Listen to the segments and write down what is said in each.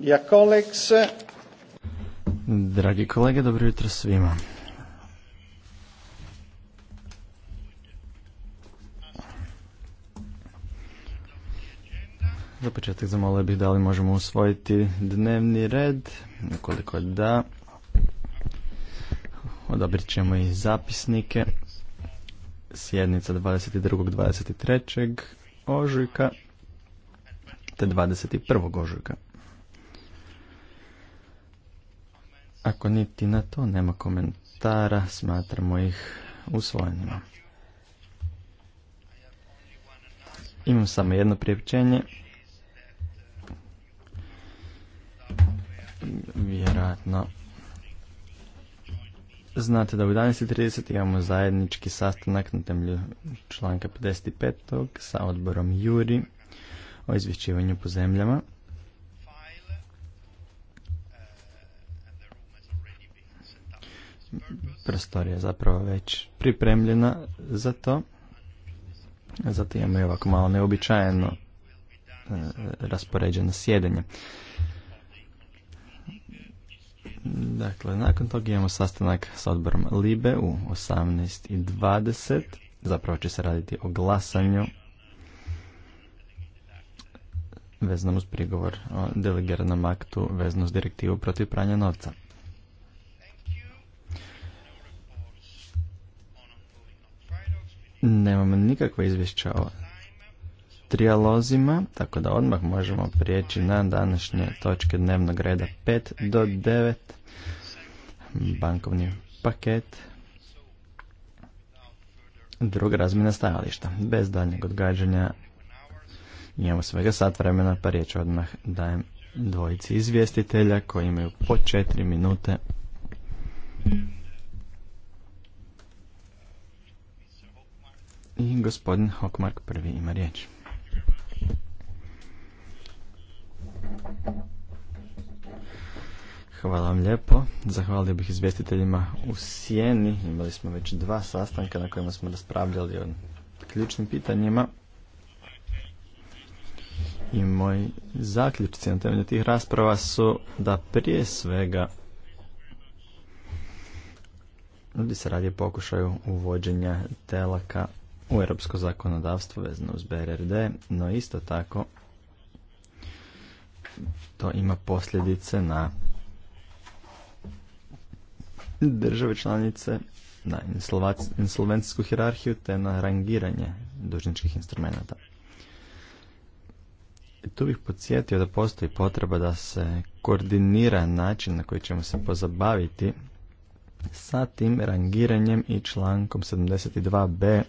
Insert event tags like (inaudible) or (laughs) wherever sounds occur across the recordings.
Ja Dragi kolege, dobro jutro svima. Za početak zamolio bih da li možemo usvojiti dnevni red, ukoliko da. Odobrit ćemo i zapisnike. Sjednica 22. 23. ožujka te 21. ožujka. Ako niti na to nema komentara, smatramo ih usvojenima. Imam samo jedno priopćenje. Vjerojatno Znate da u 11.30 imamo zajednički sastanak na temelju članka 55. sa odborom Juri o izvješćivanju po zemljama. prostorija je zapravo već pripremljena za to. Zato imamo i ovako malo neobičajeno e, raspoređeno sjedenje. Dakle, nakon toga imamo sastanak s odborom Libe u 18.20. Zapravo će se raditi o glasanju vezano uz prigovor o delegiranom aktu vezano uz direktivu protiv pranja novca. Nemamo nikakva izvješća o trijalozima, tako da odmah možemo prijeći na današnje točke dnevnog reda 5 do 9, bankovni paket, druga razmjena stajališta. Bez daljnjeg odgađanja imamo svega sat vremena, pa riječ odmah dajem dvojici izvjestitelja koji imaju po četiri minute. I gospodin Hokmark prvi ima riječ. Hvala vam lijepo. Zahvalio bih izvjestiteljima u Sjeni. Imali smo već dva sastanka na kojima smo raspravljali o ključnim pitanjima. I moji zaključci na temelju tih rasprava su da prije svega ljudi se radi pokušaju uvođenja telaka u europsko zakonodavstvo vezano uz BRRD, no isto tako to ima posljedice na države članice, na insolvencijsku hierarhiju te na rangiranje dužničkih instrumenta. Tu bih podsjetio da postoji potreba da se koordinira način na koji ćemo se pozabaviti sa tim rangiranjem i člankom 72b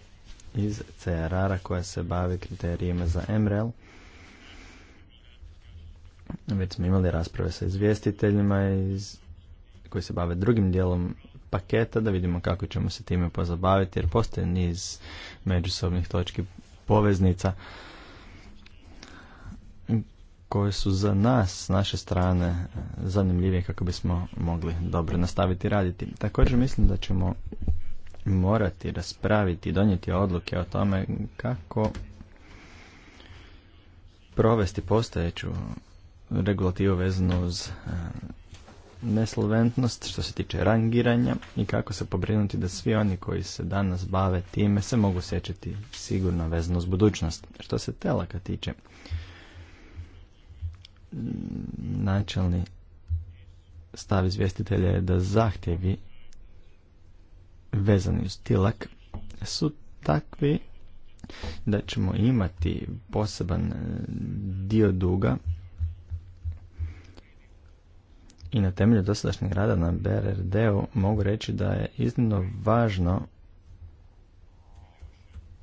iz CRR-a koja se bavi kriterijima za MREL. Već smo imali rasprave sa izvjestiteljima iz, koji se bave drugim dijelom paketa da vidimo kako ćemo se time pozabaviti jer postoji niz međusobnih točki poveznica koje su za nas, s naše strane, zanimljivije kako bismo mogli dobro nastaviti raditi. Također mislim da ćemo morati raspraviti i donijeti odluke o tome kako provesti postojeću regulativu vezanu uz e, nesolventnost što se tiče rangiranja i kako se pobrinuti da svi oni koji se danas bave time se mogu sjećati sigurno vezano uz budućnost. Što se telaka tiče, načelni stav izvjestitelja je da zahtjevi vezani uz tilak su takvi da ćemo imati poseban e, dio duga i na temelju dosadašnjeg rada na BRRD-u mogu reći da je iznimno važno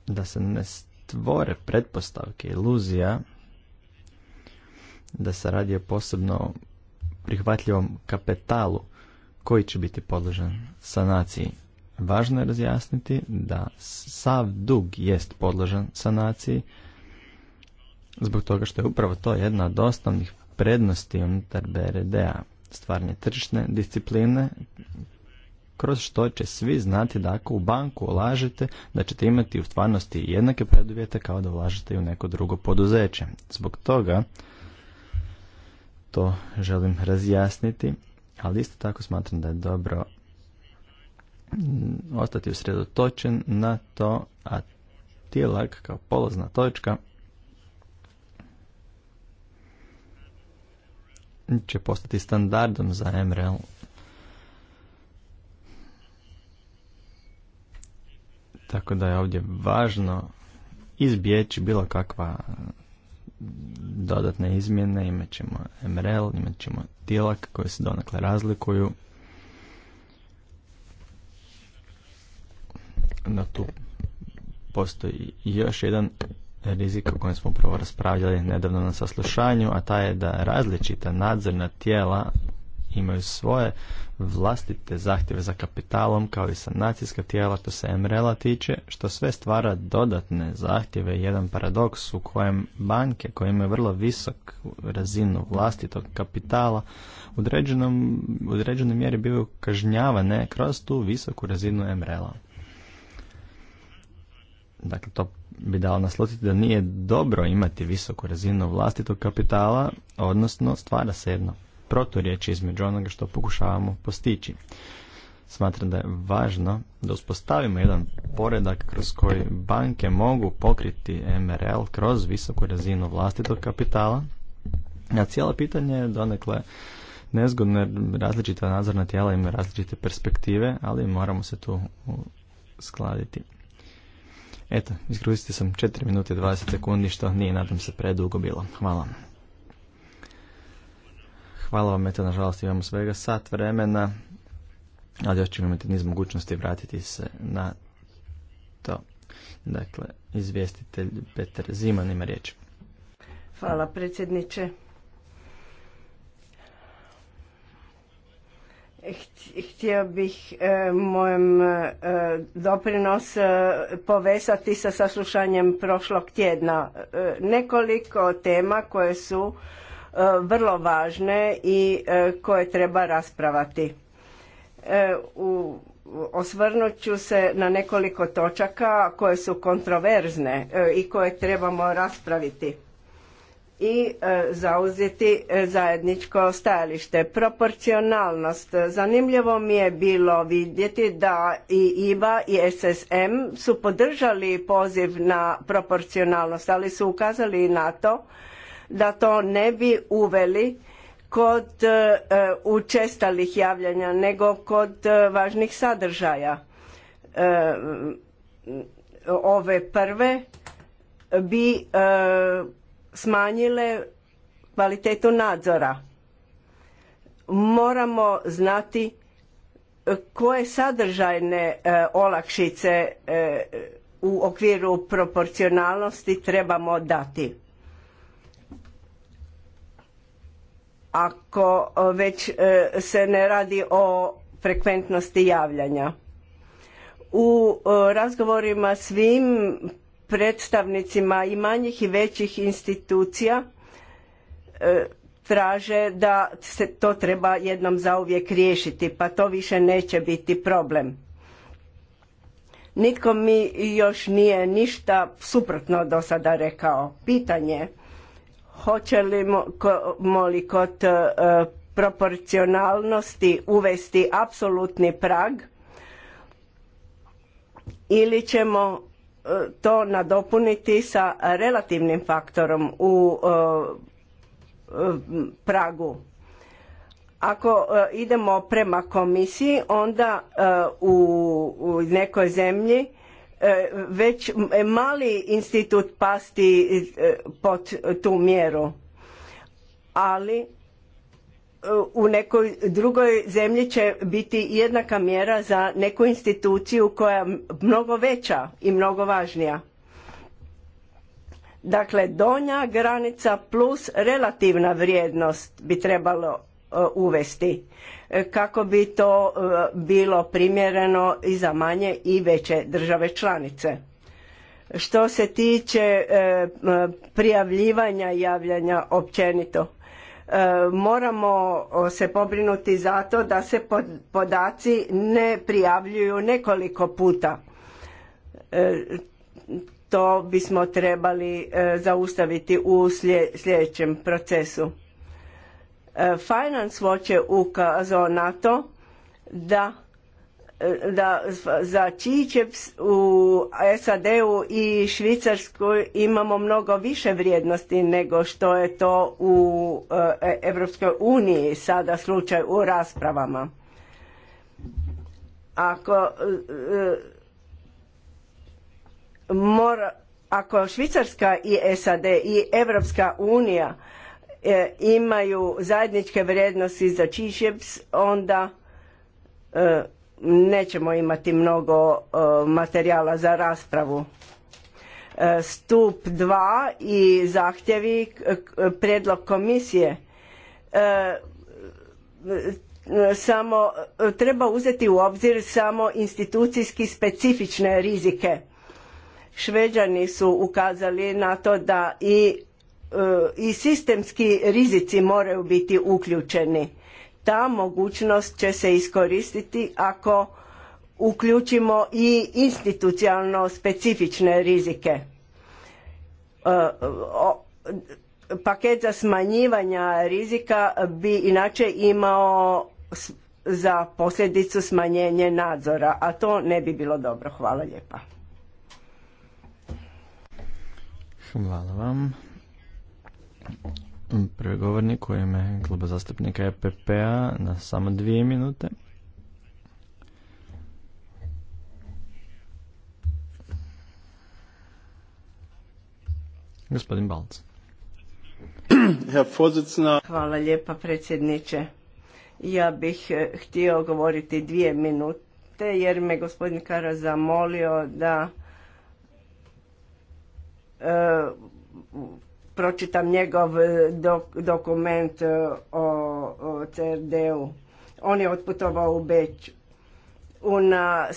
da se ne stvore pretpostavke, iluzija da se radi o posebno prihvatljivom kapitalu koji će biti podložen sanaciji. Važno je razjasniti da sav dug jest podložan sanaciji zbog toga što je upravo to jedna od osnovnih prednosti unutar BRD-a stvarnje tržišne discipline kroz što će svi znati da ako u banku ulažete da ćete imati u stvarnosti jednake preduvjete kao da ulažete u neko drugo poduzeće. Zbog toga to želim razjasniti, ali isto tako smatram da je dobro Mm, ostati usredotočen na to, a tijelak kao polazna točka će postati standardom za MRL. Tako da je ovdje važno izbjeći bilo kakva dodatne izmjene, imat ćemo MRL, imat ćemo tilak koji se donakle razlikuju. No tu postoji još jedan rizik o kojem smo upravo raspravljali nedavno na saslušanju, a ta je da različita nadzorna tijela imaju svoje vlastite zahtjeve za kapitalom kao i sanacijska tijela što se MRL-a tiče, što sve stvara dodatne zahtjeve jedan paradoks u kojem banke koje imaju vrlo visok razinu vlastitog kapitala u u određenoj mjeri bivaju kažnjavane kroz tu visoku razinu MRL-a. Dakle, to bi dao naslutiti da nije dobro imati visoku razinu vlastitog kapitala, odnosno stvara se jedno proturječi između onoga što pokušavamo postići. Smatram da je važno da uspostavimo jedan poredak kroz koji banke mogu pokriti MRL kroz visoku razinu vlastitog kapitala. A cijelo pitanje je donekle nezgodno jer različita nadzorna tijela imaju različite perspektive, ali moramo se tu skladiti. Eto, iskoristio sam 4 minute i 20 sekundi, što nije, nadam se, predugo bilo. Hvala. Hvala vam, eto, nažalost imamo svega sat vremena, ali još ćemo imati niz mogućnosti vratiti se na to. Dakle, izvjestitelj Petar Ziman ima riječ. Hvala predsjedniče. htio bih e, mojem e, doprinos e, povezati sa saslušanjem prošlog tjedna nekoliko tema koje su vrlo važne i koje treba raspravati. U, osvrnut ću se na nekoliko točaka koje su kontroverzne i koje trebamo raspraviti i e, zauzeti e, zajedničko stajalište. Proporcionalnost. Zanimljivo mi je bilo vidjeti da i IBA i SSM su podržali poziv na proporcionalnost, ali su ukazali i na to da to ne bi uveli kod e, učestalih javljanja, nego kod važnih sadržaja. Ove prve bi smanjile kvalitetu nadzora. Moramo znati e, koje sadržajne e, olakšice e, u okviru proporcionalnosti trebamo dati. Ako već se ne radi o frekventnosti javljanja. U razgovorima svim predstavnicima i manjih i većih institucija e, traže da se to treba jednom zauvijek riješiti pa to više neće biti problem. Nitko mi još nije ništa suprotno do sada rekao. Pitanje hoće li moli kod e, proporcionalnosti uvesti apsolutni prag ili ćemo to nadopuniti sa relativnim faktorom u e, e, pragu. Ako e, idemo prema komisiji, onda u nekoj zemlji već mali institut pasti pod tu mjeru. Ali u nekoj drugoj zemlji će biti jednaka mjera za neku instituciju koja je mnogo veća i mnogo važnija. Dakle, donja granica plus relativna vrijednost bi trebalo e, uvesti e, kako bi to e, bilo primjereno i za manje i veće države članice. Što se tiče prijavljivanja i javljanja općenito, E, moramo se pobrinuti za to da se podaci ne prijavljuju nekoliko puta. E, to bismo trebali e, zaustaviti u sljedećem procesu. Finance Watch je ukazao na to da da za čičep u SAD-u i Švicarskoj imamo mnogo više vrijednosti nego što je to u Europskoj uniji sada slučaj u raspravama. Ako e, mora, ako Švicarska i SAD i Europska unija e, imaju zajedničke vrijednosti za čičeps, onda e, nećemo imati mnogo e, materijala za raspravu. E, stup 2 i zahtjevi e, predlog komisije samo treba uzeti u obzir samo institucijski specifične rizike. Šveđani su ukazali na to da i, i sistemski rizici moraju biti uključeni ta mogućnost će se iskoristiti ako uključimo i institucionalno specifične rizike. E, paket za smanjivanja rizika bi inače imao za posljedicu smanjenje nadzora, a to ne bi bilo dobro. Hvala lijepa govornik u ime kluba zastupnika EPP-a na samo dvije minute. Gospodin Balc. Hvala lijepa predsjedniče. Ja bih eh, htio govoriti dvije minute jer me gospodin Kara zamolio da eh, pročitam njegov e, dokument e, o, o CRD-u. On je otputovao u Beć na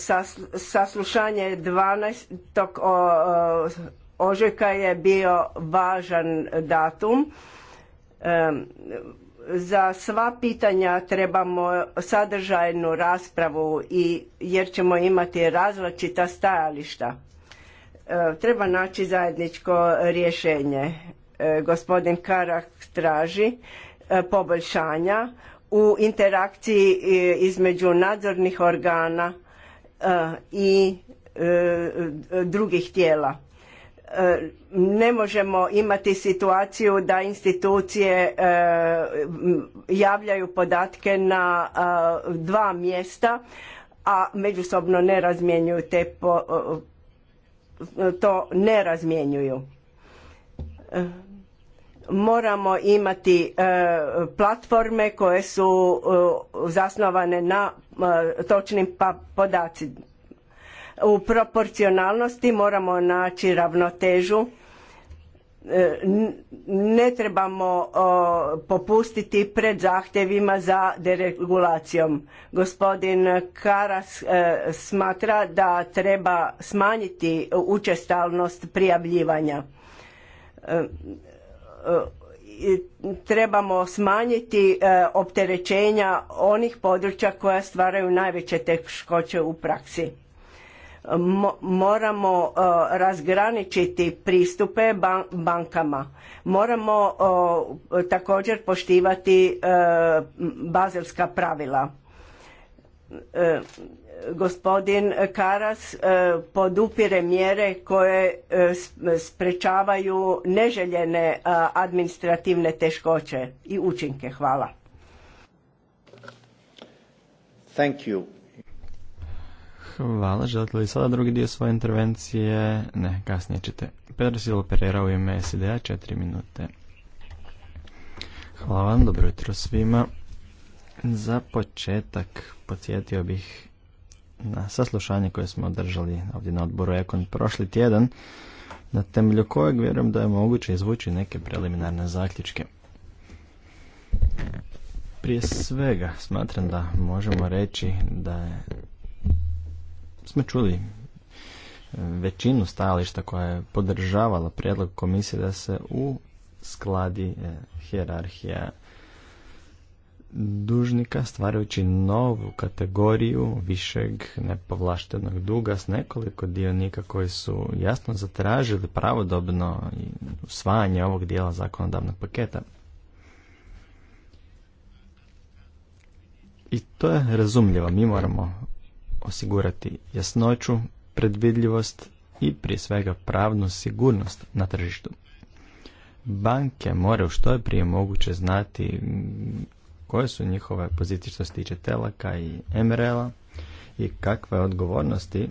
saslušanje 12. E, ožujka je bio važan datum. za sva pitanja trebamo sadržajnu raspravu i jer ćemo imati različita stajališta treba naći zajedničko rješenje. E, gospodin Karak traži e, poboljšanja u interakciji e, između nadzornih organa i drugih tijela. Ne možemo imati situaciju da institucije javljaju podatke na dva mjesta, a međusobno ne razmjenjuju te to ne razmjenjuju moramo imati e, platforme koje su e, zasnovane na e, točnim pa-, podacima. U proporcionalnosti moramo naći ravnotežu ne trebamo popustiti pred zahtjevima za deregulacijom. Gospodin Karas smatra da treba smanjiti učestalnost prijavljivanja. E, trebamo smanjiti e, opterećenja onih područja koja stvaraju najveće teškoće u praksi moramo e, razgraničiti pristupe bankama moramo također poštivati bazelska pravila gospodin Karas e, podupire mjere koje e, sprečavaju neželjene e, administrativne teškoće i učinke. Hvala. Thank you. Hvala. Želite li sada drugi dio svoje intervencije? Ne, kasnije ćete. Pedro Silo Pereira u ime SDA, četiri minute. Hvala vam, dobro jutro svima. Za početak podsjetio bih na saslušanje koje smo održali ovdje na odboru Ekon prošli tjedan, na temelju kojeg vjerujem da je moguće izvući neke preliminarne zaključke. Prije svega smatram da možemo reći da smo čuli većinu stajališta koja je podržavala prijedlog komisije da se u skladi hjerarhija eh, dužnika stvarajući novu kategoriju višeg nepovlaštenog duga s nekoliko dionika koji su jasno zatražili pravodobno usvajanje ovog dijela zakonodavnog paketa. I to je razumljivo. Mi moramo osigurati jasnoću, predvidljivost i prije svega pravnu sigurnost na tržištu banke moraju što je prije moguće znati koje su njihove pozicije što se tiče telaka i MRL-a i kakve odgovornosti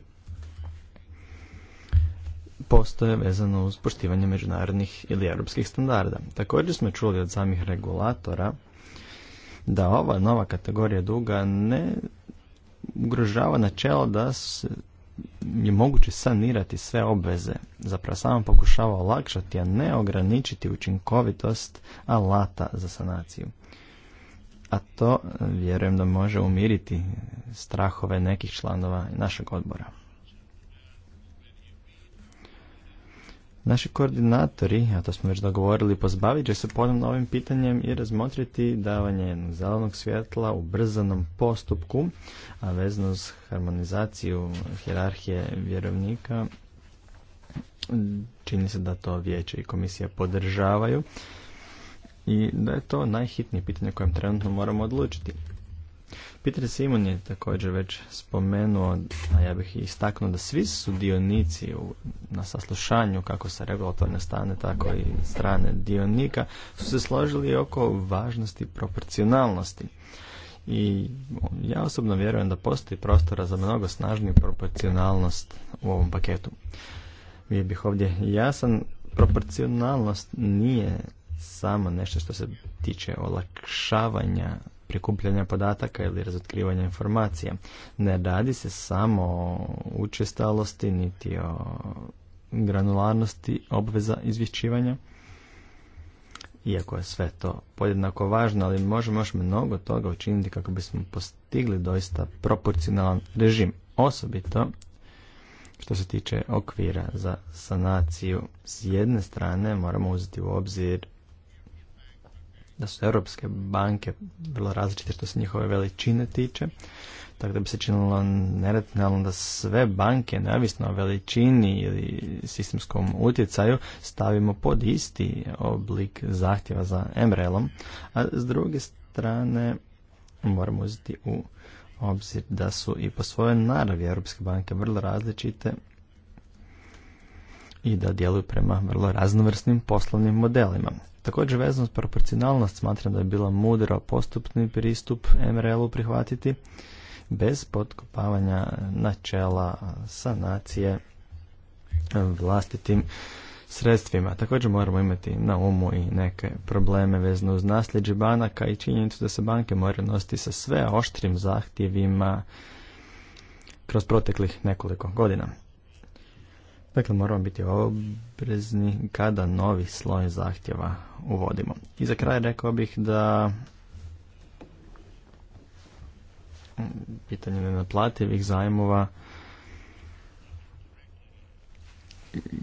postoje vezano uz poštivanje međunarodnih ili europskih standarda. Također smo čuli od samih regulatora da ova nova kategorija duga ne ugrožava načelo da se je moguće sanirati sve obveze. Zapravo samo pokušava olakšati, a ne ograničiti učinkovitost alata za sanaciju a to e, vjerujem da može umiriti strahove nekih članova našeg odbora. Naši koordinatori, a to smo već dogovorili, pozbavit će se ponovno ovim pitanjem i razmotriti davanje jednog zelenog svjetla u brzanom postupku, a vezno s harmonizaciju hjerarhije vjerovnika, čini se da to vijeće i komisija podržavaju i da je to najhitnije pitanje kojem trenutno moramo odlučiti. Peter Simon je također već spomenuo, a ja bih istaknuo da svi su sudionici na saslušanju kako se regulatorne strane, tako i strane dionika su se složili oko važnosti proporcionalnosti. I ja osobno vjerujem da postoji prostora za mnogo snažniju proporcionalnost u ovom paketu. Vi bih ovdje jasan, proporcionalnost nije samo nešto što se tiče olakšavanja prikupljanja podataka ili razotkrivanja informacija. Ne radi se samo o učestalosti niti o granularnosti obveza izvješćivanja. Iako je sve to podjednako važno, ali možemo još mnogo toga učiniti kako bismo postigli doista proporcionalan režim. Osobito što se tiče okvira za sanaciju, s jedne strane moramo uzeti u obzir da su europske banke vrlo različite što se njihove veličine tiče. Tako da bi se činilo neracionalno da sve banke, neovisno o veličini ili sistemskom utjecaju, stavimo pod isti oblik zahtjeva za MREL-om, a s druge strane moramo uzeti u obzir da su i po svojoj naravi Europske banke vrlo različite i da djeluju prema vrlo raznovrsnim poslovnim modelima. Također vezano s proporcionalnost smatram da je bila mudro postupni pristup MRL-u prihvatiti bez potkopavanja načela sanacije vlastitim sredstvima. Također moramo imati na umu i neke probleme vezano uz nasljeđe banaka i činjenicu da se banke moraju nositi sa sve oštrim zahtjevima kroz proteklih nekoliko godina. Dakle, moramo biti obrezni kada novi sloj zahtjeva uvodimo. I za kraj rekao bih da pitanje nenaplativih zajmova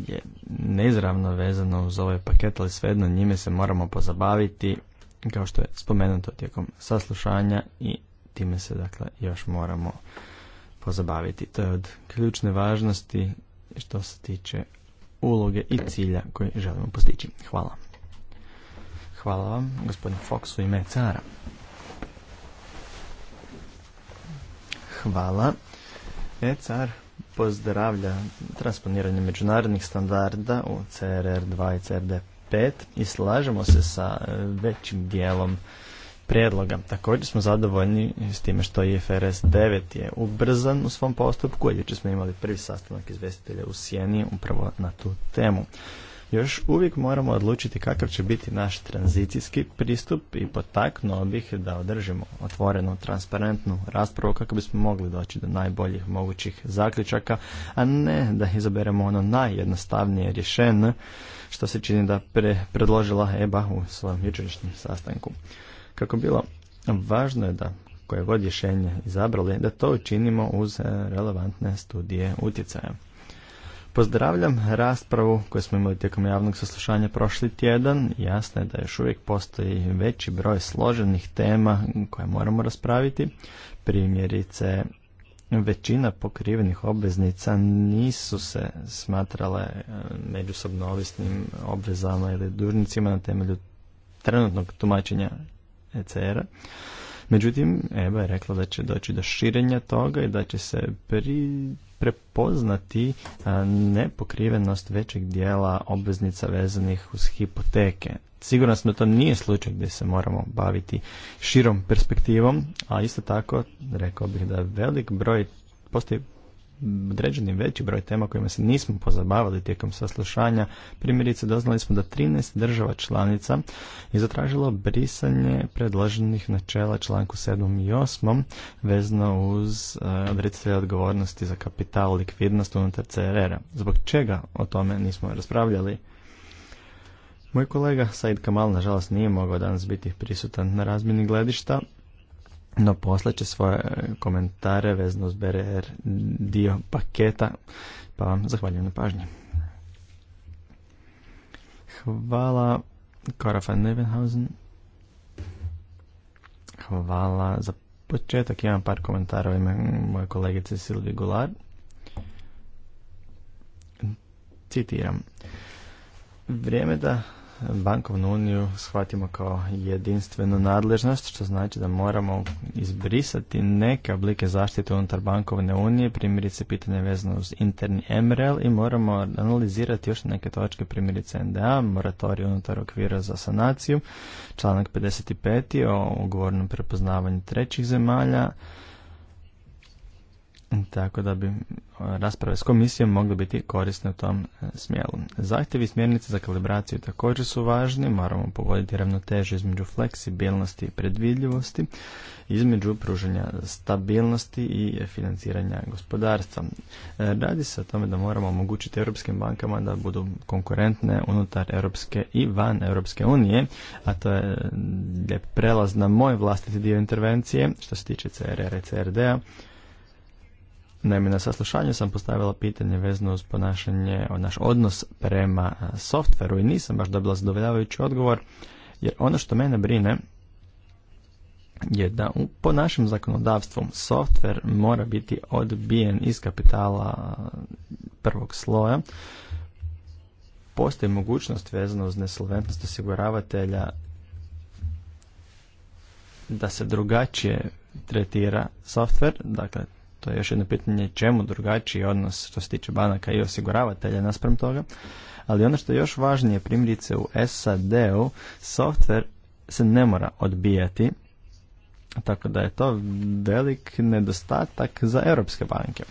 je neizravno vezano uz ovaj paket, ali svejedno njime se moramo pozabaviti kao što je spomenuto tijekom saslušanja i time se dakle još moramo pozabaviti. To je od ključne važnosti što se tiče uloge i cilja koje želimo postići. Hvala. Hvala vam, gospodin Fox u ime cara. Hvala. E, car, pozdravlja transponiranje međunarodnih standarda u CRR2 i CRD5 i slažemo se sa e, većim dijelom prijedloga. Također smo zadovoljni s time što IFRS 9 je ubrzan u svom postupku, jer smo imali prvi sastanak izvestitelja u Sjeni upravo na tu temu. Još uvijek moramo odlučiti kakav će biti naš tranzicijski pristup i potaknuo bih da održimo otvorenu, transparentnu raspravu kako bismo mogli doći do najboljih mogućih zaključaka, a ne da izaberemo ono najjednostavnije rješenje što se čini da pre predložila EBA u svom jučerašnjem sastanku. Kako bilo, važno je da koje god rješenje izabrali, da to učinimo uz e, relevantne studije utjecaja. Pozdravljam raspravu koju smo imali tijekom javnog saslušanja prošli tjedan. Jasno je da još uvijek postoji veći broj složenih tema koje moramo raspraviti. Primjerice, većina pokrivenih obveznica nisu se smatrale e, međusobno ovisnim obvezama ili dužnicima na temelju trenutnog tumačenja ecr Međutim, Eba je rekla da će doći do širenja toga i da će se prepoznati nepokrivenost većeg dijela obveznica vezanih uz hipoteke. Sigurno sam da to nije slučaj gdje se moramo baviti širom perspektivom, a isto tako rekao bih da velik broj postoji određeni veći broj tema kojima se nismo pozabavili tijekom saslušanja. Primjerice, doznali smo da 13 država članica je zatražilo brisanje predloženih načela članku 7. i 8. vezano uz e, odreditelje odgovornosti za kapital, likvidnost unutar CRR-a. Zbog čega o tome nismo raspravljali? Moj kolega Said Kamal nažalost nije mogao danas biti prisutan na razmjeni gledišta, no posle će svoje komentare vezno uz BRR dio paketa, pa vam zahvaljujem na pažnji. Hvala Kora van Nevenhausen. Hvala za početak. Imam par komentara u ime moje kolegice Silvi Gular. Citiram. Vrijeme da bankovnu uniju shvatimo kao jedinstvenu nadležnost, što znači da moramo izbrisati neke oblike zaštite unutar bankovne unije, primjerice pitanje vezano uz interni MRL i moramo analizirati još neke točke, primjerice NDA, moratorij unutar okvira za sanaciju, članak 55. o ugovornom prepoznavanju trećih zemalja, tako da bi rasprave s komisijom mogle biti korisne u tom e, smjelu. Zahtjevi smjernice za kalibraciju također su važni, moramo povoditi ravnotežu između fleksibilnosti i predvidljivosti, između pruženja stabilnosti i financiranja gospodarstva. E, radi se o tome da moramo omogućiti europskim bankama da budu konkurentne unutar Europske i van Europske unije, a to je lijep e, prelaz na moj vlastiti dio intervencije što se tiče CRR i CRD-a Naime, na saslušanju sam postavila pitanje vezno uz ponašanje, naš odnos prema softveru i nisam baš dobila zadovoljavajući odgovor, jer ono što mene brine je da po našem zakonodavstvu softver mora biti odbijen iz kapitala prvog sloja. Postoji mogućnost vezano uz nesolventnost osiguravatelja da se drugačije tretira softver, dakle to je još jedno pitanje čemu drugačiji odnos što se tiče banaka i osiguravatelja naspram toga. Ali ono što je još važnije, primjerice u SAD-u, softver se ne mora odbijati, tako da je to velik nedostatak za europske banke.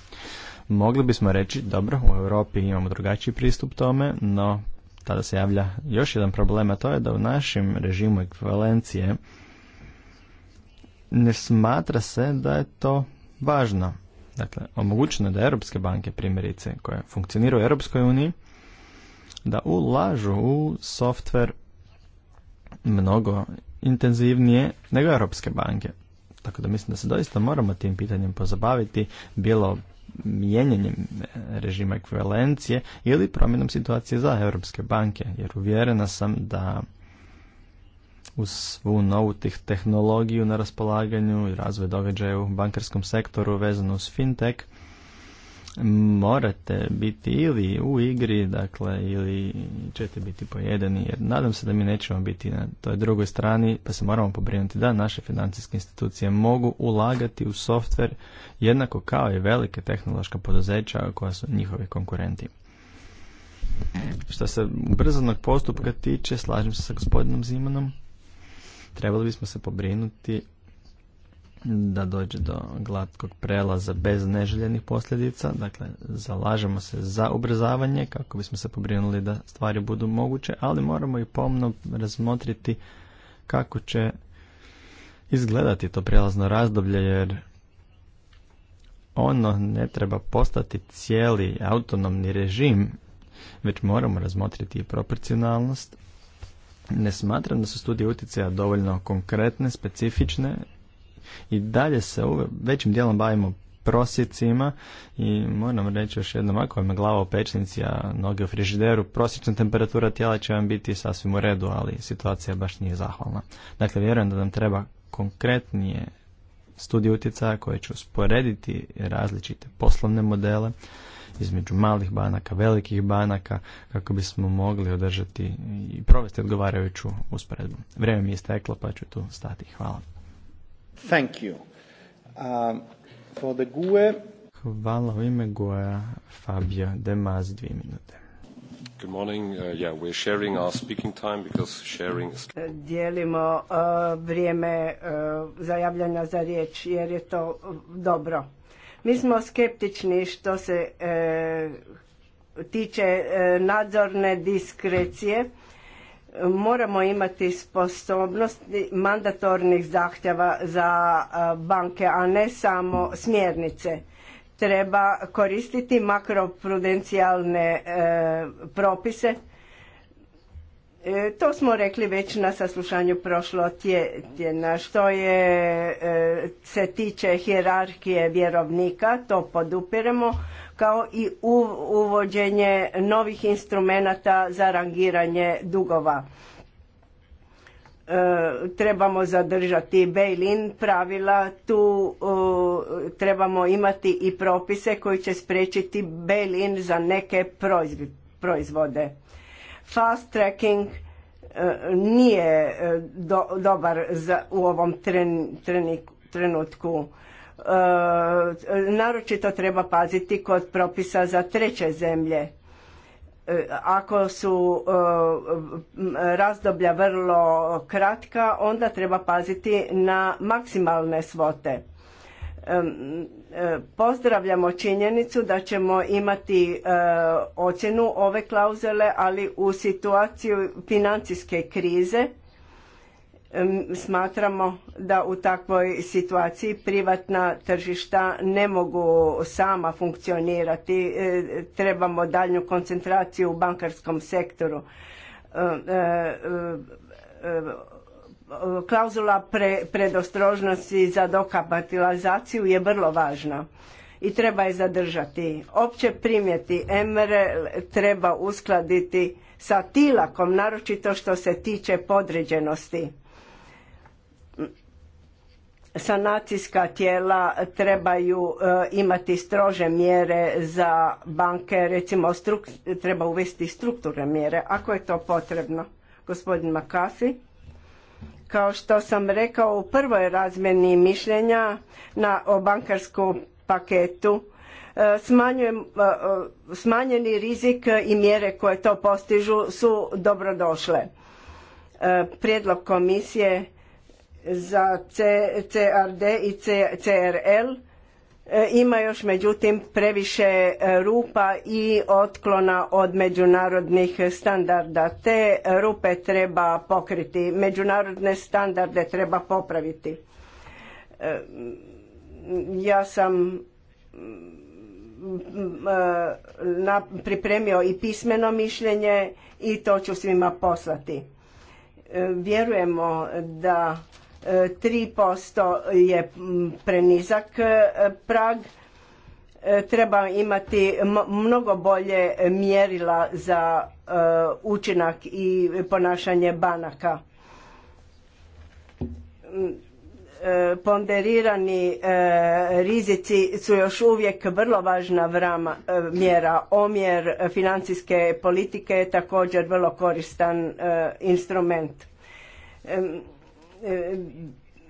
Mogli bismo reći, dobro, u Europi imamo drugačiji pristup tome, no tada se javlja još jedan problem, a to je da u našem režimu ekvivalencije ne smatra se da je to važno. Dakle, omogućeno je da europske banke, primjerice, koje funkcioniraju u Europskoj uniji, da ulažu u softver mnogo intenzivnije nego europske banke. Tako da mislim da se doista moramo tim pitanjem pozabaviti, bilo mijenjanjem e, režima ekvivalencije ili promjenom situacije za europske banke, jer uvjerena sam da uz svu novu tehnologiju na raspolaganju i razvoj događaja u bankarskom sektoru vezano uz fintech, morate biti ili u igri, dakle, ili ćete biti pojedeni, jer nadam se da mi nećemo biti na toj drugoj strani, pa se moramo pobrinuti da naše financijske institucije mogu ulagati u softver jednako kao i velike tehnološka poduzeća koja su njihovi konkurenti. Što se brzanog postupka tiče, slažem se sa gospodinom Zimanom trebali bismo se pobrinuti da dođe do glatkog prelaza bez neželjenih posljedica. Dakle, zalažemo se za ubrzavanje kako bismo se pobrinuli da stvari budu moguće, ali moramo i pomno razmotriti kako će izgledati to prelazno razdoblje, jer ono ne treba postati cijeli autonomni režim, već moramo razmotriti i proporcionalnost ne smatram da su studije utjecaja dovoljno konkretne, specifične i dalje se većim dijelom bavimo prosjecima i moram reći još jednom, ako vam je glava u pečnici, a noge u frižideru, prosječna temperatura tijela će vam biti sasvim u redu, ali situacija baš nije zahvalna. Dakle, vjerujem da nam treba konkretnije studije utjecaja koje će usporediti različite poslovne modele, između malih banaka, velikih banaka, kako bismo mogli održati i provesti odgovarajuću usporedbu. Vrijeme mi je steklo, pa ću tu stati. Hvala. Thank you. Um, for the GUE... Hvala u ime GUE, Fabio Demaz, dvije minute. Good morning. Uh, yeah, we're sharing our speaking time because sharing is... Dijelimo uh, vrijeme uh, za za riječ jer je to uh, dobro. Mi smo skeptični što se e, tiče e, nadzorne diskrecije. Moramo imati sposobnost mandatornih zahtjeva za e, banke, a ne samo smjernice. Treba koristiti makroprudencijalne propise E, to smo rekli već na saslušanju prošlo tjedna. Što je e, se tiče hjerarhije vjerovnika, to podupiremo, kao i uvođenje novih instrumenata za rangiranje dugova. E, trebamo zadržati bail-in pravila, tu trebamo imati i propise koji će spriječiti bail-in za neke proizvode Fast tracking e, nije e, dobar za, u ovom trenutku. E, naročito treba paziti kod propisa za treće zemlje. ako su razdoblja vrlo kratka, onda treba paziti na maksimalne svote. Pozdravljamo činjenicu da ćemo imati eh, ocjenu ove klauzele, ali u situaciju financijske krize smatramo da u takvoj situaciji privatna tržišta ne mogu sama funkcionirati. Eh, trebamo daljnju koncentraciju u bankarskom sektoru eh, klauzula predostrožnosti za dokapitalizaciju je vrlo važna i treba je zadržati. Opće primjeti MR treba uskladiti sa tilakom, naročito što se tiče podređenosti. Sanacijska tijela trebaju e, imati strože mjere za banke, recimo treba uvesti strukturne mjere ako je to potrebno. Gospodin Makafi. Kao što sam rekao u prvoj razmjeni mišljenja na, o bankarskom paketu, e, e, e, smanjeni rizik i mjere koje to postižu su dobrodošle. Prijedlog komisije za CRD i CRL E, ima još međutim previše e, rupa i otklona od međunarodnih standarda. Te rupe treba pokriti, međunarodne standarde treba popraviti. E, ja sam mm, pripremio i pismeno mišljenje i to ću svima poslati. Vjerujemo da 3% je prenizak e, prag. E, treba imati mnogo bolje mjerila za e, učinak i ponašanje banaka. Ponderirani rizici su još uvijek vrlo važna vrama, mjera. Omjer financijske politike je također vrlo koristan instrument E,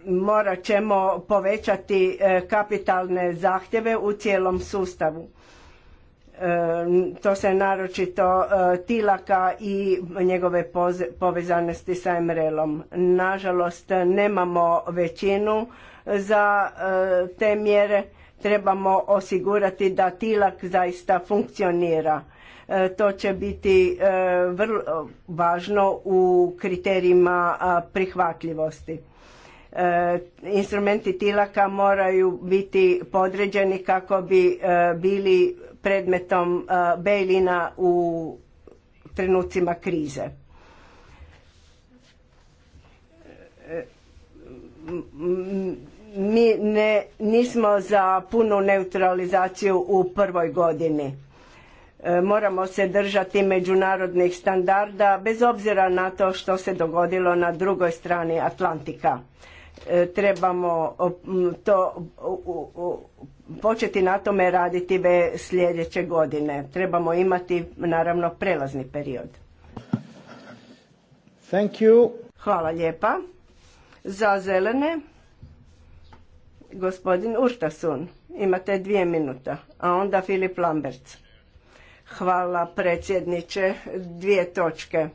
morat ćemo povećati e, kapitalne zahtjeve u cijelom sustavu. E, to se naročito tilaka i njegove povezanosti sa MRL-om. Nažalost, nemamo većinu za te mjere. Trebamo osigurati da tilak zaista funkcionira E, to će biti e, vrlo važno u kriterijima prihvatljivosti. E, instrumenti tilaka moraju biti podređeni kako bi bili predmetom bejlina u trenucima krize. Mi ne, nismo za punu neutralizaciju u prvoj godini. E, moramo se držati međunarodnih standarda bez obzira na to što se dogodilo na drugoj strani Atlantika. E, trebamo to početi na tome raditi ve sljedeće godine. Trebamo imati naravno prelazni period. Thank you. Hvala lijepa. Za zelene gospodin Urtasun. Imate dvije minuta, a onda Filip Lamberts. Hvala predsjedniče. Dvije točke.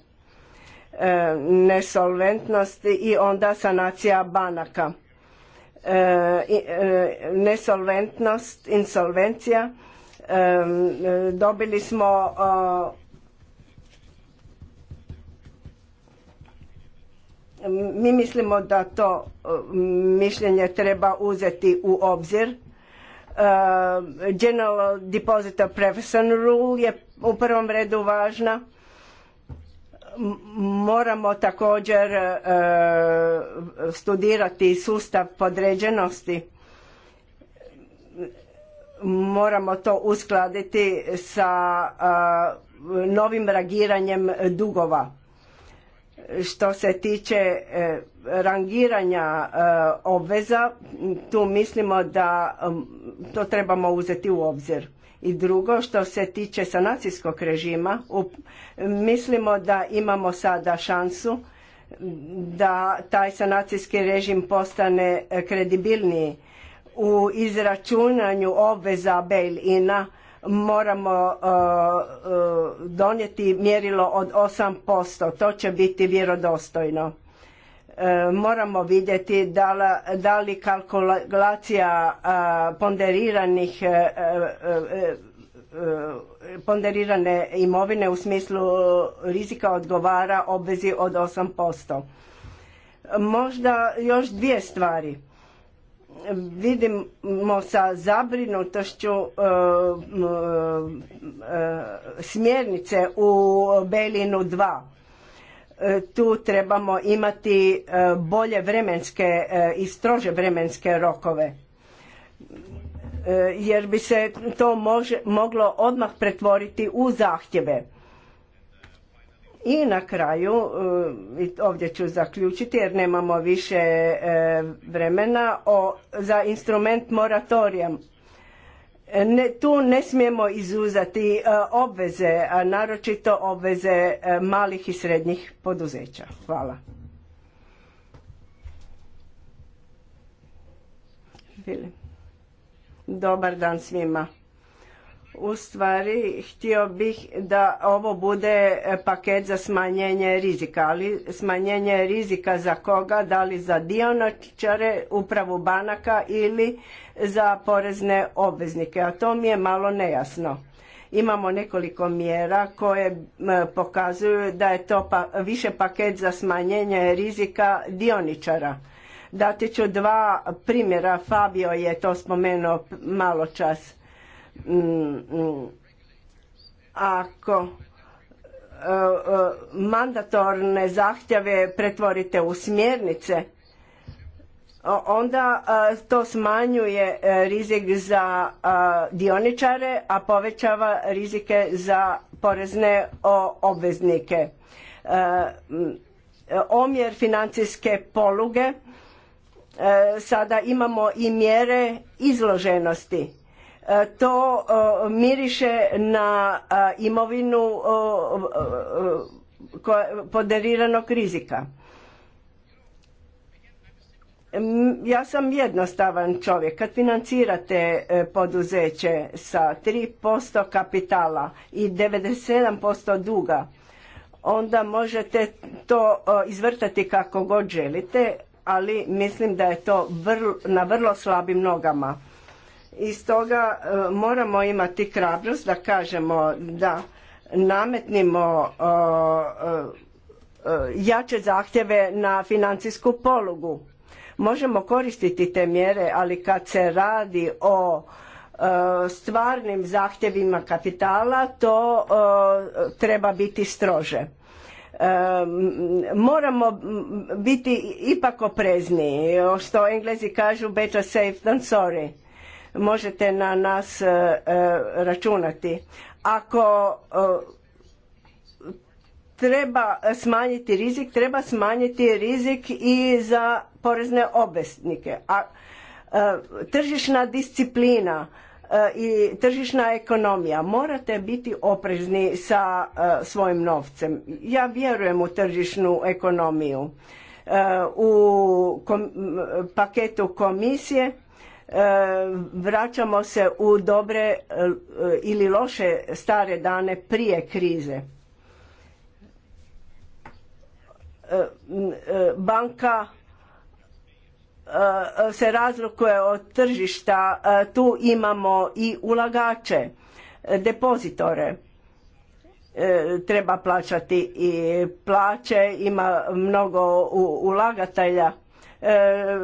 E, nesolventnost i onda sanacija banaka. E, e, nesolventnost, insolvencija. Dobili smo mi mislimo da to mišljenje treba uzeti u obzir Eh, general Deposit Prevention Rule je u prvom redu važna. Moramo također eh, studirati sustav podređenosti. Moramo to uskladiti sa eh, novim reagiranjem dugova što se tiče e, rangiranja e, obveza, tu mislimo da to trebamo uzeti u obzir. I drugo, što se tiče sanacijskog režima, mislimo da imamo sada šansu da taj sanacijski režim postane e, kredibilniji u izračunanju obveza bail-ina moramo uh, uh, donijeti mjerilo od 8%. To će biti vjerodostojno. Uh, moramo vidjeti da li kalkulacija ponderiranih ponderirane imovine u smislu rizika odgovara obvezi od 8%. Možda još dvije stvari vidimo sa zabrinutošću e, e, smjernice u Belinu 2 e, tu trebamo imati bolje vremenske i strože vremenske rokove jer bi se to moglo odmah pretvoriti u zahtjeve i na kraju, e, ovdje ću zaključiti jer nemamo više e, vremena, o, za instrument moratorijem. Ne, tu ne smijemo izuzati e, obveze, a naročito obveze malih i srednjih poduzeća. Hvala. Dobar dan svima u stvari htio bih da ovo bude paket za smanjenje rizika, ali smanjenje rizika za koga, da li za dioničare, upravu banaka ili za porezne obveznike, a to mi je malo nejasno. Imamo nekoliko mjera koje pokazuju da je to pa, više paket za smanjenje rizika dioničara. Dati ću dva primjera, Fabio je to spomenuo malo čas ako e, e, mandatorne zahtjeve pretvorite u smjernice onda e, to smanjuje rizik za dioničare a povećava rizike za porezne obveznike omjer financijske poluge sada imamo i mjere izloženosti E, to miriše na imovinu poderiranog rizika. Ja sam jednostavan čovjek. Kad financirate e, poduzeće sa 3% kapitala i 97% duga, onda možete to izvrtati kako god želite, ali mislim da je to na vrlo slabim nogama i stoga e, moramo imati hrabrost da kažemo da nametnimo e, e, jače zahtjeve na financijsku polugu možemo koristiti te mjere ali kad se radi o stvarnim zahtjevima kapitala to treba biti strože moramo biti ipak oprezniji što englezi kažu better safe than sorry možete na nas e, e, računati. Ako e, treba smanjiti rizik, treba smanjiti rizik i za porezne obveznike. A tržišna disciplina i tržišna ekonomija morate biti oprezni sa svojim novcem. Ja vjerujem u tržišnu ekonomiju. U paketu komisije vraćamo se u dobre e, ili loše stare dane prije krize. E, e, banka se razlikuje od tržišta, tu imamo i ulagače, depozitore. Treba plaćati i plaće, ima mnogo ulagatelja.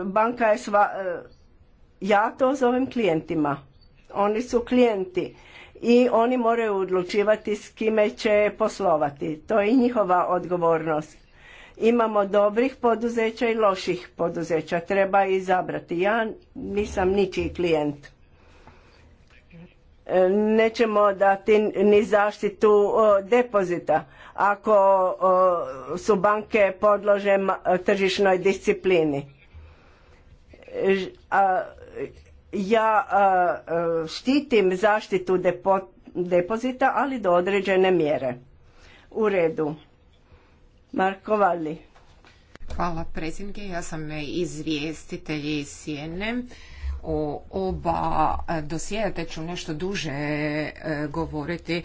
Banka je sva, ja to zovem klijentima. Oni su klijenti i oni moraju odlučivati s kime će poslovati. To je njihova odgovornost. Imamo dobrih poduzeća i loših poduzeća. Treba izabrati. Ja nisam ničiji klijent. E, nećemo dati ni zaštitu depozita ako su banke podložem tržišnoj disciplini. E, a ja štitim zaštitu depozita, ali do određene mjere. U redu. Marko Hvala predsjednike, ja sam izvjestitelj iz Sijene o oba dosjeda, ću nešto duže e, govoriti.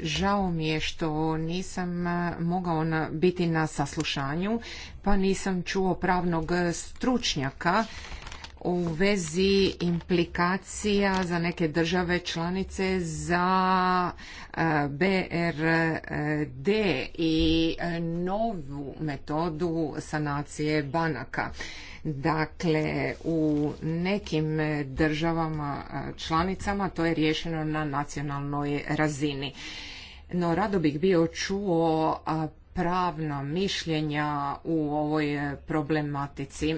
Žao mi je što nisam e, mogao biti na saslušanju, pa nisam čuo pravnog e, stručnjaka u vezi implikacija za neke države članice za e, BRD i novu metodu sanacije banaka. Dakle, u nekim državama e, članicama to je riješeno na nacionalnoj razini. No, rado bih bio čuo e, pravna mišljenja u ovoj problematici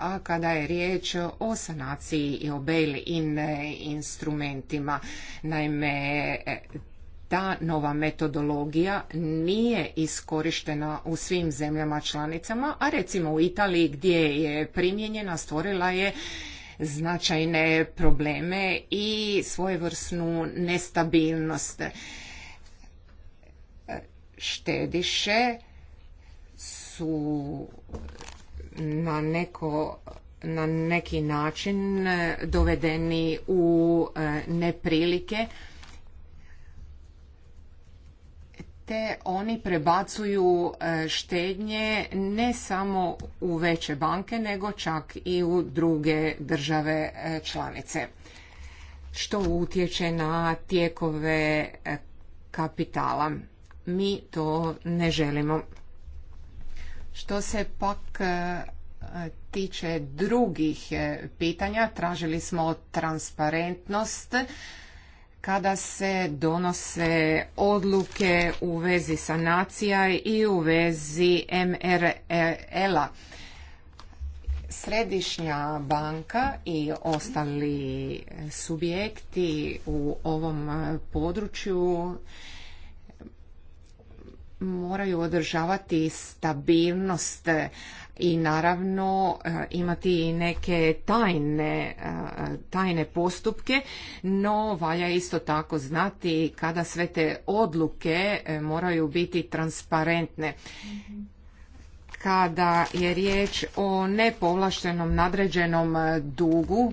a kada je riječ o sanaciji i o bail-in e, instrumentima. Naime, e, ta nova metodologija nije iskorištena u svim zemljama članicama, a recimo u Italiji gdje je primjenjena stvorila je značajne probleme i svojevrsnu nestabilnost. E, štediše su na neko na neki način e, dovedeni u e, neprilike te oni prebacuju e, štednje ne samo u veće banke nego čak i u druge države članice što utječe na tijekove kapitala mi to ne želimo što se pak e, tiče drugih e, pitanja, tražili smo transparentnost kada se donose odluke u vezi sanacija i u vezi MRL-a. E Središnja banka i ostali subjekti u ovom području moraju održavati stabilnost i naravno e, imati neke tajne, e, tajne postupke, no valja isto tako znati kada sve te odluke e, moraju biti transparentne. Kada je riječ o nepovlaštenom nadređenom dugu,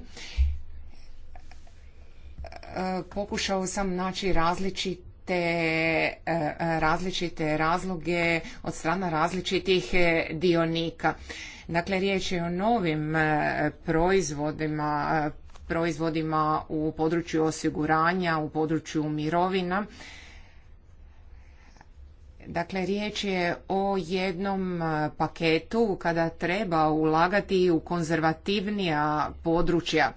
pokušao sam naći različit te e, različite razloge od strana različitih e, dionika. Dakle, riječ je o novim e, proizvodima, proizvodima u području osiguranja, u području mirovina. Dakle, riječ je o jednom paketu kada treba ulagati u konzervativnija područja.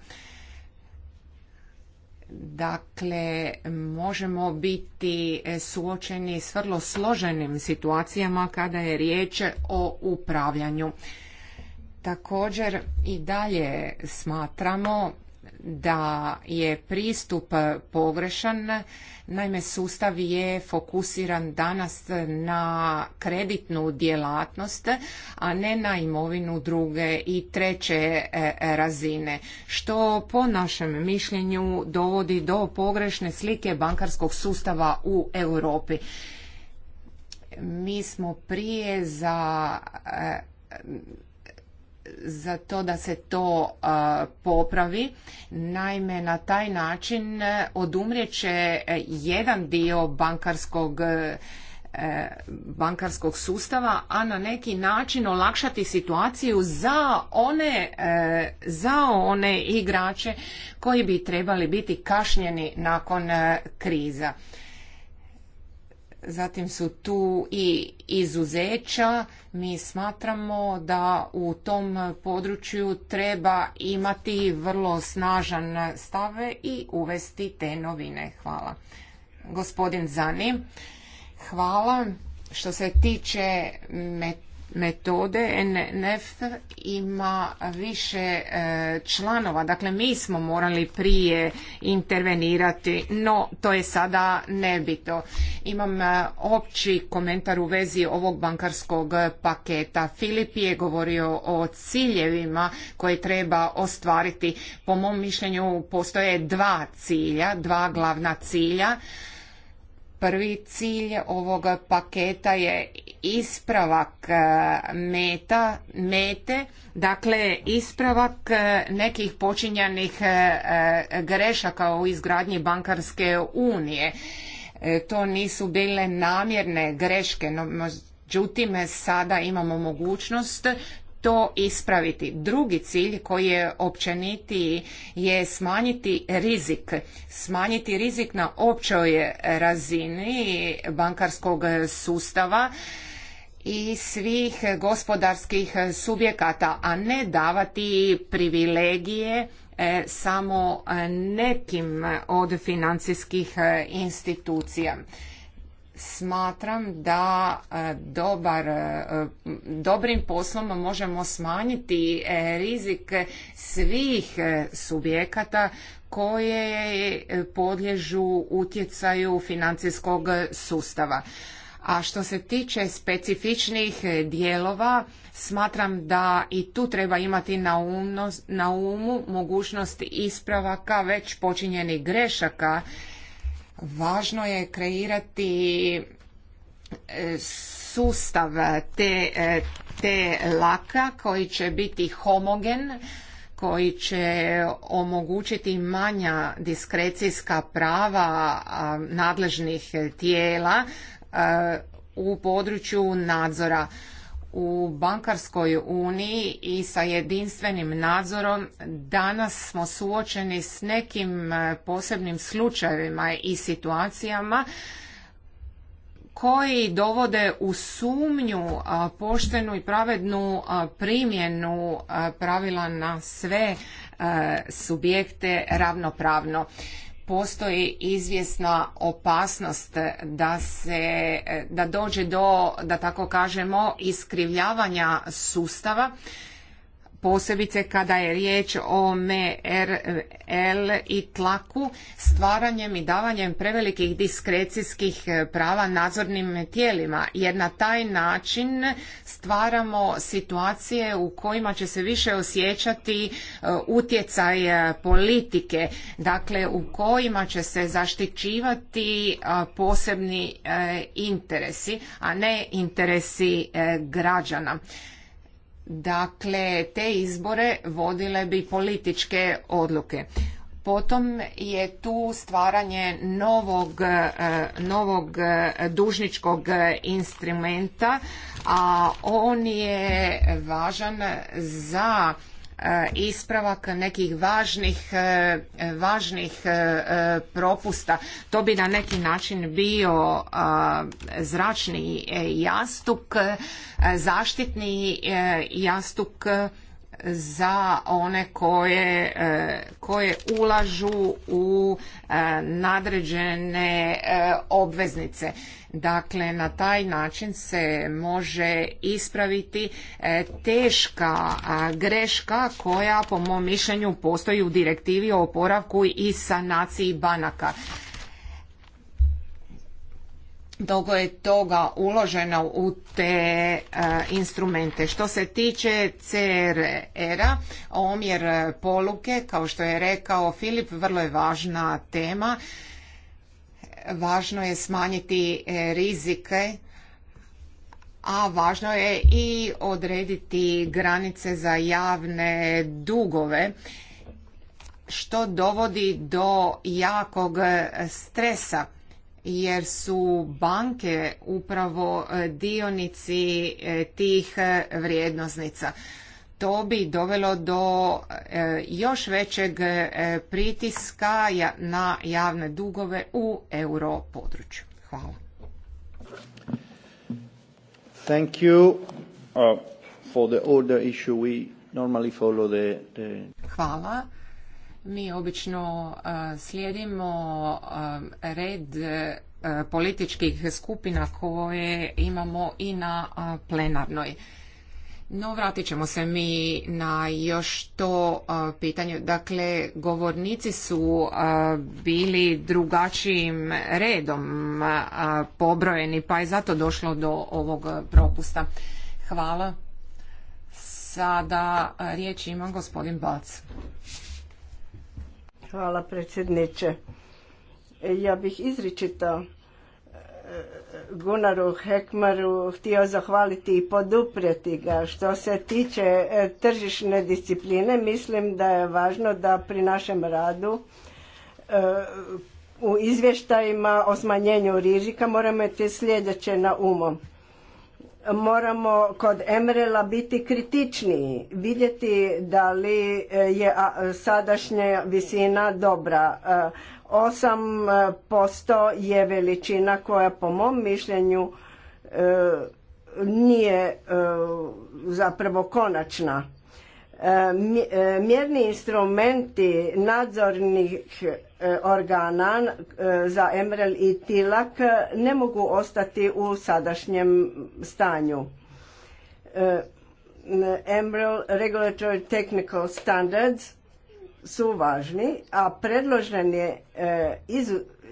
Dakle, možemo biti suočeni s vrlo složenim situacijama kada je riječ o upravljanju. Također i dalje smatramo da je pristup pogrešan. Naime, sustav je fokusiran danas na kreditnu djelatnost, a ne na imovinu druge i treće e, razine, što po našem mišljenju dovodi do pogrešne slike bankarskog sustava u Europi. Mi smo prije za e, za to da se to popravi. Naime, na taj način e, odumrijeće e, jedan dio bankarskog e, bankarskog sustava, a na neki način olakšati situaciju za one, za one igrače koji bi trebali biti kašnjeni nakon kriza. Zatim su tu i izuzeća. Mi smatramo da u tom području treba imati vrlo snažan stave i uvesti te novine. Hvala. Gospodin Zani, hvala. Što se tiče metode NF ima više e, članova. Dakle, mi smo morali prije intervenirati, no to je sada nebito. Imam e, opći komentar u vezi ovog bankarskog paketa. Filip je govorio o ciljevima koje treba ostvariti. Po mom mišljenju postoje dva cilja, dva glavna cilja. Prvi cilj ovog paketa je ispravak e, meta, mete, dakle ispravak e, nekih počinjanih e, grešaka u izgradnji bankarske unije. To nisu bile namjerne greške, no međutim sada imamo mogućnost to ispraviti. Drugi cilj koji je općenitiji je smanjiti rizik. Smanjiti rizik na općoj razini bankarskog sustava i svih gospodarskih subjekata, a ne davati privilegije e, samo nekim od financijskih e, institucija. Smatram da e, dobar, dobrim poslom možemo smanjiti rizik svih subjekata koje podlježu utjecaju financijskog sustava. A što se tiče specifičnih dijelova, smatram da i tu treba imati na, na umu mogućnost ispravaka već počinjenih grešaka. Važno je kreirati e, sustav te, e, te laka koji će biti homogen, koji će omogućiti manja diskrecijska prava nadležnih tijela u području nadzora u bankarskoj uniji i sa jedinstvenim nadzorom danas smo suočeni s nekim e, posebnim slučajevima i situacijama koji dovode u sumnju e, poštenu i pravednu e, primjenu pravila na sve subjekte ravnopravno postoji izvjesna opasnost da se da dođe do da tako kažemo iskrivljavanja sustava posebice kada je riječ o MRL i tlaku, stvaranjem i davanjem prevelikih diskrecijskih e, prava nadzornim tijelima, jer na taj način stvaramo situacije u kojima će se više osjećati e, utjecaj e, politike, dakle u kojima će se zaštićivati posebni interesi, a ne interesi građana. Dakle, te izbore vodile bi političke odluke. Potom je tu stvaranje novog, e, novog e, dužničkog instrumenta, a on je važan za E, ispravak nekih važnih, e, e, propusta. To bi na neki način bio zračni jastuk, zaštitni jastuk za one koje, e, koje ulažu u e, nadređene e, obveznice. Dakle, na taj način se može ispraviti teška greška koja po mom mišljenju postoji u direktivi o oporavku i sanaciji banaka. Dogo je toga uloženo u te e, instrumente. Što se tiče CRR-a, e omjer poluke, kao što je rekao Filip, vrlo je važna tema. Važno je smanjiti e, rizike, a važno je i odrediti granice za javne dugove što dovodi do jakog stresa jer su banke upravo e, dionici e, tih e, vrijednosnica. To bi dovelo do još većeg pritiska na javne dugove u euro području. Hvala. Thank you uh, for the order issue we normally follow the, Hvala. Mi obično e, slijedimo e, red e, političkih skupina koje imamo i na plenarnoj. No, vratit ćemo se mi na još to pitanje. Dakle, govornici su bili drugačijim redom pobrojeni, pa je zato došlo do ovog propusta. Hvala. Sada riječ ima gospodin Bac. Hvala predsjedniče. Ja bih izričito e, Gunaru Hekmaru htio zahvaliti i poduprijeti ga. Što se tiče e, tržišne discipline, mislim da je važno da pri našem radu e, u izvještajima o smanjenju rizika moramo imati sljedeće na umom moramo kod Emrela biti kritičniji, vidjeti da li e, je sadašnja visina dobra. 8% e, je veličina koja po mom mišljenju e, nije zapravo konačna. Mjerni instrumenti nadzornih E, organa e, za Emrel i Tilak e, ne mogu ostati u sadašnjem stanju. Embrel Regulatory Technical Standards su važni, a predložene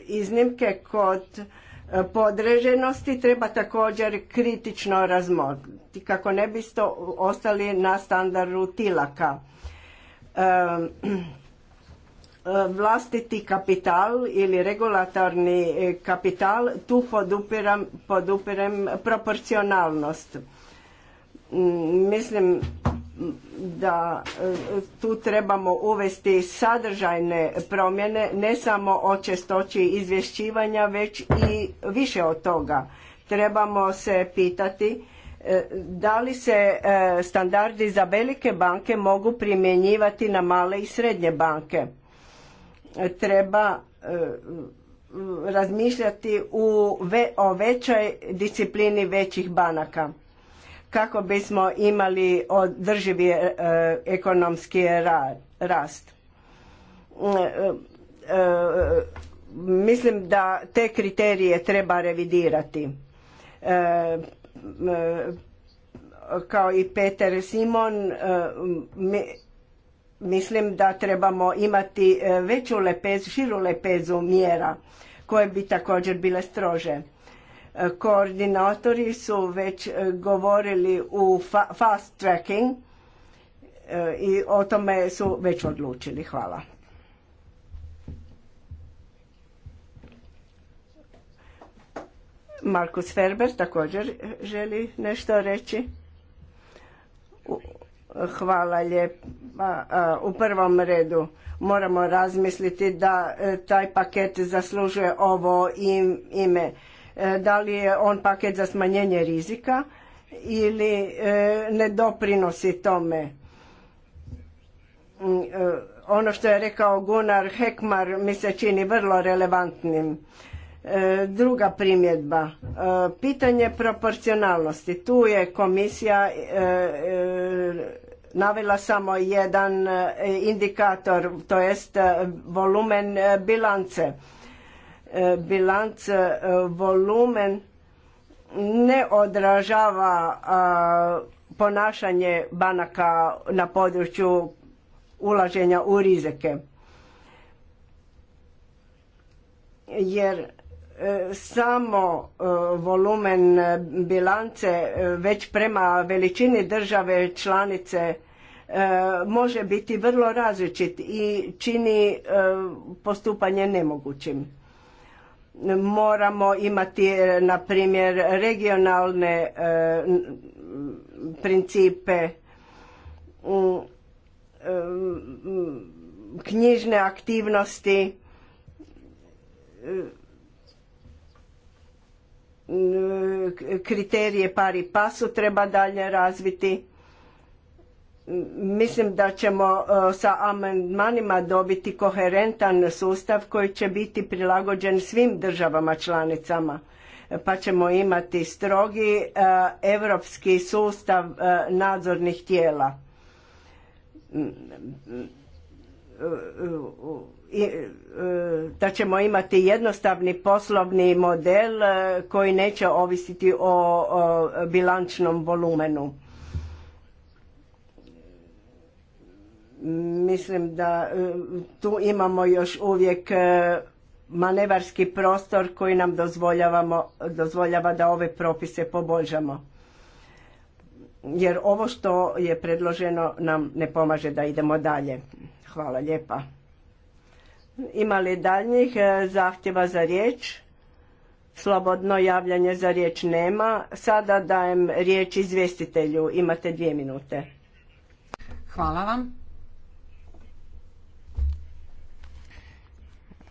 iznimke kod podreženosti treba također kritično razmotriti kako ne biste ostali na standardu tilaka. E, vlastiti kapital ili regulatorni e, kapital, tu podupirem proporcionalnost. Mm, mislim da e, tu trebamo uvesti sadržajne promjene, ne samo o čestoći izvješćivanja, već i više od toga. Trebamo se pitati da li se standardi za velike banke mogu primjenjivati na male i srednje banke treba e, razmišljati u o većoj disciplini većih banaka kako bismo imali održivi e, ekonomski rast. E, mislim da te kriterije treba revidirati. Kao i Peter Simon mi, Mislim da trebamo imati e, veću lepezu, širu lepezu mjera koje bi također bile strože. E, koordinatori su već e, govorili u fast tracking i o tome su već odlučili. Hvala. Markus Ferber također želi nešto reći. Hvala lijepa. U prvom redu moramo razmisliti da e, taj paket zaslužuje ovo ime. E, da li je on paket za smanjenje rizika ili e, ne doprinosi tome. Mm, ono što je rekao Gunnar Hekmar mi se čini vrlo relevantnim. E, druga primjedba, e, pitanje proporcionalnosti. Tu je komisija e, navela samo jedan indikator, to jest volumen bilance. Bilance, volumen ne odražava ponašanje banaka na području ulaženja u rizike. Jer samo e, volumen e, bilance e, već prema veličini države članice može biti vrlo različit i čini postupanje nemogućim. Moramo imati na primjer regionalne principe knjižne aktivnosti E, kriterije pari pasu treba dalje razviti. Mislim da ćemo e, sa amandmanima dobiti koherentan sustav koji će biti prilagođen svim državama članicama. Pa ćemo imati strogi europski sustav e, nadzornih tijela E, e, da ćemo imati jednostavni poslovni model e, koji neće ovisiti o bilančnom volumenu. Mislim da tu imamo još uvijek manevarski prostor koji nam dozvoljava da ove propise poboljšamo. Jer ovo što je predloženo nam ne pomaže da idemo dalje. Hvala lijepa. Ima li daljnjih e, zahtjeva za riječ? Slobodno javljanje za riječ nema. Sada dajem riječ izvjestitelju. Imate dvije minute. Hvala vam.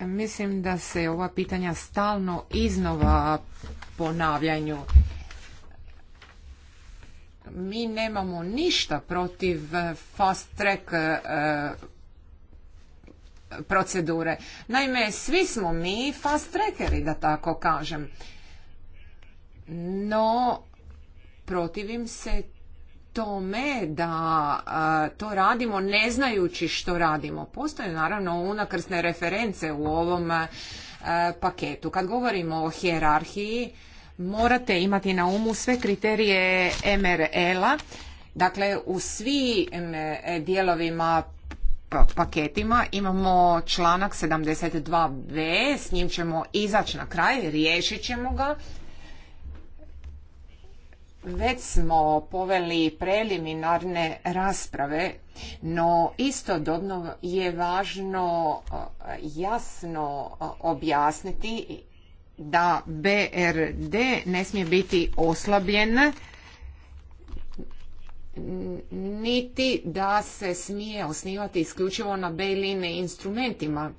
Mislim da se ova pitanja stalno iznova ponavljanju. Mi nemamo ništa protiv e, fast track e, procedure. Naime, svi smo mi fast trackeri, da tako kažem. No, protivim se tome da to radimo ne znajući što radimo. Postoje naravno unakrsne reference u ovom paketu. Kad govorimo o hjerarhiji, morate imati na umu sve kriterije MRL-a, dakle u svim e, dijelovima pa, paketima imamo članak 72b, s njim ćemo izaći na kraj, riješit ćemo ga. Već smo poveli preliminarne rasprave, no istodobno je važno eh, jasno eh, objasniti da BRD ne smije biti oslabljen niti da se smije osnivati isključivo na bejline instrumentima.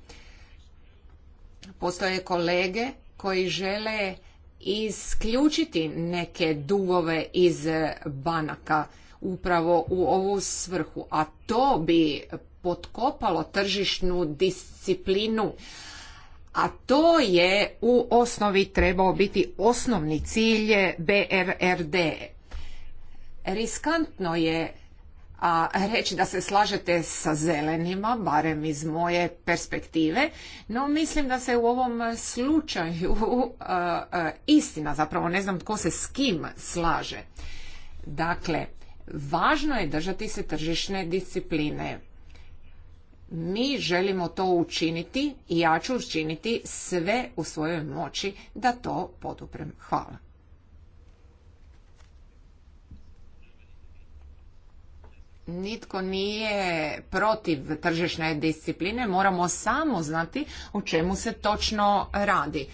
Postoje kolege koji žele isključiti neke dugove iz banaka upravo u ovu svrhu, a to bi potkopalo tržišnu disciplinu. A to je u osnovi trebao biti osnovni cilj BRRD riskantno je a reći da se slažete sa zelenima, barem iz moje perspektive, no mislim da se u ovom slučaju (laughs) istina, zapravo ne znam tko se s kim slaže. Dakle, važno je držati se tržišne discipline. Mi želimo to učiniti i ja ću učiniti sve u svojoj moći da to poduprem. Hvala. nitko nije protiv tržišne discipline, moramo samo znati o čemu se točno radi.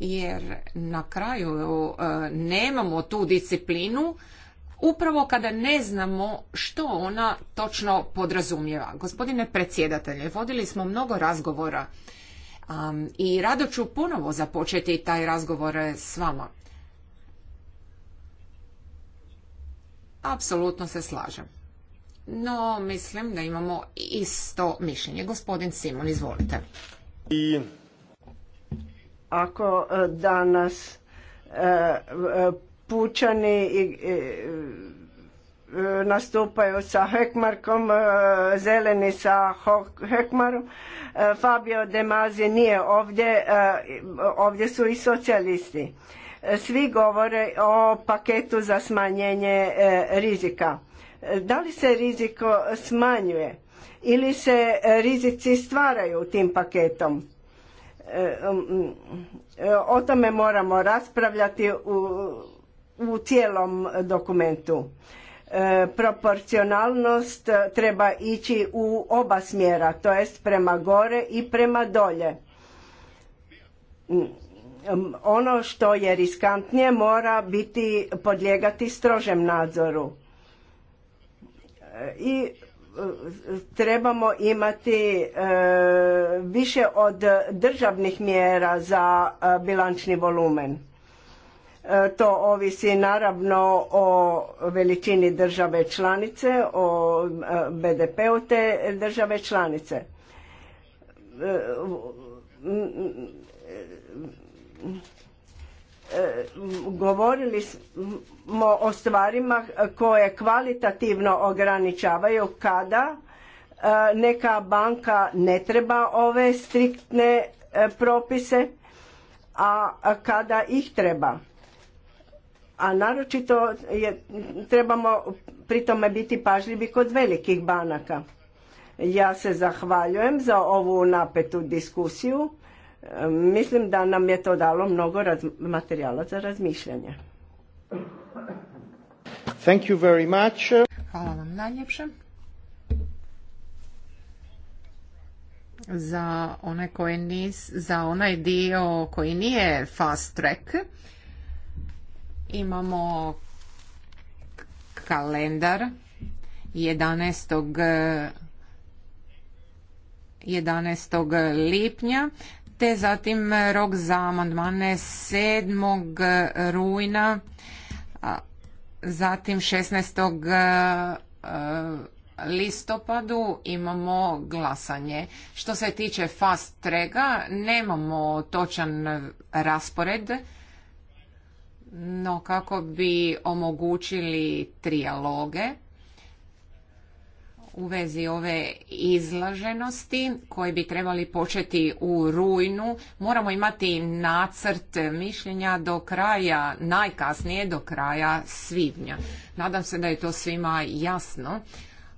Jer na kraju e, nemamo tu disciplinu upravo kada ne znamo što ona točno podrazumijeva. Gospodine predsjedatelje, vodili smo mnogo razgovora i rado ću ponovo započeti taj razgovor e, s vama. Apsolutno se slažem. No, mislim da imamo isto mišljenje. Gospodin Simon, izvolite. I... Ako e, danas e, e, pučani nastupaju sa Hekmarkom, zeleni sa Hekmarom. Fabio De Mazi nije ovdje, ovdje su i socijalisti. Svi govore o paketu za smanjenje e, rizika. Da li se riziko smanjuje ili se rizici stvaraju tim paketom? E, um, o tome moramo raspravljati u, cijelom dokumentu. E, proporcionalnost treba ići u oba smjera, to jest prema gore i prema dolje ono što je riskantnije mora biti podlijegati strožem nadzoru. E, I e, trebamo imati e, više od državnih mjera za bilančni volumen. To ovisi naravno o veličini države članice, o BDP-u te države članice govorili smo o stvarima koje kvalitativno ograničavaju kada e, neka banka ne treba ove striktne e, propise, a kada ih treba. A naročito je, trebamo pri tome biti pažljivi kod velikih banaka. Ja se zahvaljujem za ovu napetu diskusiju Mislim da nam je to dalo mnogo raz materijala za razmišljanje. Thank you very much. Hvala vam najljepše. Za, one koje nis, za onaj dio koji nije fast track imamo kalendar 11. 11. lipnja zatim rok za amandmane 7. rujna, zatim 16 e, listopadu imamo glasanje. Što se tiče fast trega, nemamo točan raspored, no kako bi omogućili trijaloge, u vezi ove izlaženosti koji bi trebali početi u rujnu. Moramo imati nacrt mišljenja do kraja, najkasnije do kraja svibnja. Nadam se da je to svima jasno.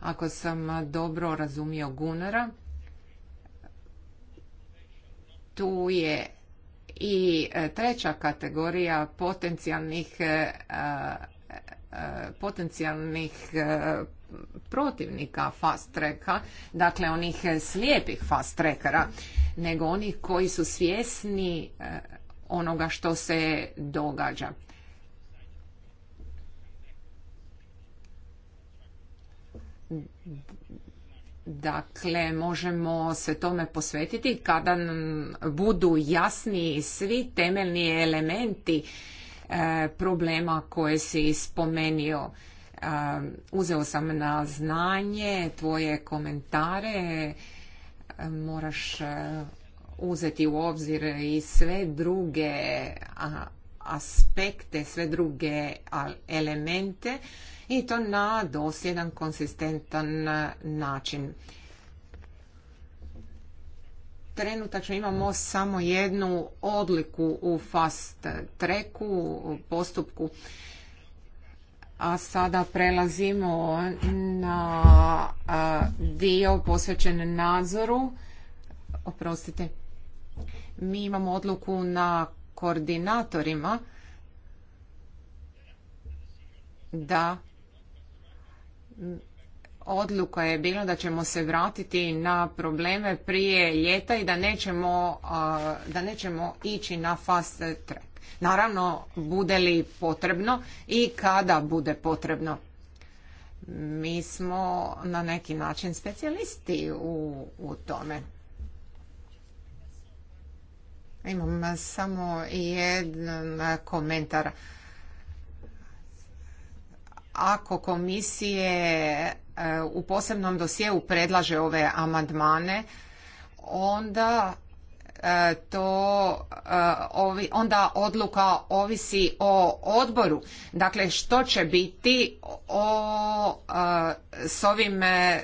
Ako sam dobro razumio Gunara, tu je i e, treća kategorija potencijalnih e, e, potencijalnih protivnika fast tracka, dakle onih slijepih fast trackera, nego onih koji su svjesni eh, onoga što se događa. Dakle, možemo se tome posvetiti kada budu jasni svi temeljni elementi eh, problema koje si spomenio uzeo sam na znanje tvoje komentare, moraš e, uzeti u obzir i sve druge aspekte, sve druge elemente i to na dosljedan, konsistentan e, način. Trenutačno imamo samo jednu odliku u fast tracku, postupku a sada prelazimo na dio posvećen nadzoru. Oprostite. Mi imamo odluku na koordinatorima da odluka je bila da ćemo se vratiti na probleme prije ljeta i da nećemo, da nećemo ići na fast track. Naravno, bude li potrebno i kada bude potrebno. Mi smo na neki način specijalisti u, u tome. Imam samo jedan komentar. Ako komisije e, u posebnom dosjeu predlaže ove amandmane, onda E, to e, onda odluka ovisi o odboru. Dakle, što će biti o, e, s ovim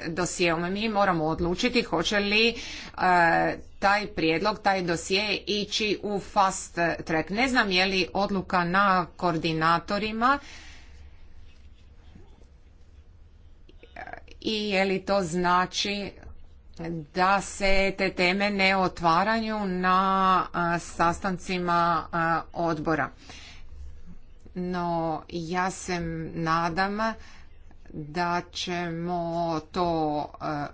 dosijeom? Mi moramo odlučiti hoće li taj prijedlog, taj dosije ići u fast track. Ne znam je li odluka na koordinatorima i je li to znači da se te teme ne otvaraju na sastancima odbora. No, ja se nadam da ćemo to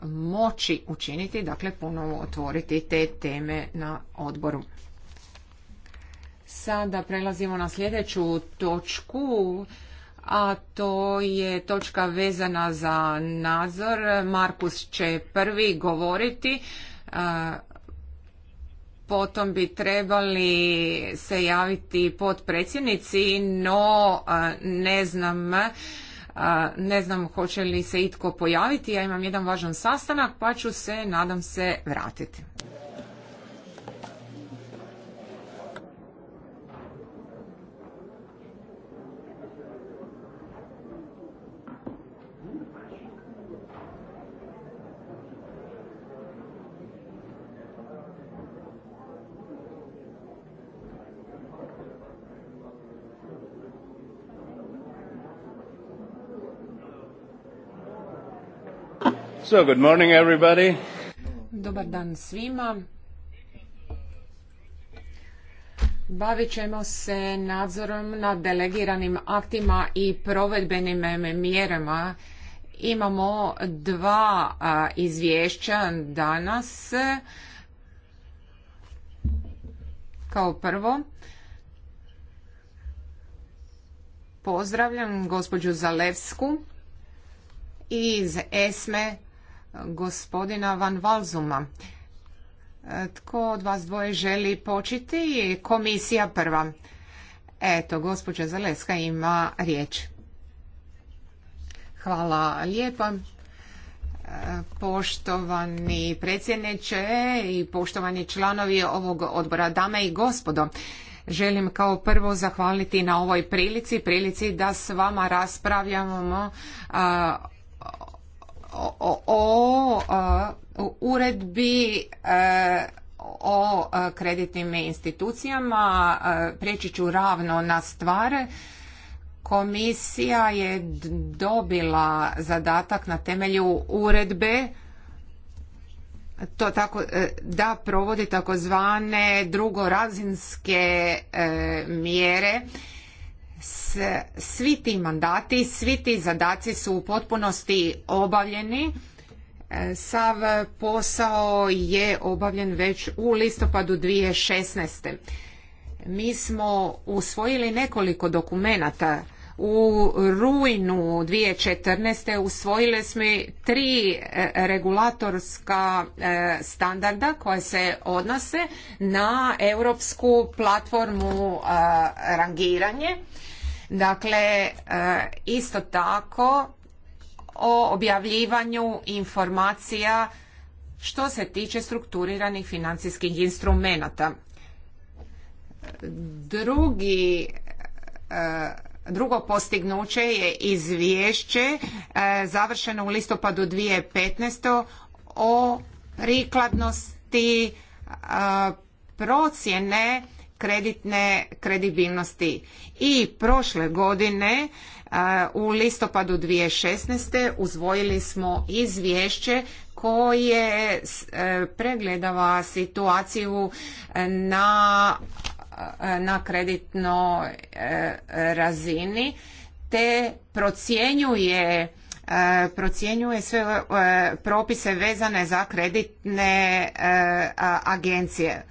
moći učiniti, dakle ponovo otvoriti te teme na odboru. Sada prelazimo na sljedeću točku a to je točka vezana za nadzor. Markus će prvi govoriti, e, potom bi trebali se javiti potpredsjednici, no e, ne znam e, ne znam hoće li se itko pojaviti, ja imam jedan važan sastanak pa ću se, nadam se, vratiti. So, good morning everybody. Dobar dan svima. Bavit ćemo se nadzorom nad delegiranim aktima i provedbenim mjerama. Imamo dva izvješća danas. Kao prvo, pozdravljam gospođu Zalevsku iz ESME gospodina Van Valzuma. Tko od vas dvoje želi početi? Komisija prva. Eto, gospođa Zaleska ima riječ. Hvala lijepa. Poštovani predsjedniče i poštovani članovi ovog odbora, dame i gospodo, želim kao prvo zahvaliti na ovoj prilici, prilici da s vama raspravljamo o, uredbi e, o kreditnim institucijama prijeći ću ravno na stvar komisija je dobila zadatak na temelju uredbe to tako e, da provodi takozvane drugorazinske e, mjere svi ti mandati, svi ti zadaci su u potpunosti obavljeni. E, sav posao je obavljen već u listopadu 2016. Mi smo usvojili nekoliko dokumenata u rujnu 2014. usvojili smo tri e, regulatorska e, standarda koje se odnose na europsku platformu rangiranje Dakle, e, isto tako o objavljivanju informacija što se tiče strukturiranih financijskih instrumenata. Drugi e, Drugo postignuće je izvješće e, završeno u listopadu 2015. o prikladnosti procjene kreditne kredibilnosti. I prošle godine e, u listopadu 2016. uzvojili smo izvješće koje e, pregledava situaciju na, e, na kreditnoj razini te procjenjuje procjenjuje sve propise vezane za kreditne agencije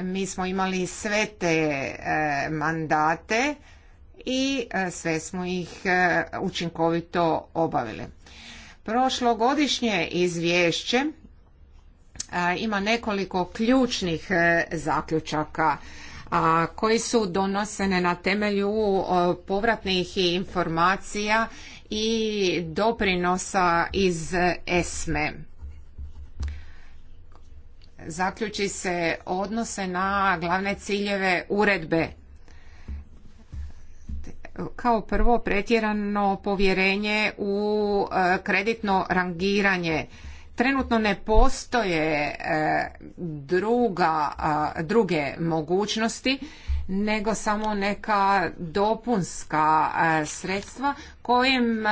mi smo imali sve te e, mandate i e, sve smo ih e, učinkovito obavili. Prošlogodišnje izvješće ima nekoliko ključnih zaključaka koji su donosene na temelju povratnih informacija i doprinosa iz ESME zaključi se odnose na glavne ciljeve uredbe. Kao prvo pretjerano povjerenje u e, kreditno rangiranje. Trenutno ne postoje e, druga, druge mogućnosti nego samo neka dopunska e, sredstva kojim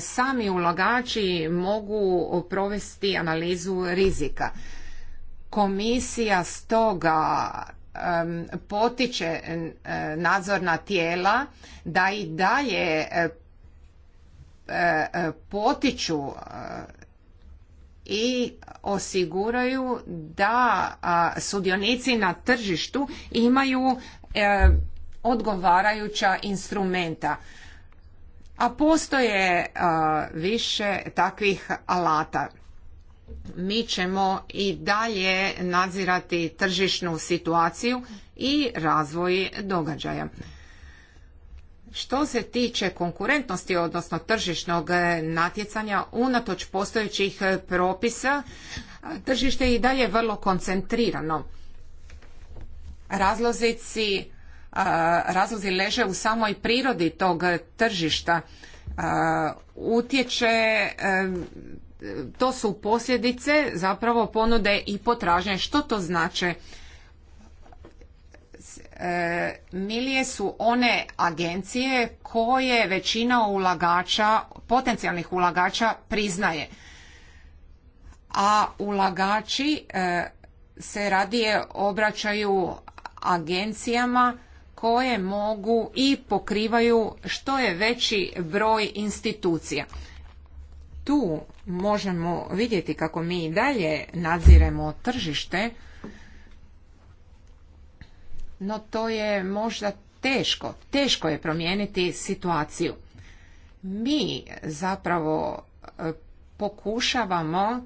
sami ulagači mogu provesti analizu rizika. Komisija stoga potiče nadzorna tijela da i dalje potiču i osiguraju da sudionici na tržištu imaju odgovarajuća instrumenta. A postoje više takvih alata mi ćemo i dalje nadzirati tržišnu situaciju i razvoj događaja. Što se tiče konkurentnosti, odnosno tržišnog natjecanja, unatoč postojećih propisa, tržište je i dalje vrlo koncentrirano. Razlozici, razlozi leže u samoj prirodi tog tržišta. Utječe to su posljedice zapravo ponude i potražnje. Što to znači? Milije su one agencije koje većina ulagača, potencijalnih ulagača priznaje. A ulagači e, se radije obraćaju agencijama koje mogu i pokrivaju što je veći broj institucija tu možemo vidjeti kako mi i dalje nadziremo tržište, no to je možda teško. Teško je promijeniti situaciju. Mi zapravo e, pokušavamo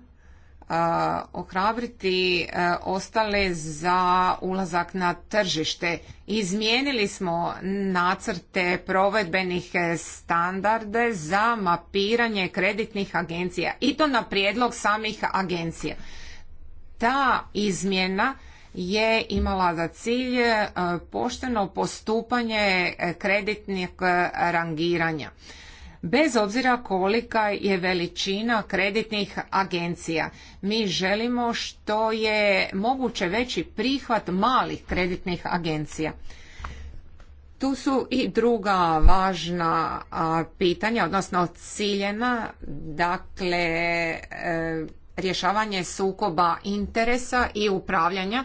ohrabriti e, ostale za ulazak na tržište. Izmijenili smo nacrte provedbenih e, standarde za mapiranje kreditnih agencija i to na prijedlog samih agencija. Ta izmjena je imala za cilj e, pošteno postupanje kreditnih rangiranja bez obzira kolika je veličina kreditnih agencija. Mi želimo što je moguće veći prihvat malih kreditnih agencija. Tu su i druga važna pitanja, odnosno ciljena, dakle e, rješavanje sukoba interesa i upravljanja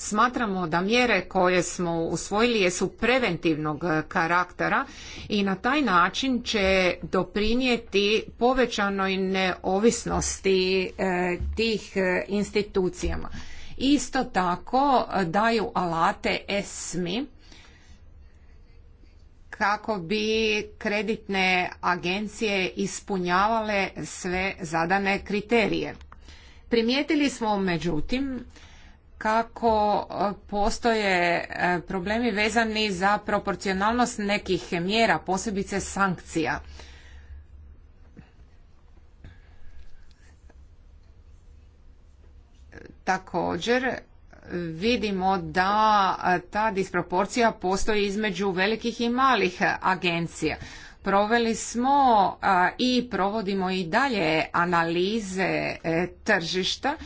Smatramo da mjere koje smo usvojili jesu preventivnog eh, karaktera i na taj način će doprinijeti povećanoj neovisnosti eh, tih eh, institucijama. Isto tako daju alate ESMI kako bi kreditne agencije ispunjavale sve zadane kriterije. Primijetili smo međutim kako e, postoje e, problemi vezani za proporcionalnost nekih mjera, posebice sankcija. Također vidimo da e, ta disproporcija postoji između velikih i malih agencija. Proveli smo i provodimo i dalje analize tržišta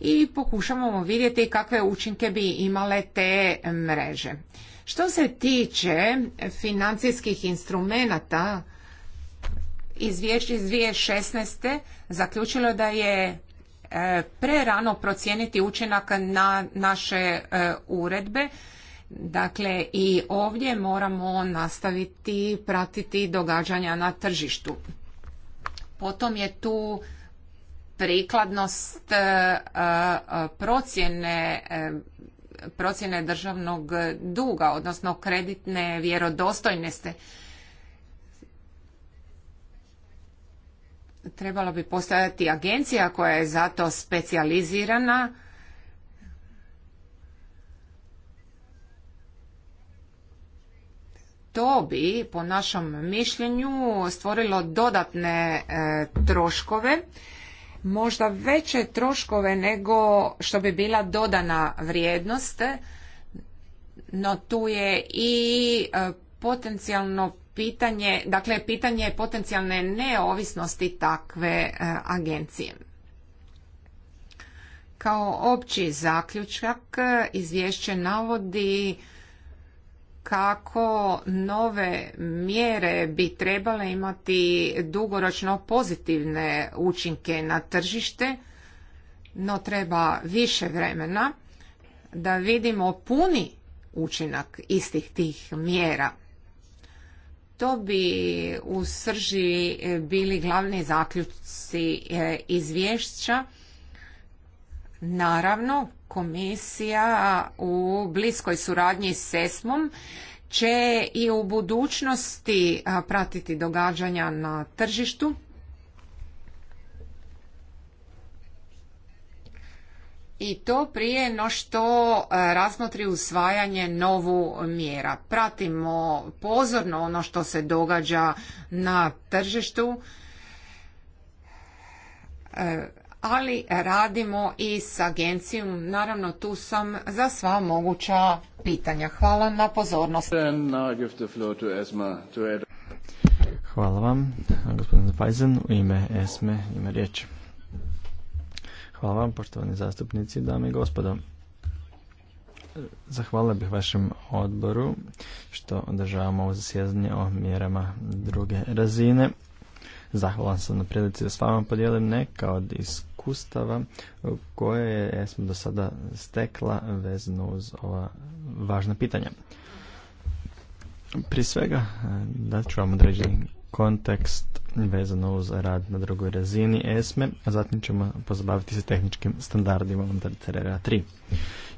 i pokušavamo vidjeti kakve učinke bi imale te mreže. Što se tiče financijskih instrumenata, izvješće iz 2016. zaključilo da je e, prerano procijeniti učinak na naše e, uredbe. Dakle, i ovdje moramo nastaviti pratiti događanja na tržištu. Potom je tu prikladnost e, e, procjene e, procjene državnog duga, odnosno kreditne vjerodostojnosti. Trebala bi postojati agencija koja je za to specijalizirana. To bi, po našem mišljenju, stvorilo dodatne troškove možda veće troškove nego što bi bila dodana vrijednost, no tu je i e, potencijalno pitanje, dakle pitanje potencijalne neovisnosti takve e, agencije. Kao opći zaključak e, izvješće navodi kako nove mjere bi trebale imati dugoročno pozitivne učinke na tržište, no treba više vremena da vidimo puni učinak istih tih mjera. To bi u srži bili glavni zaključci e, izvješća. Naravno, komisija u bliskoj suradnji s ESMOM će i u budućnosti pratiti događanja na tržištu. I to prije no što razmotri usvajanje novu mjera. Pratimo pozorno ono što se događa na tržištu ali radimo i s agencijom. Naravno, tu sam za sva moguća pitanja. Hvala na pozornost. Hvala vam, gospodin Fajzen, u ime ESME ima riječ. Hvala vam, poštovani zastupnici, dame i gospodo. Zahvala bih vašem odboru što održavamo ovo zasjedanje o mjerama druge razine. Zahvalan sam na prilici da s vama podijelim neka od iskustva Ustava eh, koje smo do sada stekla vezano uz ova važna pitanja. Prije svega eh, da ću vam određeni kontekst vezano uz rad na drugoj razini ESME, a zatim ćemo pozabaviti se tehničkim standardima unutar 3.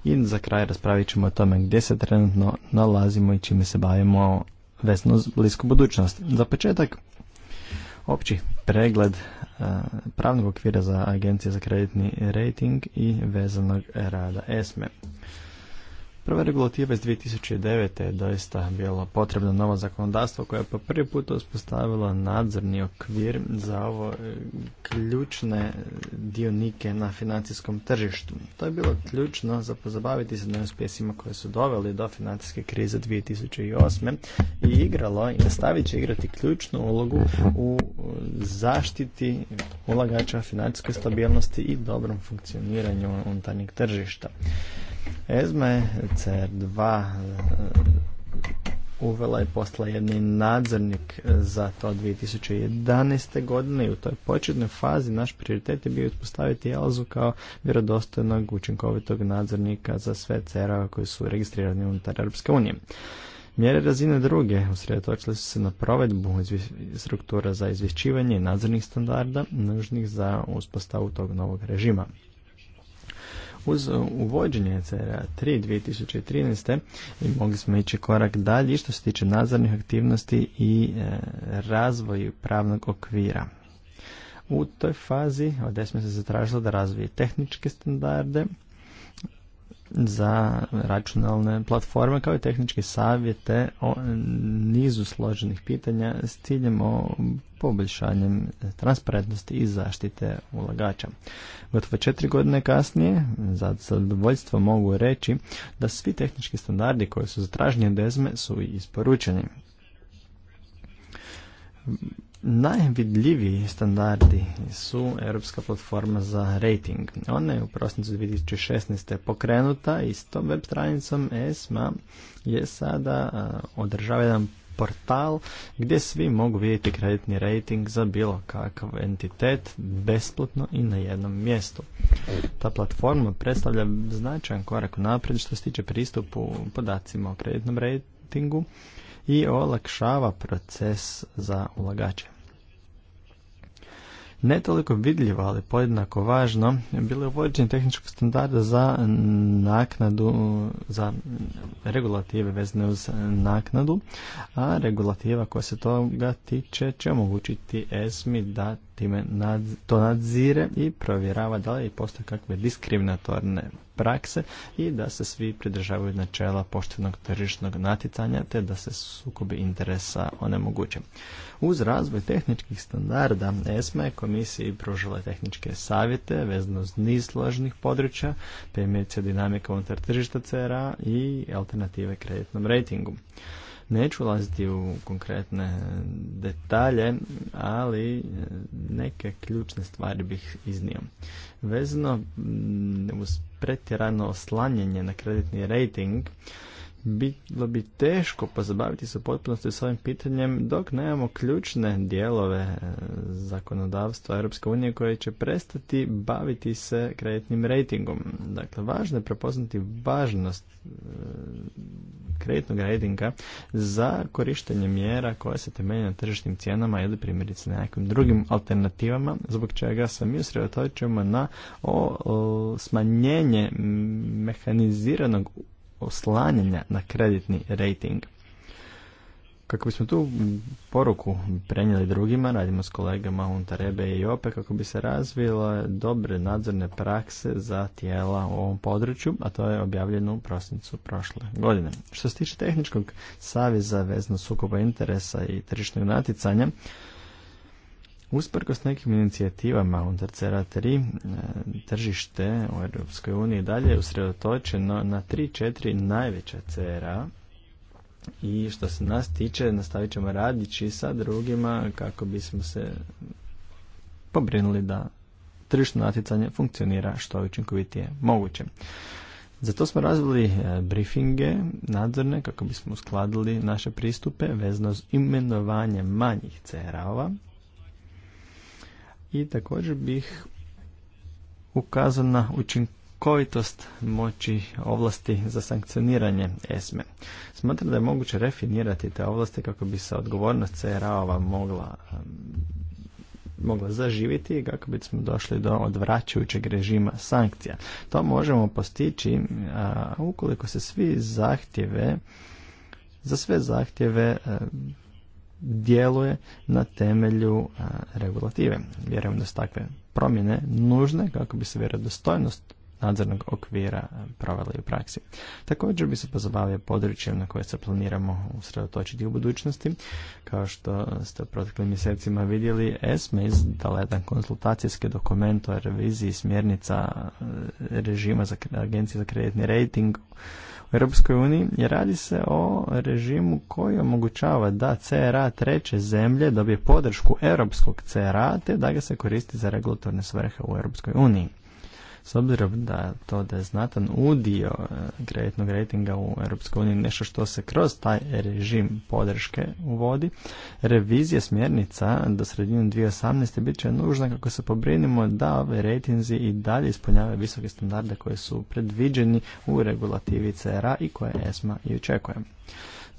I za kraj raspravit ćemo o tome gdje se trenutno nalazimo i čime se bavimo vezano uz blisku budućnost. Za početak opći pregled e, pravnog okvira za agencije za kreditni rating i vezanog rada ESME. Prva regulativa iz 2009. je doista bilo potrebno novo zakonodavstvo koje je po prvi put uspostavilo nadzorni okvir za ovo e, ključne dionike na financijskom tržištu. To je bilo ključno za pozabaviti se neuspjesima koje su doveli do financijske krize 2008. i igralo i nastavit će igrati ključnu ulogu u zaštiti ulagača financijske stabilnosti i dobrom funkcioniranju unutarnjeg tržišta. ESMA CR2 e, uvela je postala jedni nadzornik za to 2011. godine i u toj početnoj fazi naš prioritet je bio uspostaviti Elzu kao vjerodostojnog učinkovitog nadzornika za sve CR-ove koji su registrirani unutar Europske unije. Mjere razine druge usredotočile su se na provedbu struktura za izvješćivanje i nadzornih standarda nužnih za uspostavu tog novog režima. Uz uvođenje cr 3 2013. i mogli smo ići korak dalje što se tiče nadzornih aktivnosti i e, razvoju pravnog okvira. U toj fazi od se zatražilo da razvije tehničke standarde za računalne platforme kao i tehničke savjete o nizu složenih pitanja s ciljem o poboljšanjem transparentnosti i zaštite ulagača. Gotovo četiri godine kasnije, za zadovoljstvo mogu reći da svi tehnički standardi koji su zatraženi od ESME su isporučeni Najvidljiviji standardi su Europska platforma za rating. Ona je u prosincu 2016. pokrenuta i s tom web stranicom ESMA je sada održava jedan portal gdje svi mogu vidjeti kreditni rating za bilo kakav entitet besplatno i na jednom mjestu. Ta platforma predstavlja značajan korak naprijed što se tiče pristupu podacima o kreditnom ratingu i olakšava proces za ulagače ne toliko vidljivo, ali podjednako važno, bilo je uvođenje tehničkog standarda za naknadu, za regulative vezane uz naknadu, a regulativa koja se toga tiče će omogućiti ESMI da time to nadzire i provjerava da li postoje kakve diskriminatorne prakse i da se svi pridržavaju načela poštenog tržišnog natjecanja te da se sukobi interesa onemoguće. Uz razvoj tehničkih standarda ESMA je komisiji pružila tehničke savjete vezano s niz složnih područja, primjerice dinamika unutar tržišta CRA i alternative kreditnom ratingu. Neću ulaziti u konkretne detalje, ali e, neke ključne stvari bih iznio. Vezano uz pretjerano oslanjanje na kreditni rating, bilo bi teško pozabaviti pa se potpunosti s ovim pitanjem dok nemamo ključne dijelove e, zakonodavstva Europske unije koje će prestati baviti se kreditnim rejtingom. Dakle, važno je prepoznati važnost e, kreditnog rejtinga za korištenje mjera koje se temelje na tržišnim cijenama ili primjerice na nekim drugim alternativama, zbog čega sam mi usredotočujemo na o, o, smanjenje mehaniziranog oslanjanja na kreditni rating. Kako bismo tu poruku prenijeli drugima, radimo s kolegama Untarebe i OPE kako bi se razvila dobre nadzorne prakse za tijela u ovom području, a to je objavljeno u prosincu prošle godine. Što se tiče tehničkog savjeza vezno sukoba interesa i tržišnog natjecanja, Usprkos nekim inicijativama unutar CERA3, e, tržište u Europskoj uniji dalje je usredotočeno na 3-4 najveća CERA i što se nas tiče nastavit ćemo radići sa drugima kako bismo se pobrinuli da tržišno natjecanje funkcionira što je učinkovitije moguće. Zato smo razvili e, briefinge nadzorne kako bismo uskladili naše pristupe vezano s imenovanjem manjih CRA-ova i također bih ukazao na učinkovitost moći ovlasti za sankcioniranje ESME. Smatram da je moguće refinirati te ovlasti kako bi se odgovornost CRA-ova mogla mogla zaživiti i kako bismo došli do odvraćajućeg režima sankcija. To možemo postići a, ukoliko se svi zahtjeve za sve zahtjeve djeluje na temelju regulative. Vjerujem da su takve promjene nužne kako bi se vjerodostojnost nadzornog okvira proveli u praksi. Također bi se pozabavio područjem na koje se planiramo usredotočiti u budućnosti. Kao što ste u proteklim mjesecima vidjeli, ESME izdala jedan konsultacijski dokument o reviziji smjernica režima za agencije za kreditni rating Europskoj uniji radi se o režimu koji omogućava da CRA treće zemlje dobije podršku europskog CRA te da ga se koristi za regulatorne svrhe u Europskoj uniji. S obzirom da to da je znatan udio e, kreditnog rejtinga u EU nešto što se kroz taj režim podrške uvodi, revizija smjernica do sredine 2018. bit će nužna kako se pobrinimo da ove rejtinzi i dalje ispunjavaju visoke standarde koje su predviđeni u regulativi CRA i koje ESMA i očekuje.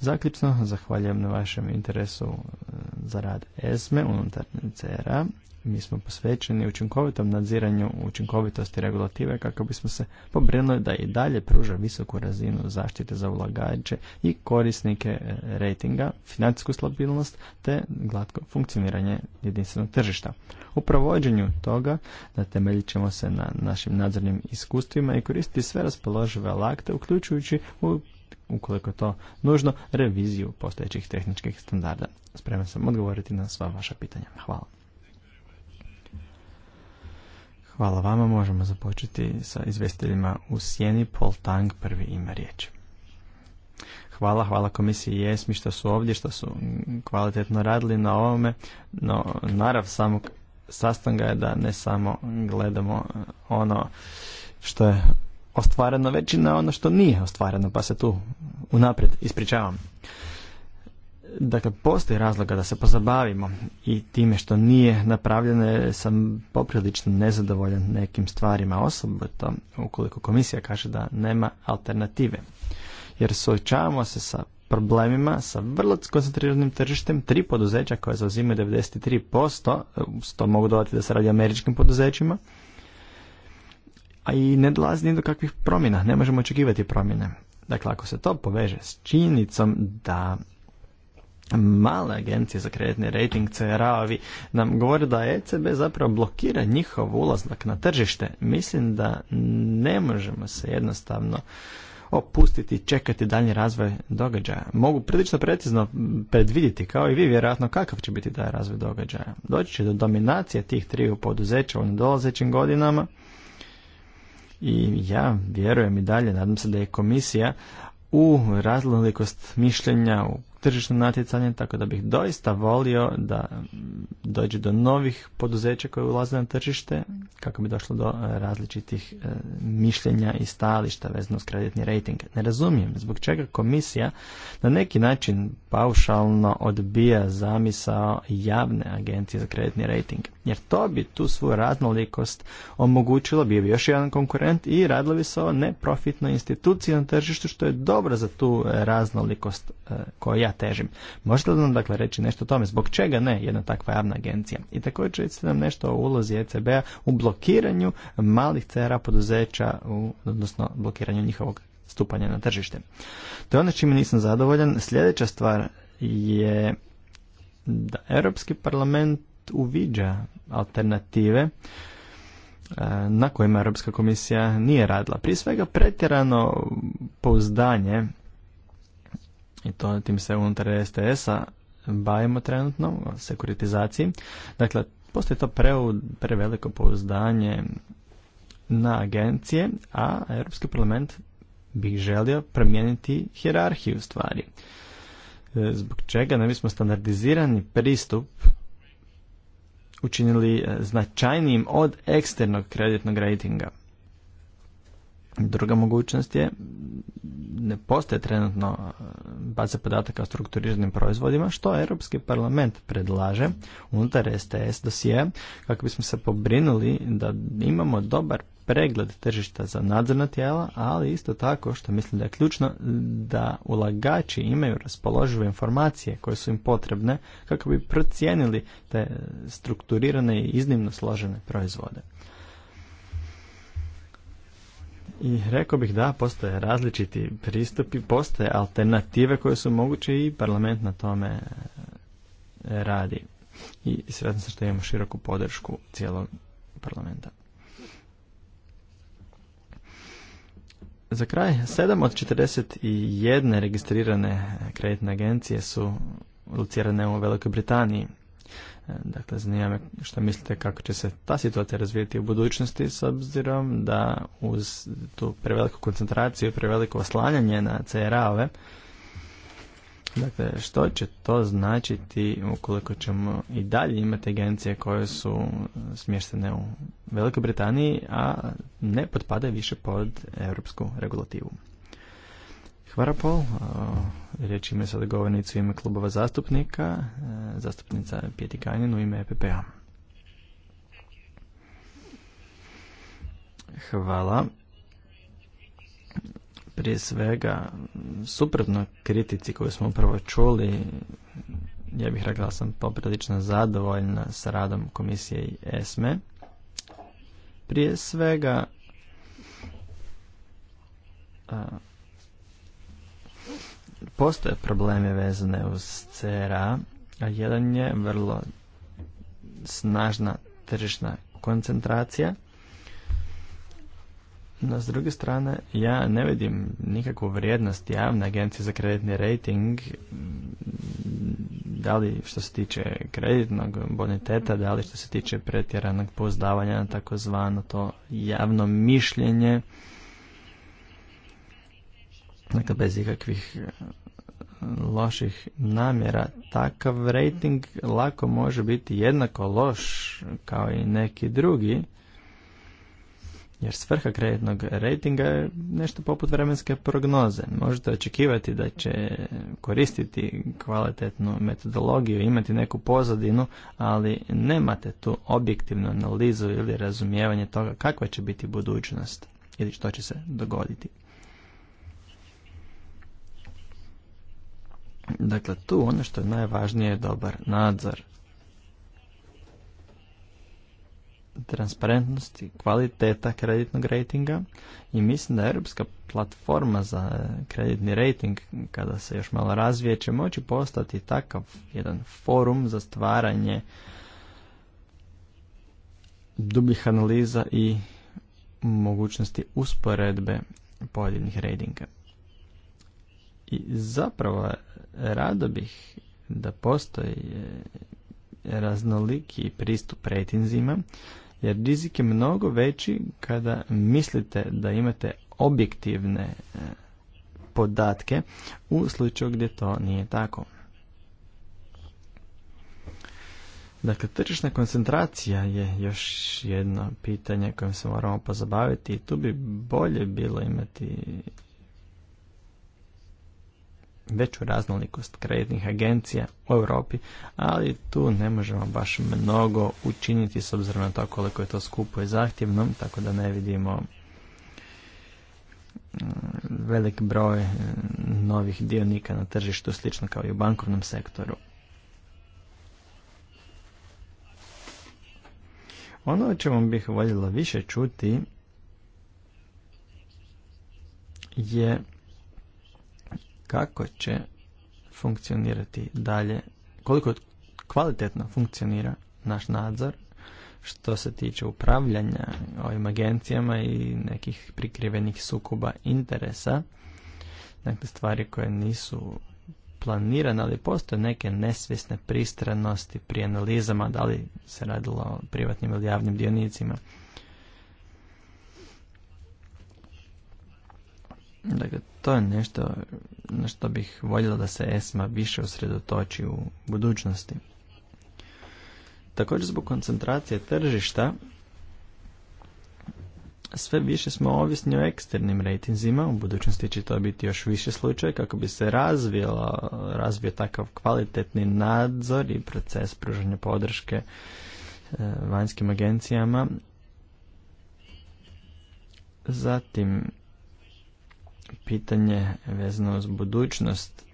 Zaključno, zahvaljujem na vašem interesu e, za rad ESME unutar CRA mi smo posvećeni učinkovitom nadziranju učinkovitosti regulative kako bismo se pobrinuli da i dalje pruža visoku razinu zaštite za ulagače i korisnike e, rejtinga, financijsku stabilnost te glatko funkcioniranje jedinstvenog tržišta. U provođenju toga natemeljit ćemo se na našim nadzornim iskustvima i koristiti sve raspoložive lakte, uključujući ukoliko to nužno, reviziju postojećih tehničkih standarda. Spreman sam odgovoriti na sva vaša pitanja. Hvala. Hvala vama, možemo započeti sa izvestiteljima u sjeni. Paul Tang prvi ima riječ. Hvala, hvala komisiji Jesmi što su ovdje, što su kvalitetno radili na ovome, no narav samog sastanga je da ne samo gledamo eh, ono što je ostvareno, već i na ono što nije ostvareno, pa se tu unaprijed ispričavam. Dakle, postoji razloga da se pozabavimo i time što nije napravljeno e, sam poprilično nezadovoljan nekim stvarima osobito ukoliko komisija kaže da nema alternative. Jer suočavamo se sa problemima sa vrlo skoncentriranim tržištem, tri poduzeća koje zauzimaju 93%, e, to mogu dodati da se radi američkim poduzećima, a i ne dolazi ni do kakvih promjena, ne možemo očekivati promjene. Dakle, ako se to poveže s činjenicom da male agencije za kreditni rating CRA-ovi nam govore da ECB zapravo blokira njihov ulazak na tržište. Mislim da ne možemo se jednostavno opustiti i čekati daljnji razvoj događaja. Mogu prilično precizno predvidjeti, kao i vi vjerojatno, kakav će biti taj razvoj događaja. Doći će do dominacije tih triju poduzeća u nedolazećim godinama i ja vjerujem i dalje, nadam se da je komisija u raznolikost mišljenja, u tržišno natjecanje, tako da bih doista volio da dođe do novih poduzeća koje ulaze na tržište, kako bi došlo do e, različitih e, mišljenja i stajališta vezano s kreditni rating. Ne razumijem zbog čega komisija na neki način paušalno odbija zamisao javne agencije za kreditni rating, jer to bi tu svoju raznolikost omogućilo, bio bi još jedan konkurent i radilo bi se o neprofitnoj instituciji na tržištu, što je dobro za tu raznolikost e, koja težim. Možete li nam dakle reći nešto o tome? Zbog čega ne jedna takva javna agencija? I također recite nam nešto o ulozi ECB-a u blokiranju malih cera poduzeća, u, odnosno blokiranju njihovog stupanja na tržište. To je ono čime nisam zadovoljan. Sljedeća stvar je da Europski parlament uviđa alternative e, na kojima Europska komisija nije radila. Prije svega pretjerano pouzdanje i to tim se unutar STS-a bavimo trenutno, o sekuritizaciji. Dakle, postoji to pre, preveliko pouzdanje na agencije, a Europski parlament bi želio promijeniti hierarhiju stvari. E, zbog čega ne bismo standardizirani pristup učinili e, značajnijim od eksternog kreditnog ratinga. Druga mogućnost je, ne postoje trenutno e, baze podataka o strukturiranim proizvodima, što Europski parlament predlaže unutar STS dosije, kako bismo se pobrinuli da imamo dobar pregled tržišta za nadzorna tijela, ali isto tako, što mislim da je ključno, da ulagači imaju raspoložive informacije koje su im potrebne kako bi procijenili te strukturirane i iznimno složene proizvode. I rekao bih da, postoje različiti pristupi, postoje alternative koje su moguće i parlament na tome e, radi. I sretno se što imamo široku podršku cijelog parlamenta. Za kraj, 7 od 41 registrirane kreditne agencije su lucirane u Velikoj Britaniji. Dakle, zanima me što mislite kako će se ta situacija razvijeti u budućnosti s obzirom da uz tu preveliku koncentraciju i preveliko oslanjanje na CRA-ove, dakle, što će to značiti ukoliko ćemo i dalje imati agencije koje su smještene u Velikoj Britaniji, a ne potpada više pod europsku regulativu? Hvarapol. Riječ ima sada govornicu ime klubova zastupnika, e, zastupnica Pjeti Kajnin u ime EPP-a. Hvala. Prije svega, suprotno kritici koju smo upravo čuli, ja bih rekla sam poprilično zadovoljna sa radom komisije i ESME. Prije svega, postoje probleme vezane uz CRA, a jedan je vrlo snažna tržišna koncentracija. No, s druge strane, ja ne vidim nikakvu vrijednost javne agencije za kreditni rating, da li što se tiče kreditnog boniteta, da li što se tiče pretjeranog pozdavanja na takozvano to javno mišljenje, dakle bez ikakvih loših namjera, takav rating lako može biti jednako loš kao i neki drugi, jer svrha kreditnog ratinga je nešto poput vremenske prognoze. Možete očekivati da će koristiti kvalitetnu metodologiju, imati neku pozadinu, ali nemate tu objektivnu analizu ili razumijevanje toga kakva će biti budućnost ili što će se dogoditi. Dakle, tu ono što je najvažnije je dobar nadzor. transparentnosti, kvaliteta kreditnog ratinga i mislim da europska platforma za kreditni rating kada se još malo razvije, će moći postati takav jedan forum za stvaranje dubljih analiza i mogućnosti usporedbe pojedinih ratinga. I zapravo je Rado bih da postoji e, raznoliki pristup rejtinzima, jer rizik je mnogo veći kada mislite da imate objektivne e, podatke u slučaju gdje to nije tako. Dakle, tržišna koncentracija je još jedno pitanje kojim se moramo pozabaviti i tu bi bolje bilo imati veću raznolikost kreditnih agencija u Europi, ali tu ne možemo baš mnogo učiniti s obzirom na to koliko je to skupo i zahtjevno, tako da ne vidimo mm, velik broj mm, novih dionika na tržištu, slično kao i u bankovnom sektoru. Ono o čemu bih voljela više čuti je kako će funkcionirati dalje, koliko kvalitetno funkcionira naš nadzor što se tiče upravljanja ovim agencijama i nekih prikrivenih sukoba interesa, neke dakle, stvari koje nisu planirane, ali postoje neke nesvjesne pristranosti pri analizama, da li se radilo o privatnim ili javnim dionicima. Dakle, to je nešto na što bih voljela da se ESMA više usredotoči u budućnosti. Također zbog koncentracije tržišta sve više smo ovisni o eksternim rejtinzima, u budućnosti će to biti još više slučaj kako bi se razvijelo razvio takav kvalitetni nadzor i proces pružanja podrške e, vanjskim agencijama. Zatim, pitanje vezano uz budućnost.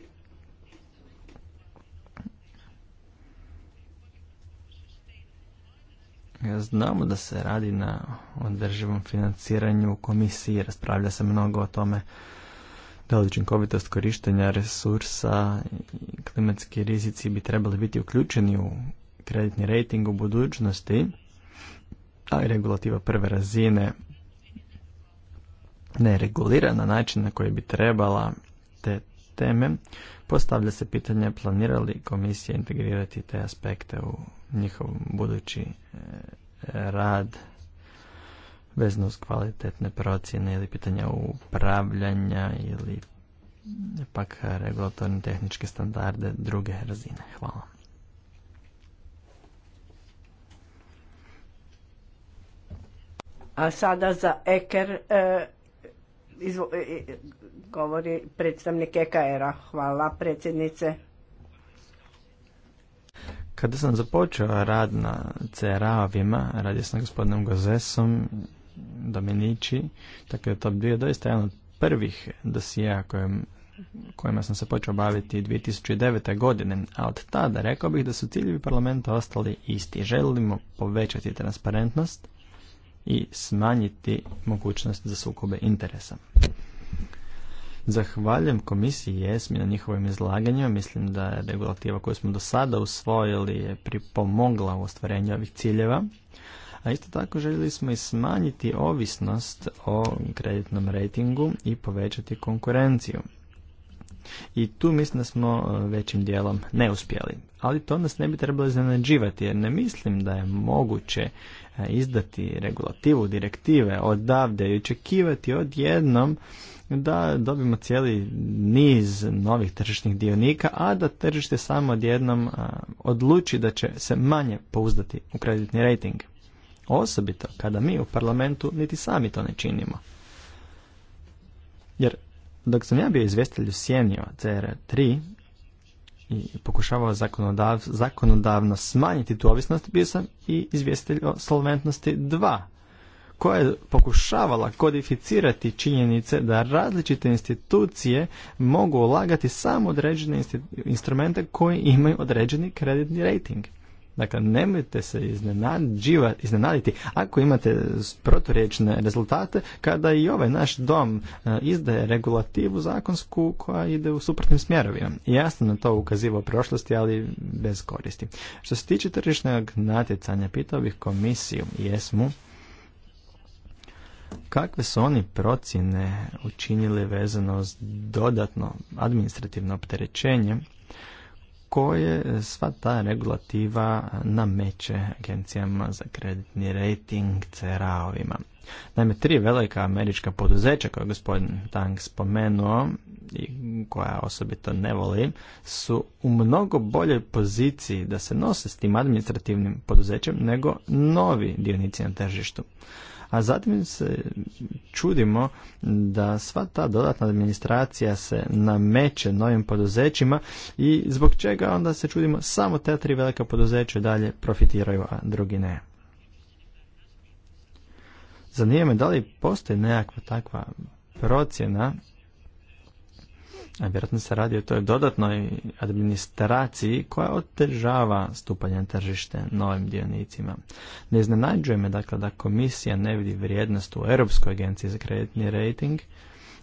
Znamo da se radi na održivom financiranju komisiji, raspravlja se mnogo o tome da li učinkovitost korištenja resursa i klimatski rizici bi trebali biti uključeni u kreditni rejting u budućnosti, a i regulativa prve razine ne regulira na način na koji bi trebala te teme, postavlja se pitanje planira li komisija integrirati te aspekte u njihov budući e, rad vezno uz kvalitetne procjene ili pitanja upravljanja ili pak regulatorne tehničke standarde druge razine. Hvala. A sada za Eker e, Izvo, e, e, govori predstavnik EKR-a. Hvala predsjednice. Kada sam započeo rad na CRA-ovima, radio sam gospodinom Gozesom, Dominici, tako je to bio doista jedan od prvih dosija kojim, kojima sam se počeo baviti 2009. godine, a od tada rekao bih da su ciljevi parlamenta ostali isti. Želimo povećati transparentnost, i smanjiti mogućnost za sukobe interesa. Zahvaljujem komisiji jesmi na njihovim izlaganjima. Mislim da je regulativa koju smo do sada usvojili je pripomogla u ostvarenju ovih ciljeva. A isto tako željeli smo i smanjiti ovisnost o kreditnom rejtingu i povećati konkurenciju. I tu mislim da smo e, većim dijelom neuspjeli. Ali to nas ne bi trebalo iznenađivati jer ne mislim da je moguće izdati regulativu, direktive odavde i očekivati odjednom da dobimo cijeli niz novih tržišnih dionika, a da tržište samo odjednom odluči da će se manje pouzdati u kreditni rating. Osobito kada mi u parlamentu niti sami to ne činimo. Jer dok sam ja bio izvjestitelj u CR3, i pokušavao zakonodav, zakonodavno smanjiti tu ovisnost, bio sam i izvjestitelj o solventnosti 2, koja je pokušavala kodificirati činjenice da različite institucije mogu ulagati samo određene instrumente koji imaju određeni kreditni rating. Dakle, nemojte se iznenaditi ako imate proturječne rezultate kada i ovaj naš dom e, izdaje regulativu zakonsku koja ide u suprotnim smjerovima. Jasno, na to ukazivao prošlosti, ali bez koristi. Što se tiče tržišnog natjecanja, pitao bih komisiju, jesmo kakve su oni procjene učinili vezano s dodatno administrativno opterećenje koje e, sva ta regulativa nameće agencijama za kreditni rating CRA-ovima. Naime, tri velika američka poduzeća koje je gospodin Tang spomenuo i koja osobito ne voli, su u mnogo boljoj poziciji da se nose s tim administrativnim poduzećem nego novi dionici na tržištu a zatim se čudimo da sva ta dodatna administracija se nameće novim poduzećima i zbog čega onda se čudimo samo te tri velika poduzeća dalje profitiraju, a drugi ne. Zanima me da li postoji nekakva takva procjena a vjerojatno se radi o toj dodatnoj administraciji koja otežava stupanje na tržište novim dionicima. Ne iznenađuje me dakle da komisija ne vidi vrijednost u Europskoj agenciji za kreditni rating.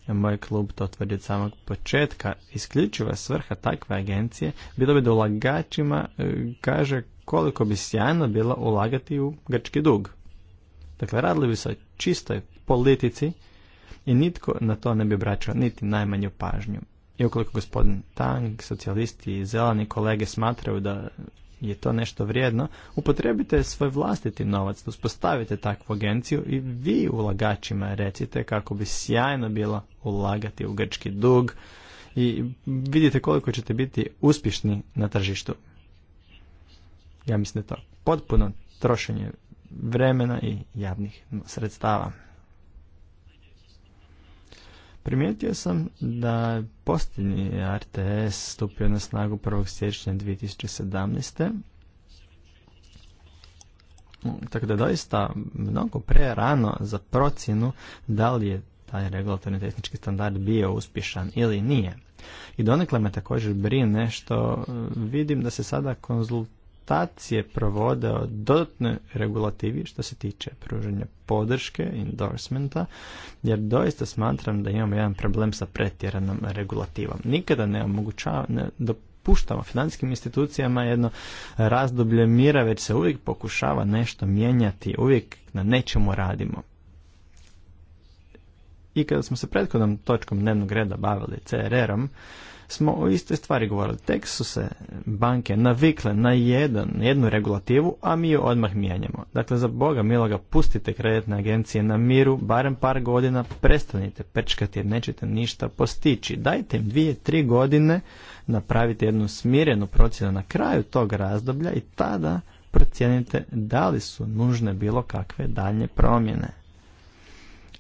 Moj klub to tvrdi od samog početka. Isključiva svrha takve agencije bilo bi da ulagačima e, kaže koliko bi sjajno bila ulagati u grčki dug. Dakle, radili bi se o čistoj politici i nitko na to ne bi obraćao niti najmanju pažnju. I ukoliko gospodin Tang, socijalisti i zeleni kolege smatraju da je to nešto vrijedno, upotrebite svoj vlastiti novac, uspostavite takvu agenciju i vi ulagačima recite kako bi sjajno bilo ulagati u grčki dug i vidite koliko ćete biti uspješni na tržištu. Ja mislim da je to potpuno trošenje vremena i javnih sredstava. Primijetio sam da posljednji RTS stupio na snagu 1. siječnja 2017. Tako da doista mnogo pre rano za procjenu da li je taj regulatorni tehnički standard bio uspješan ili nije. I donekle me također brine što vidim da se sada konzult provode o dodatnoj regulativi što se tiče pružanja podrške, endorsementa, jer doista smatram da imamo jedan problem sa pretjeranom regulativom. Nikada ne omogućava, ne dopuštamo financijskim institucijama jedno razdoblje mira, već se uvijek pokušava nešto mijenjati, uvijek na nečemu radimo. I kada smo se prethodnom točkom dnevnog reda bavili CRR-om, smo o istoj stvari govorili. Tek su se banke navikle na jedan, jednu regulativu, a mi ju odmah mijenjamo. Dakle, za Boga miloga, pustite kreditne agencije na miru, barem par godina, prestanite prčkati jer nećete ništa postići. Dajte im dvije, tri godine, napravite jednu smirenu procjenu na kraju tog razdoblja i tada procijenite da li su nužne bilo kakve daljnje promjene.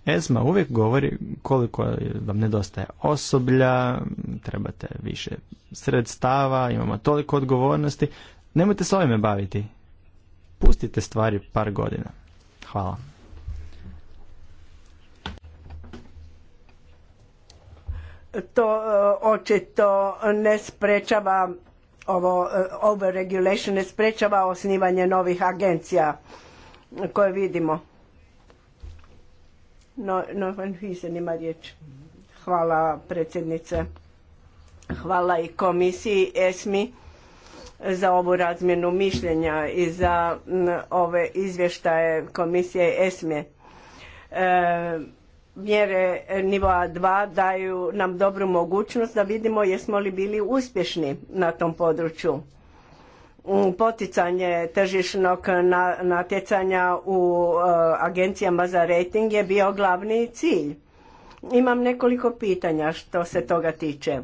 ESMA uvijek govori koliko vam nedostaje osoblja, trebate više sredstava, imamo toliko odgovornosti. Nemojte s ovime baviti. Pustite stvari par godina. Hvala. To e, očito ne sprečava ovo e, overregulation ne sprečava osnivanje novih agencija koje vidimo. No, no se nima riječ. Hvala predsjednice. Hvala i komisiji ESMI za ovu razmjenu mišljenja i za ove izvještaje komisije ESMI. E, mjere nivoa 2 daju nam dobru mogućnost da vidimo jesmo li bili uspješni na tom području. Mm, poticanje tržišnog natjecanja u e, agencijama za rejting je bio glavni cilj. Imam nekoliko pitanja što se toga tiče.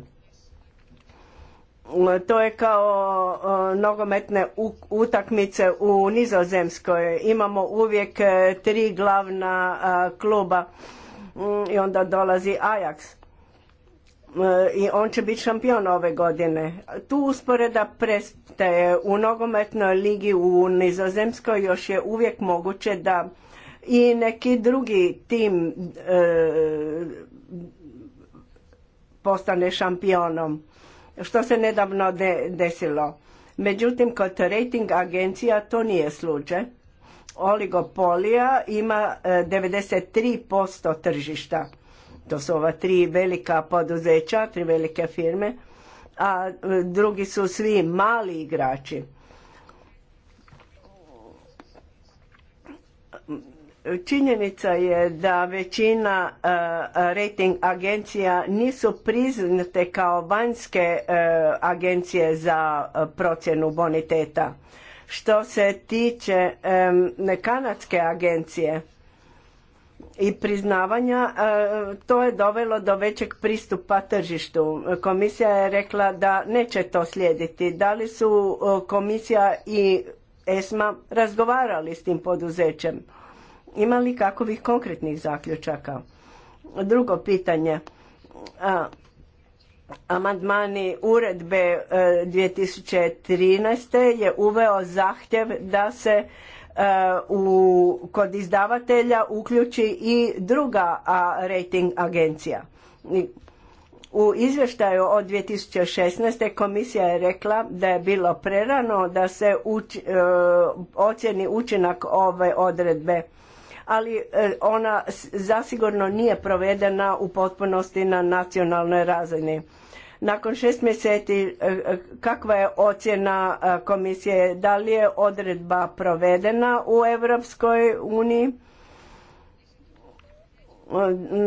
Mm, to je kao e, nogometne utakmice u Nizozemskoj. Imamo uvijek e, tri glavna kluba mm, i onda dolazi Ajax E, i on će biti šampion ove godine. Tu usporeda prestaje u nogometnoj ligi u Nizozemskoj još je uvijek moguće da i neki drugi tim e, postane šampionom, što se nedavno desilo. Međutim, kod rating agencija to nije slučaj. Oligopolija ima 93% e, tržišta to su ova tri velika poduzeća, tri velike firme, a e, drugi su svi mali igrači. Činjenica je da većina e, rating agencija nisu priznate kao vanjske e, agencije za procjenu boniteta. Što se tiče um, kanadske agencije, i priznavanja, e, to je dovelo do većeg pristupa tržištu. Komisija je rekla da neće to slijediti. Da li su e, komisija i ESMA razgovarali s tim poduzećem? Ima li kakvih konkretnih zaključaka? Drugo pitanje. Amandmani uredbe 2013. E, je uveo zahtjev da se E, u, kod izdavatelja uključi i druga a, rating agencija. U izvještaju od 2016. komisija je rekla da je bilo prerano da se e, ocjeni učinak ove odredbe, ali e, ona zasigurno nije provedena u potpunosti na nacionalnoj razini nakon šest mjeseci e, e, kakva je ocjena e, komisije, da li je odredba provedena u Europskoj uniji,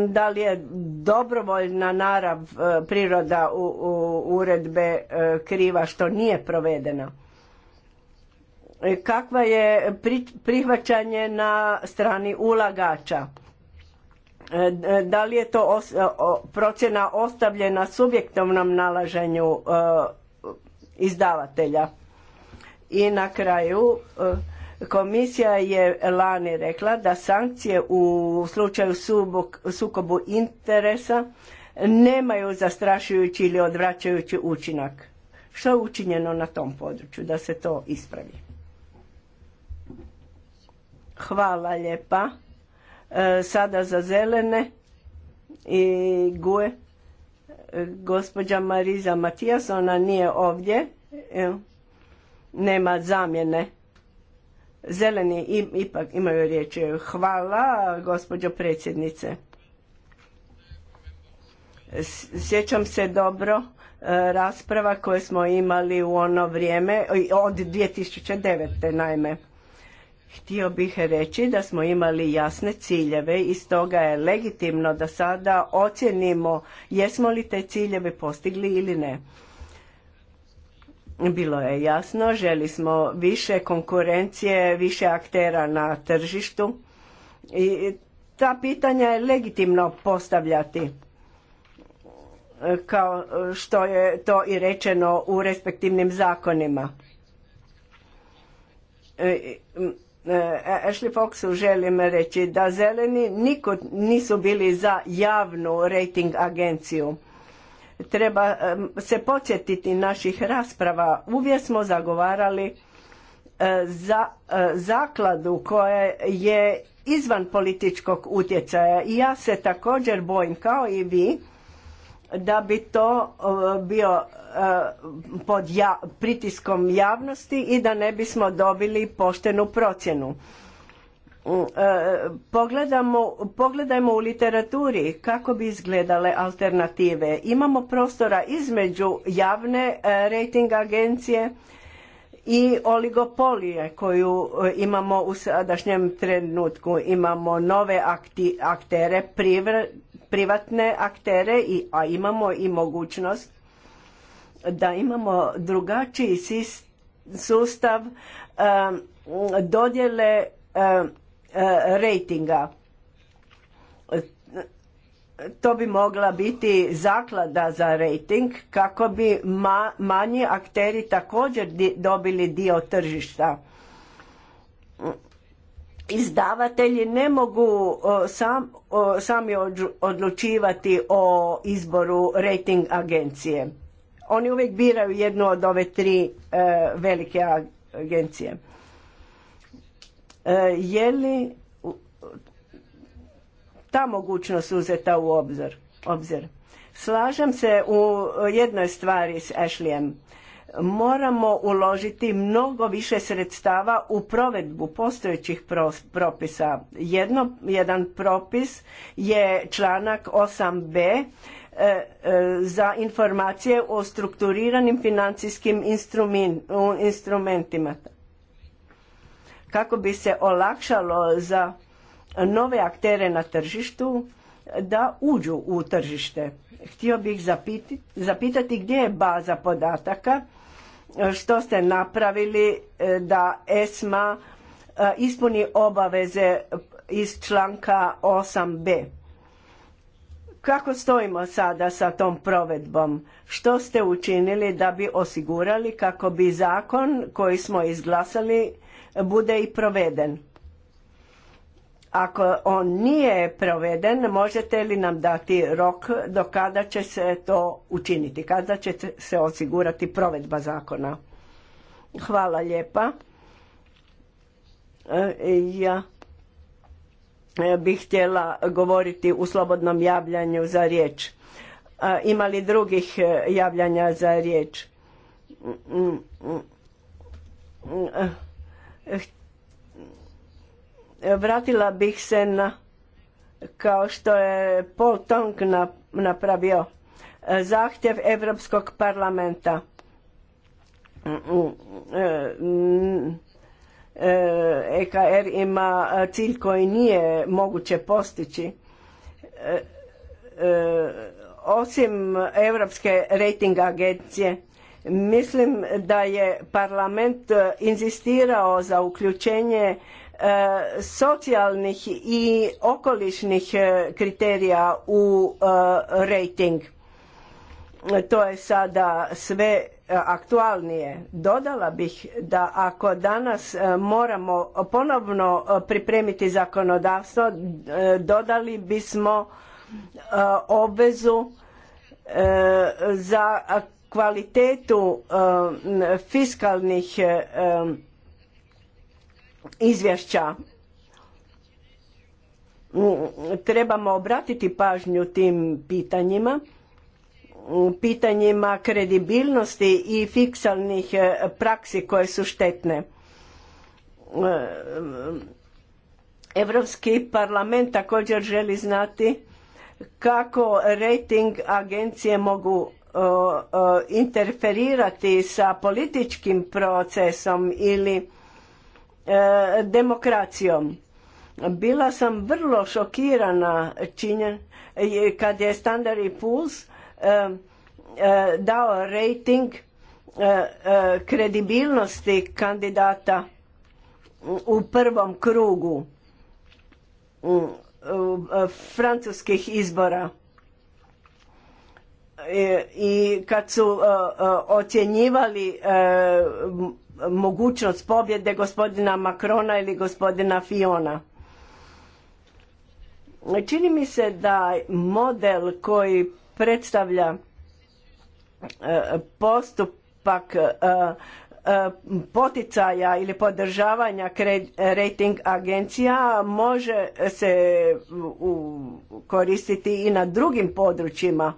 da li je dobrovoljna narav priroda u, u uredbe kriva što nije provedena? Kakva je prihvaćanje na strani ulagača? da li je to procjena ostavljena subjektovnom nalaženju e, izdavatelja i na kraju e, komisija je lani rekla da sankcije u slučaju subok, sukobu interesa nemaju zastrašujući ili odvraćajući učinak što je učinjeno na tom području da se to ispravi hvala lijepa E, sada za zelene i guje e, gospođa Mariza Matijas, ona nije ovdje, e, nema zamjene. Zeleni ipak imaju riječ. Hvala gospođo predsjednice. Sjećam se dobro rasprava koje smo imali u ono vrijeme, od 2009. naime Htio bih reći da smo imali jasne ciljeve i stoga je legitimno da sada ocjenimo jesmo li te ciljeve postigli ili ne. Bilo je jasno, želi smo više konkurencije, više aktera na tržištu i ta pitanja je legitimno postavljati kao što je to i rečeno u respektivnim zakonima e, Eh, Ashley Foxu želim reći da zeleni nitko nisu bili za javnu rating agenciju. Treba se podsjetiti naših rasprava. Uvijek smo zagovarali eh, za eh, zakladu koja je izvan političkog utjecaja i ja se također bojim kao i vi da bi to e, bio e, pod pritiskom javnosti i da ne bismo dobili poštenu procjenu. Mm, e, pogledamo, pogledajmo u literaturi kako bi izgledale alternative. Imamo prostora između javne rating agencije i oligopolije koju imamo u sadašnjem trenutku. Imamo nove aktere, privre, privatne aktere, a imamo i mogućnost da imamo drugačiji sustav dodjele e, rejtinga. To bi mogla biti zaklada za rejting kako bi manji akteri također dobili dio tržišta izdavatelji ne mogu sam, sami odlučivati o izboru rating agencije. Oni uvijek biraju jednu od ove tri e, velike agencije. E, je li ta mogućnost uzeta u obzir? Slažem se u jednoj stvari s Ashleyem moramo uložiti mnogo više sredstava u provedbu postojećih propisa. jedan propis je članak 8b e, e, za informacije o strukturiranim financijskim instrumentima. Kako bi se olakšalo za nove aktere na tržištu da uđu u tržište. Htio bih zapitati gdje je baza podataka što ste napravili e, da ESMA e, ispuni obaveze iz članka 8b. Kako stojimo sada sa tom provedbom? Što ste učinili da bi osigurali kako bi zakon koji smo izglasali bude i proveden? Ako on nije proveden, možete li nam dati rok do kada će se to učiniti, kada će se osigurati provedba zakona? Hvala lijepa. E, ja e, bih htjela govoriti u slobodnom javljanju za riječ. E, ima li drugih javljanja za riječ? Mm, mm, mm, Vratila bih se na, kao što je Paul Tong napravio, e, zahtjev Europskog parlamenta. EKR mm, e, e ima cilj koji nije moguće postići. Osim Europske rating agencije, mislim da je parlament inzistirao za uključenje E, socijalnih i okolišnih e, kriterija u e, rating. To je sada sve aktualnije. Dodala bih da ako danas moramo ponovno pripremiti zakonodavstvo, dodali bismo obvezu za kvalitetu fiskalnih izvješća mm, trebamo obratiti pažnju tim pitanjima mm, pitanjima kredibilnosti i fiksalnih e, praksi koje su štetne Europski parlament također želi znati kako rating agencije mogu e, e, interferirati sa političkim procesom ili E, demokracijom. Bila sam vrlo šokirana činjen kad je Standard Poor's e, e, dao rating kredibilnosti kandidata u prvom krugu francuskih izbora i kad su ocjenjivali mogućnost pobjede gospodina Makrona ili gospodina Fiona. Čini mi se da model koji predstavlja e, postupak e, e, poticaja ili podržavanja rating agencija može se koristiti i na drugim područjima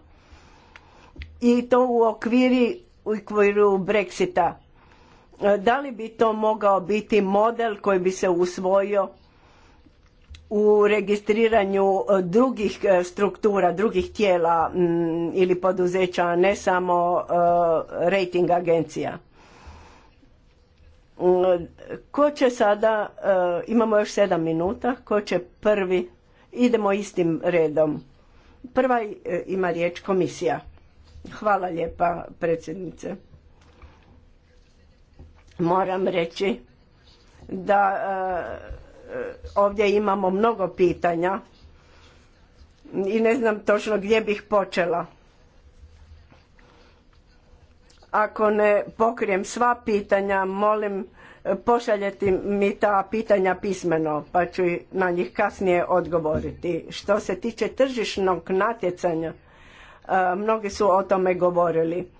i to u okviru, u okviru Brexita E, da li bi to mogao biti model koji bi se usvojio u registriranju e, drugih e, struktura, drugih tijela mm, ili poduzeća, a ne samo rating agencija? Mm, ko će sada, imamo još sedam minuta, ko će prvi, idemo istim redom. Prva ima riječ komisija. Hvala lijepa predsjednice moram reći da e, e, ovdje imamo mnogo pitanja i ne znam točno gdje bih počela. Ako ne pokrijem sva pitanja, molim e, pošaljete mi ta pitanja pismeno, pa ću na njih kasnije odgovoriti. Što se tiče tržišnog natjecanja, mnogi su o tome govorili.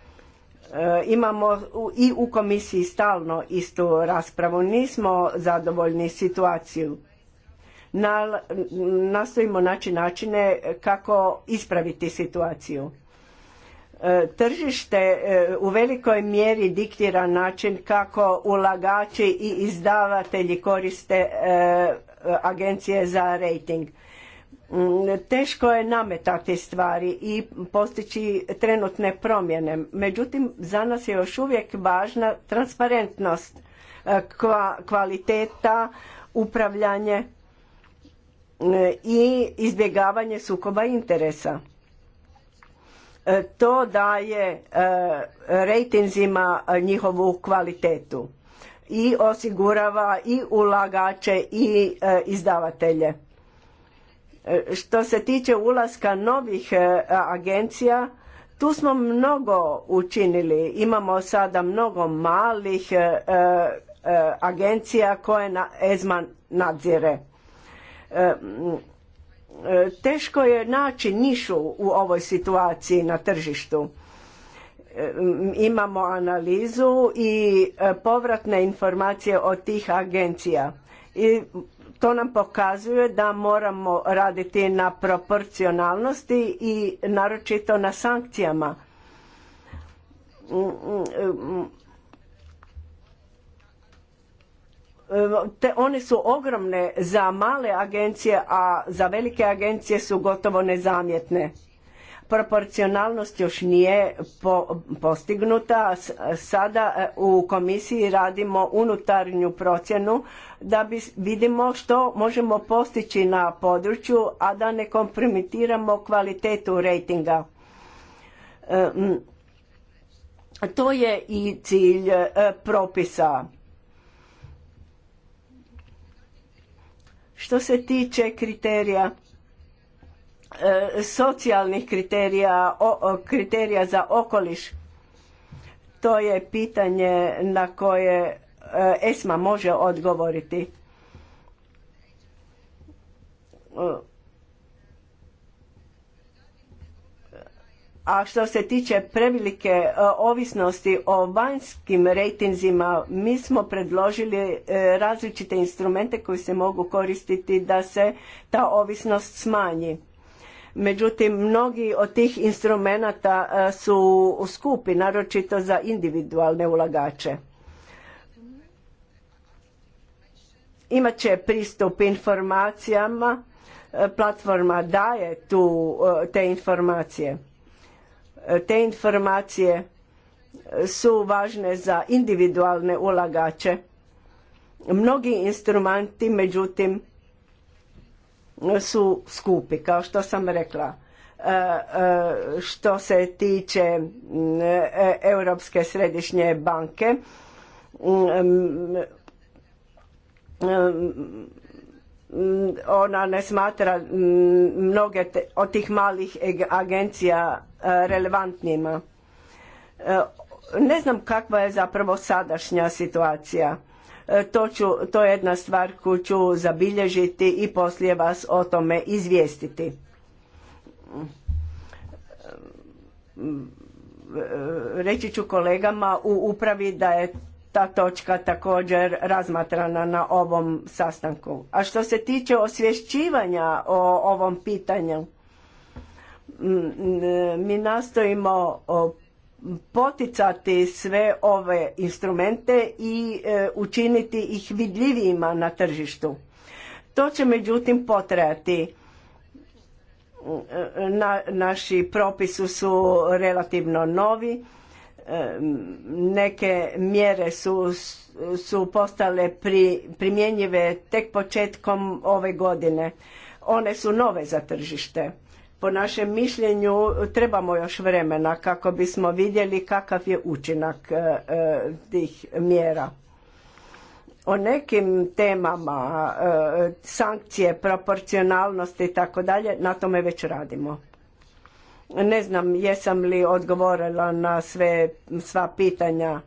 E, imamo i u komisiji stalno istu raspravu. Nismo zadovoljni situaciju. nastojimo naći načine kako ispraviti situaciju. E, tržište e, u velikoj mjeri diktira način kako ulagači i izdavatelji koriste agencije za rating Mm, teško je nametati stvari i postići trenutne promjene. Međutim, za nas je još uvijek važna transparentnost, e, kvaliteta, upravljanje e, i izbjegavanje sukoba interesa. E, to daje rejtinzima njihovu kvalitetu i osigurava i ulagače i izdavatelje što se tiče ulaska novih e, agencija, tu smo mnogo učinili. Imamo sada mnogo malih e, e, agencija koje na EZMA nadzire. Teško je naći nišu u ovoj situaciji na tržištu. Imamo analizu i povratne informacije od tih agencija. I to nam pokazuje da moramo raditi na proporcionalnosti i naročito na sankcijama. Te one su ogromne za male agencije, a za velike agencije su gotovo nezamjetne proporcionalnost još nije postignuta. Sada e, u komisiji radimo unutarnju procjenu da bi vidimo što možemo postići na području, a da ne kompromitiramo kvalitetu rejtinga. E, to je i cilj e, propisa. Što se tiče kriterija E, socijalnih kriterija, kriterija za okoliš. To je pitanje na koje e, ESMA može odgovoriti. E, a što se tiče prevelike ovisnosti o vanjskim rejtinzima, mi smo predložili različite instrumente koji se mogu koristiti da se ta ovisnost smanji Međutim, mnogi od tih instrumenata e, su skupi, naročito za individualne ulagače. Imaće pristup informacijama, e, platforma daje tu e, te informacije. Te informacije su važne za individualne ulagače. Mnogi instrumenti, međutim, su skupi, kao što sam rekla. E, e, što se tiče e, Europske središnje banke, ona ne smatra mnoge od tih malih agencija relevantnima. Ne znam kakva je zapravo sadašnja situacija E, to, to je jedna stvar koju ću zabilježiti i poslije vas o tome izvijestiti e, reći ću kolegama u upravi da je ta točka također razmatrana na ovom sastanku. A što se tiče osvješćivanja o ovom pitanju, mi nastojimo poticati sve ove instrumente i e, učiniti ih vidljivijima na tržištu. To će međutim potrajati. Na, naši propisu su relativno novi. E, neke mjere su, su postale primjenjive tek početkom ove godine. One su nove za tržište po našem mišljenju trebamo još vremena kako bismo vidjeli kakav je učinak e, e, tih mjera. O nekim temama, e, sankcije, proporcionalnosti i tako dalje, na tome već radimo. Ne znam jesam li odgovorila na sve, sva pitanja.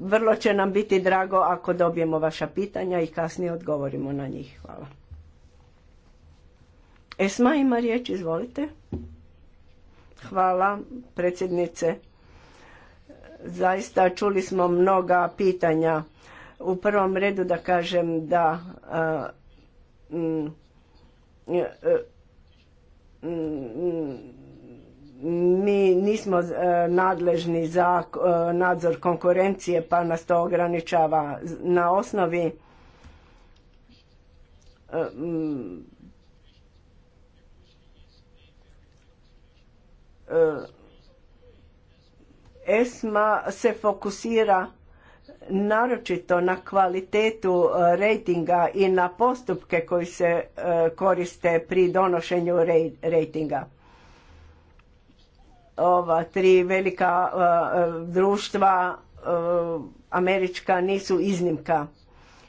vrlo će nam biti drago ako dobijemo vaša pitanja i kasnije odgovorimo na njih. Hvala. Esma ima riječ, izvolite. Hvala predsjednice. Zaista čuli smo mnoga pitanja. U prvom redu da kažem da mi nismo e, nadležni za e, nadzor konkurencije pa nas to ograničava. Na osnovi e, E, ESMA se fokusira naročito na kvalitetu e, rejtinga i na postupke koji se e, koriste pri donošenju rejtinga. Ova tri velika društva američka nisu iznimka.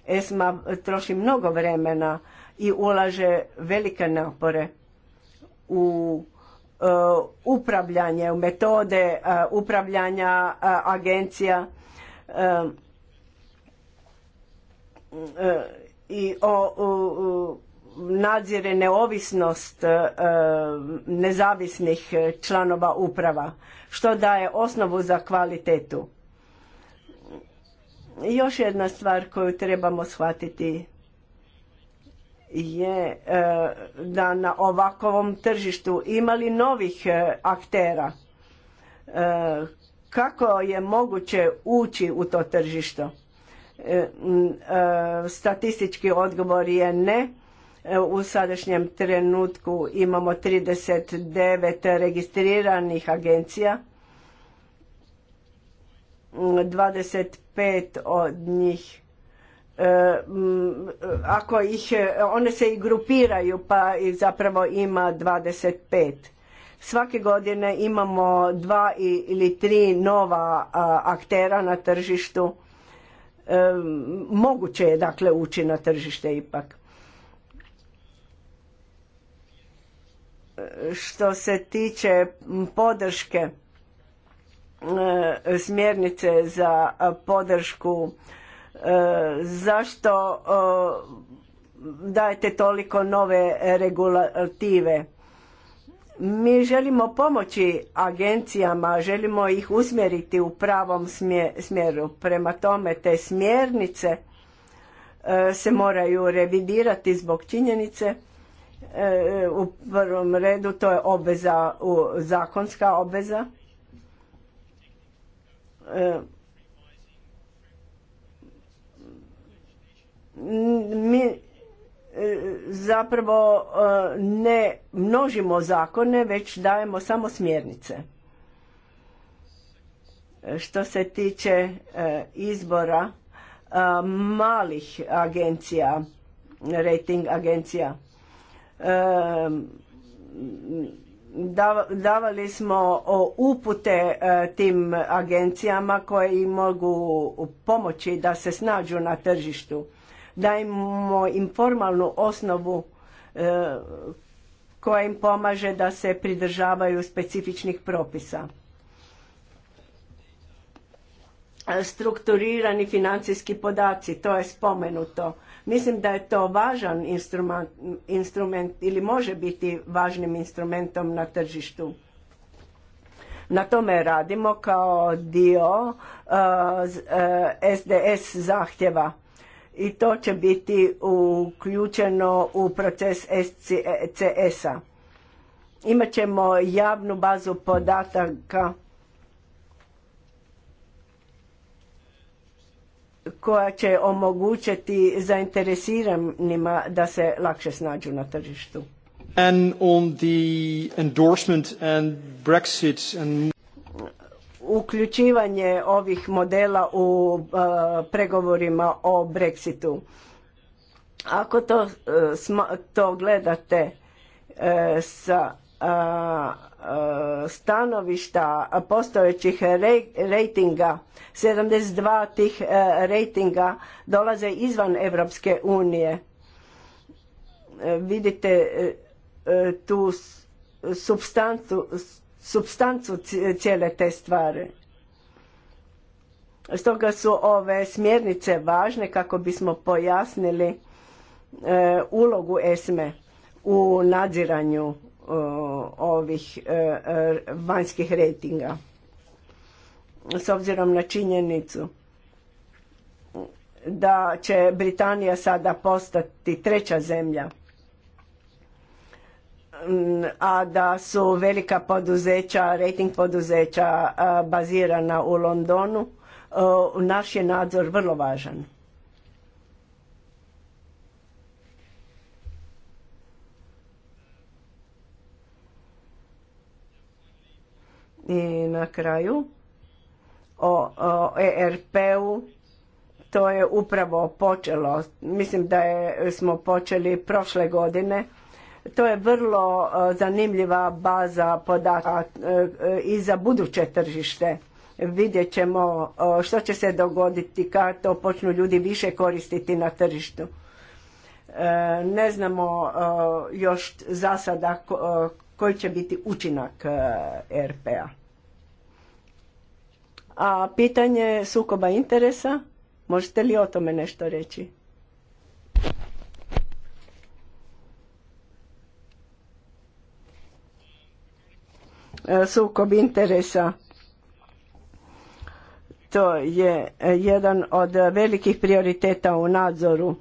ESMA troši mnogo vremena i ulaže velike napore u E, upravljanje, metode e, upravljanja e, agencija i o nadzire neovisnost nezavisnih članova uprava, što daje osnovu za kvalitetu. Još jedna stvar koju trebamo shvatiti je e, da na ovakvom tržištu imali novih e, aktera e, kako je moguće ući u to tržište statistički odgovor je ne u sadašnjem trenutku imamo 39 registriranih agencija 25 od njih E, ako ih, e, one se i grupiraju pa i zapravo ima 25. Svake godine imamo dva ili tri nova aktera na tržištu. E, moguće je dakle ući na tržište ipak. Što se tiče podrške, smjernice za podršku zašto dajete toliko nove regulative mi želimo pomoći agencijama želimo ih usmjeriti u pravom smjeru prema tome te smjernice e, se moraju revidirati zbog činjenice e, u prvom redu to je obveza zakonska obveza e, mi e, zapravo e, ne množimo zakone, već dajemo samo smjernice. Što se tiče e, izbora malih agencija, rating agencija, davali smo upute tim agencijama koje im mogu pomoći da se snađu na tržištu dajemo im formalnu osnovu e, koja im pomaže da se pridržavaju specifičnih propisa. Strukturirani financijski podaci, to je spomenuto. Mislim da je to važan instrument, ili može biti važnim instrumentom na tržištu. Na tome radimo kao dio SDS e, e, zahtjeva i to će biti uključeno u proces SCS-a. E Imaćemo javnu bazu podataka koja će omogućiti zainteresiranima da se lakše snađu na tržištu. on endorsement and uključivanje ovih modela u e, pregovorima o Brexitu. Ako to, e, to gledate e, sa stanovišta postojećih rejtinga, 72 tih rejtinga dolaze izvan Evropske unije. Vidite tu substancu substancu cijele te stvari. Stoga su ove smjernice važne kako bismo pojasnili e, ulogu ESME u nadziranju e, ovih e, vanjskih rejtinga. S obzirom na činjenicu da će Britanija sada postati treća zemlja a da su velika poduzeća, rating poduzeća bazirana u Londonu, naš je nadzor vrlo važan. I na kraju o, ERP-u to je upravo počelo. Mislim da je, smo počeli prošle godine to je vrlo e, zanimljiva baza podataka e, e, i za buduće tržište. Vidjet ćemo što će se dogoditi kad to počnu ljudi više koristiti na tržištu. Ne znamo još za sada koji će biti učinak RPA. A pitanje sukoba interesa, možete li o tome nešto reći? E, sukob interesa. To je e, jedan od velikih prioriteta u nadzoru.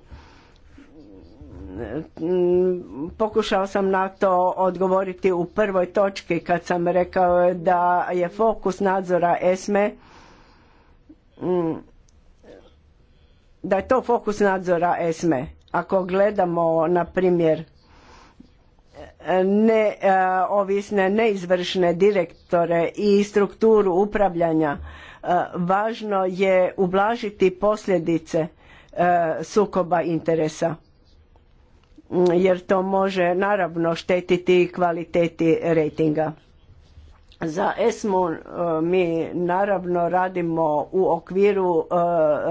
Mm, pokušao sam na to odgovoriti u prvoj točki kad sam rekao da je fokus nadzora ESME mm, da je to fokus nadzora ESME. Ako gledamo, na primjer, neovisne e, neizvršne direktore i strukturu upravljanja e, važno je ublažiti posljedice e, sukoba interesa jer to može naravno štetiti kvaliteti rejtinga. Za ESMU mi naravno radimo u okviru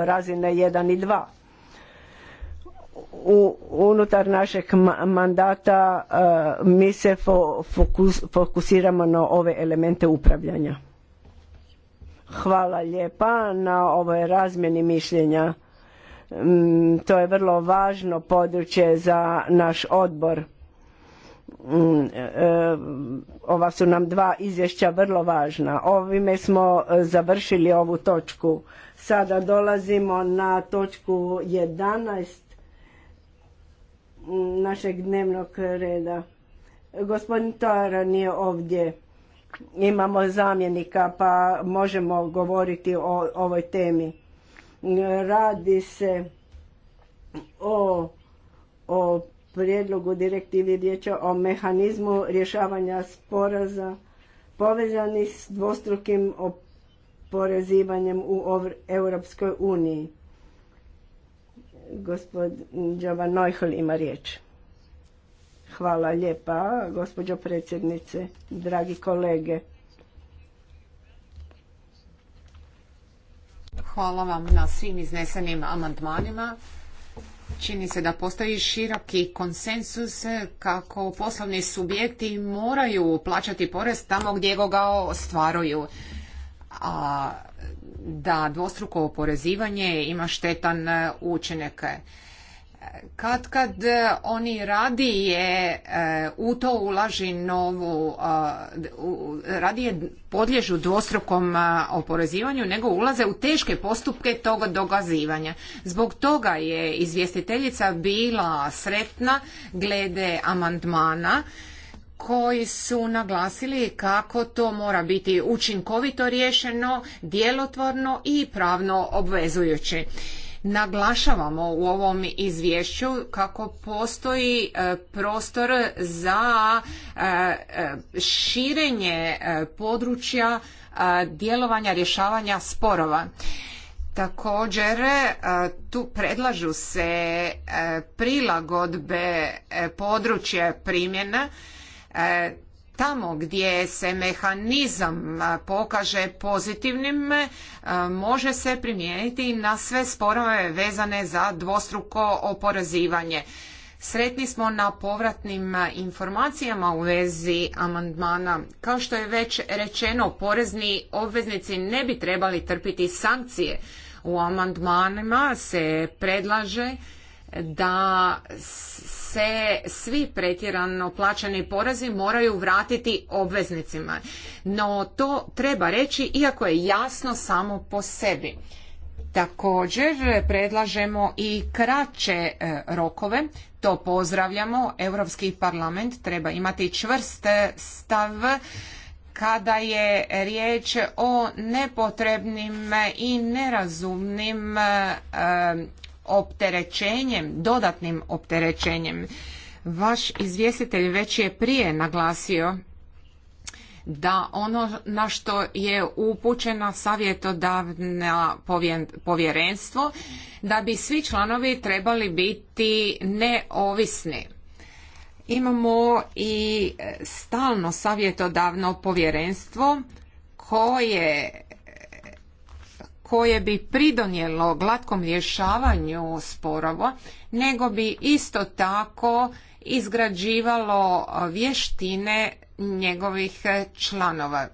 razine 1 i 2 u, unutar našeg mandata uh, mi se fokusiramo na ove elemente upravljanja. Hvala lijepa na ovoj razmjeni mišljenja. Mm, to je vrlo važno područje za naš odbor. Mm, uh, ova su nam dva izvješća vrlo važna. Ovime smo uh, završili ovu točku. Sada dolazimo na točku 11 našeg dnevnog reda. Gospodin Taran nije ovdje. Imamo zamjenika pa možemo govoriti o ovoj temi. Radi se o, o prijedlogu direktivi vijeća o mehanizmu rješavanja sporaza povezani s dvostrukim oporezivanjem u Europskoj uniji. Gospodin Van Neuhl ima riječ. Hvala lijepa, gospođo predsjednice, dragi kolege. Hvala vam na svim iznesenim amandmanima. Čini se da postoji široki konsensus kako poslovni subjekti moraju plaćati porez tamo gdje ga ostvaruju a da dvostruko oporezivanje ima štetan e, učinak. E, kad kad oni radije e, u to ulaži novu, radije podlježu dvostrukom oporezivanju nego ulaze u teške postupke toga dogazivanja. Zbog toga je izvjestiteljica bila sretna glede amandmana koji su naglasili kako to mora biti učinkovito riješeno, djelotvorno i pravno obvezujuće. Naglašavamo u ovom izvješću kako postoji e, prostor za e, e, širenje područja djelovanja rješavanja sporova. Također tu predlažu se prilagodbe područja primjena E, tamo gdje se mehanizam pokaže pozitivnim e, može se primijeniti na sve sporove vezane za dvostruko oporezivanje. Sretni smo na povratnim informacijama u vezi amandmana. Kao što je već rečeno, porezni obveznici ne bi trebali trpiti sankcije. U amandmanima se predlaže da se svi pretjerano plaćeni porezi moraju vratiti obveznicima. No to treba reći iako je jasno samo po sebi. Također predlažemo i kraće e, rokove, to pozdravljamo. Europski parlament treba imati čvrst stav kada je riječ o nepotrebnim i nerazumnim e, opterećenjem, dodatnim opterećenjem. Vaš izvjestitelj već je prije naglasio da ono na što je upućeno savjetodavno povjerenstvo, da bi svi članovi trebali biti neovisni. Imamo i stalno savjetodavno povjerenstvo koje koje bi pridonijelo glatkom rješavanju sporova, nego bi isto tako izgrađivalo vještine njegovih članova.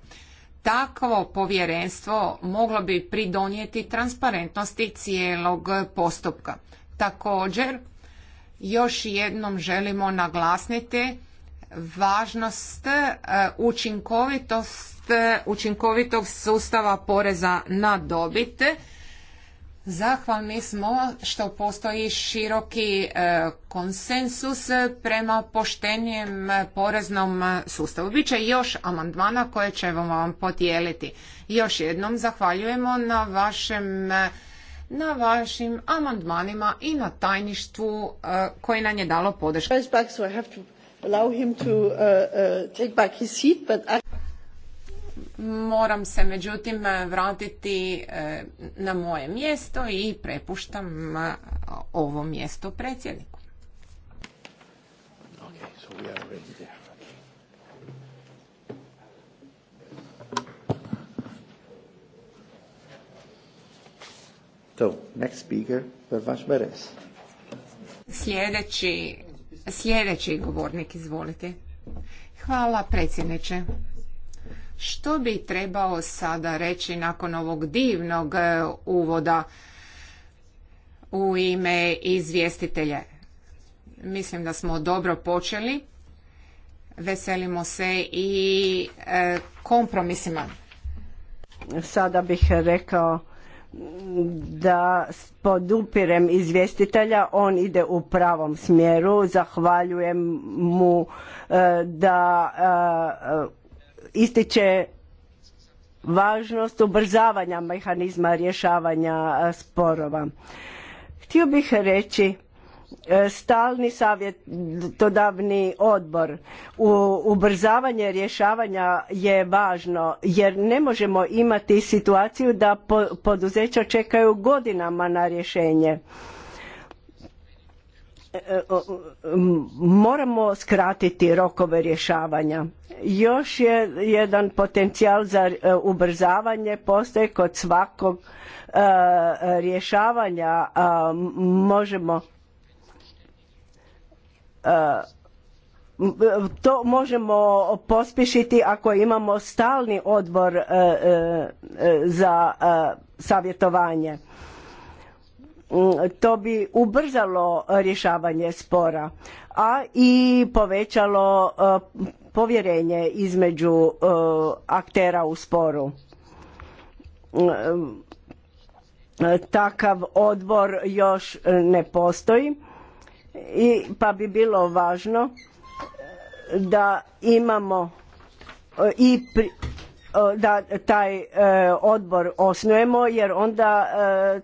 Takvo povjerenstvo moglo bi pridonijeti transparentnosti cijelog postupka. Također, još jednom želimo naglasniti važnost e, učinkovitosti E, učinkovitog sustava poreza na dobit. Zahvalni smo što postoji široki e, konsensus prema poštenijem poreznom sustavu. Biće još amandmana koje ćemo vam podijeliti. Još jednom zahvaljujemo na vašem na vašim amandmanima i na tajništvu e, koji nam je dalo podršku. Moram se međutim vratiti e, na moje mjesto i prepuštam ovo mjesto predsjedniku. So, next speaker, sljedeći govornik, izvolite. Hvala predsjedniče. Što bi trebao sada reći nakon ovog divnog e, uvoda u ime izvjestitelje? Mislim da smo dobro počeli. Veselimo se i e, kompromisima. Sada bih rekao da podupirem izvjestitelja, on ide u pravom smjeru, zahvaljujem mu e, da ističe važnost ubrzavanja mehanizma rješavanja e, sporova. Htio bih reći e, stalni savjetodavni odbor u ubrzavanje rješavanja je važno jer ne možemo imati situaciju da poduzeća čekaju godinama na rješenje E, e, moramo skratiti rokove rješavanja. Još je jedan potencijal za e, ubrzavanje Postoje kod svakog rješavanja. Možemo to možemo pospješiti ako imamo stalni odbor za savjetovanje Mm, to bi ubrzalo rješavanje spora, a i povećalo e, povjerenje između e, aktera u sporu. Mm, e, takav odbor još ne postoji, i pa bi bilo važno da imamo i E, da taj e, odbor osnujemo jer onda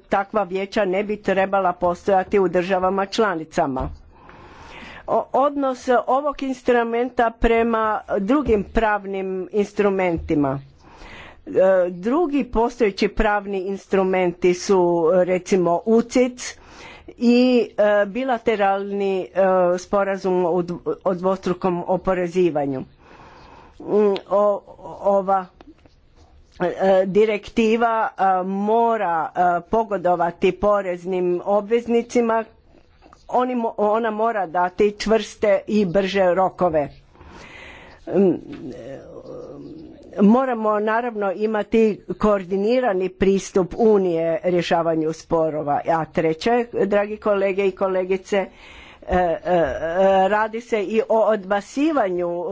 e, takva vijeća ne bi trebala postojati u državama članicama. Odnos ovog instrumenta prema drugim pravnim instrumentima. Drugi postojeći pravni instrumenti su recimo UCIC i bilateralni sporazum o dvostrukom oporezivanju. Mm, ova E, e, direktiva e, mora pogodovati poreznim obveznicima ona mora dati čvrste i brže rokove mm, moramo naravno imati koordinirani pristup unije rješavanju sporova a treće dragi kolege i kolegice E, e, e, radi se i o odbasivanju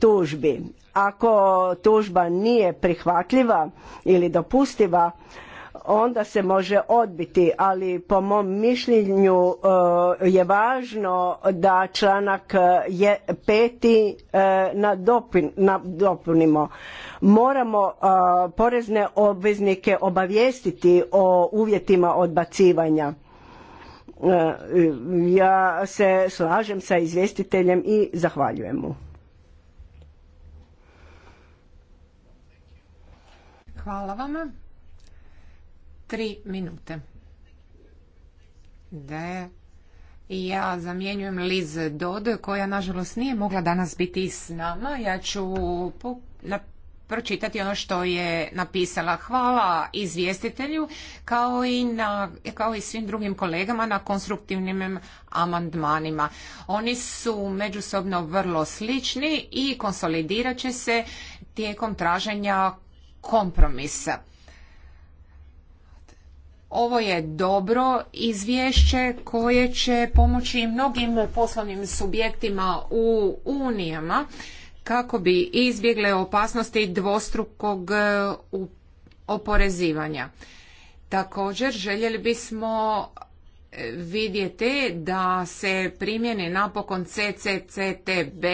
tužbi. Ako tužba nije prihvatljiva ili dopustiva, onda se može odbiti, ali po mom mišljenju je važno da članak je peti nadopunimo. Moramo porezne obveznike obavijestiti o uvjetima odbacivanja E, ja se slažem sa izvjestiteljem i zahvaljujem mu. Hvala vama. Tri minute. Da ja zamjenjujem Liz Dod koja nažalost nije mogla danas biti s nama. Ja ću pročitati ono što je napisala. Hvala izvjestitelju kao i, na, kao i svim drugim kolegama na konstruktivnim amandmanima. Oni su međusobno vrlo slični i konsolidirat će se tijekom traženja kompromisa. Ovo je dobro izvješće koje će pomoći mnogim poslovnim subjektima u unijama kako bi izbjegle opasnosti dvostrukog e, oporezivanja. Također željeli bismo e, vidjeti da se primjeni napokon CCCTB,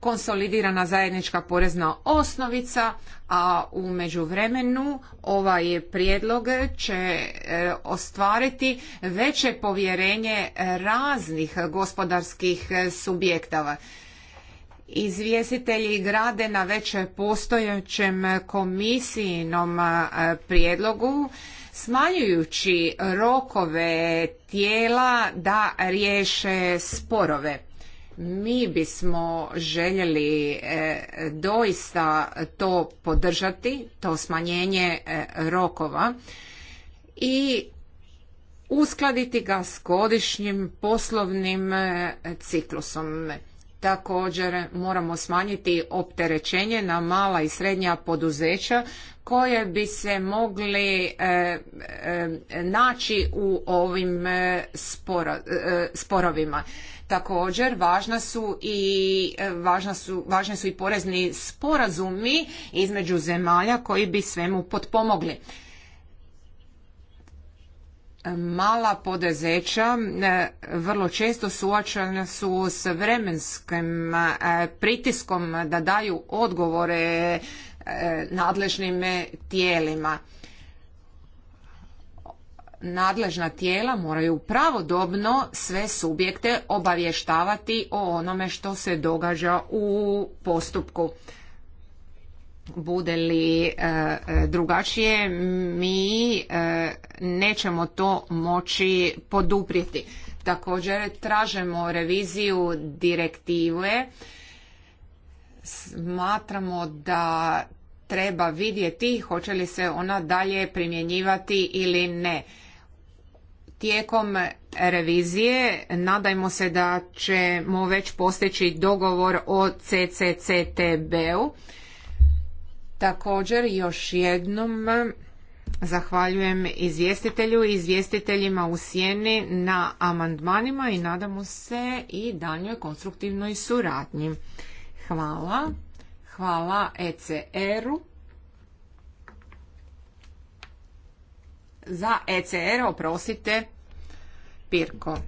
konsolidirana zajednička porezna osnovica, a u međuvremenu ovaj prijedlog će e, ostvariti veće povjerenje raznih gospodarskih subjektava. Izvjestitelji grade na već postojećem komisijinom e, prijedlogu smanjujući rokove tijela da riješe sporove. Mi bismo željeli e, doista to podržati, to smanjenje e, rokova i uskladiti ga s godišnjim poslovnim ciklusom. Također moramo smanjiti opterećenje na mala i srednja poduzeća koje bi se mogli e, e naći u ovim e, e, sporovima. Također važna su i važna su, važni su i porezni sporazumi između zemalja koji bi svemu potpomogli mala podezeća e, vrlo često suočena su s vremenskim e, pritiskom da daju odgovore e, nadležnim tijelima. Nadležna tijela moraju pravodobno sve subjekte obavještavati o onome što se događa u postupku bude li e, e, drugačije mi e, nećemo to moći poduprijeti. Također tražemo reviziju direktive. Smatramo da treba vidjeti hoće li se ona dalje primjenjivati ili ne. Tijekom revizije nadajmo se da ćemo već postići dogovor o CCCTB-u Također još jednom zahvaljujem izvjestitelju i izvjestiteljima u sjeni na amandmanima i nadamo se i daljnjoj konstruktivnoj suradnji. Hvala. Hvala ECR-u. Za ECR, oprostite, Pirko.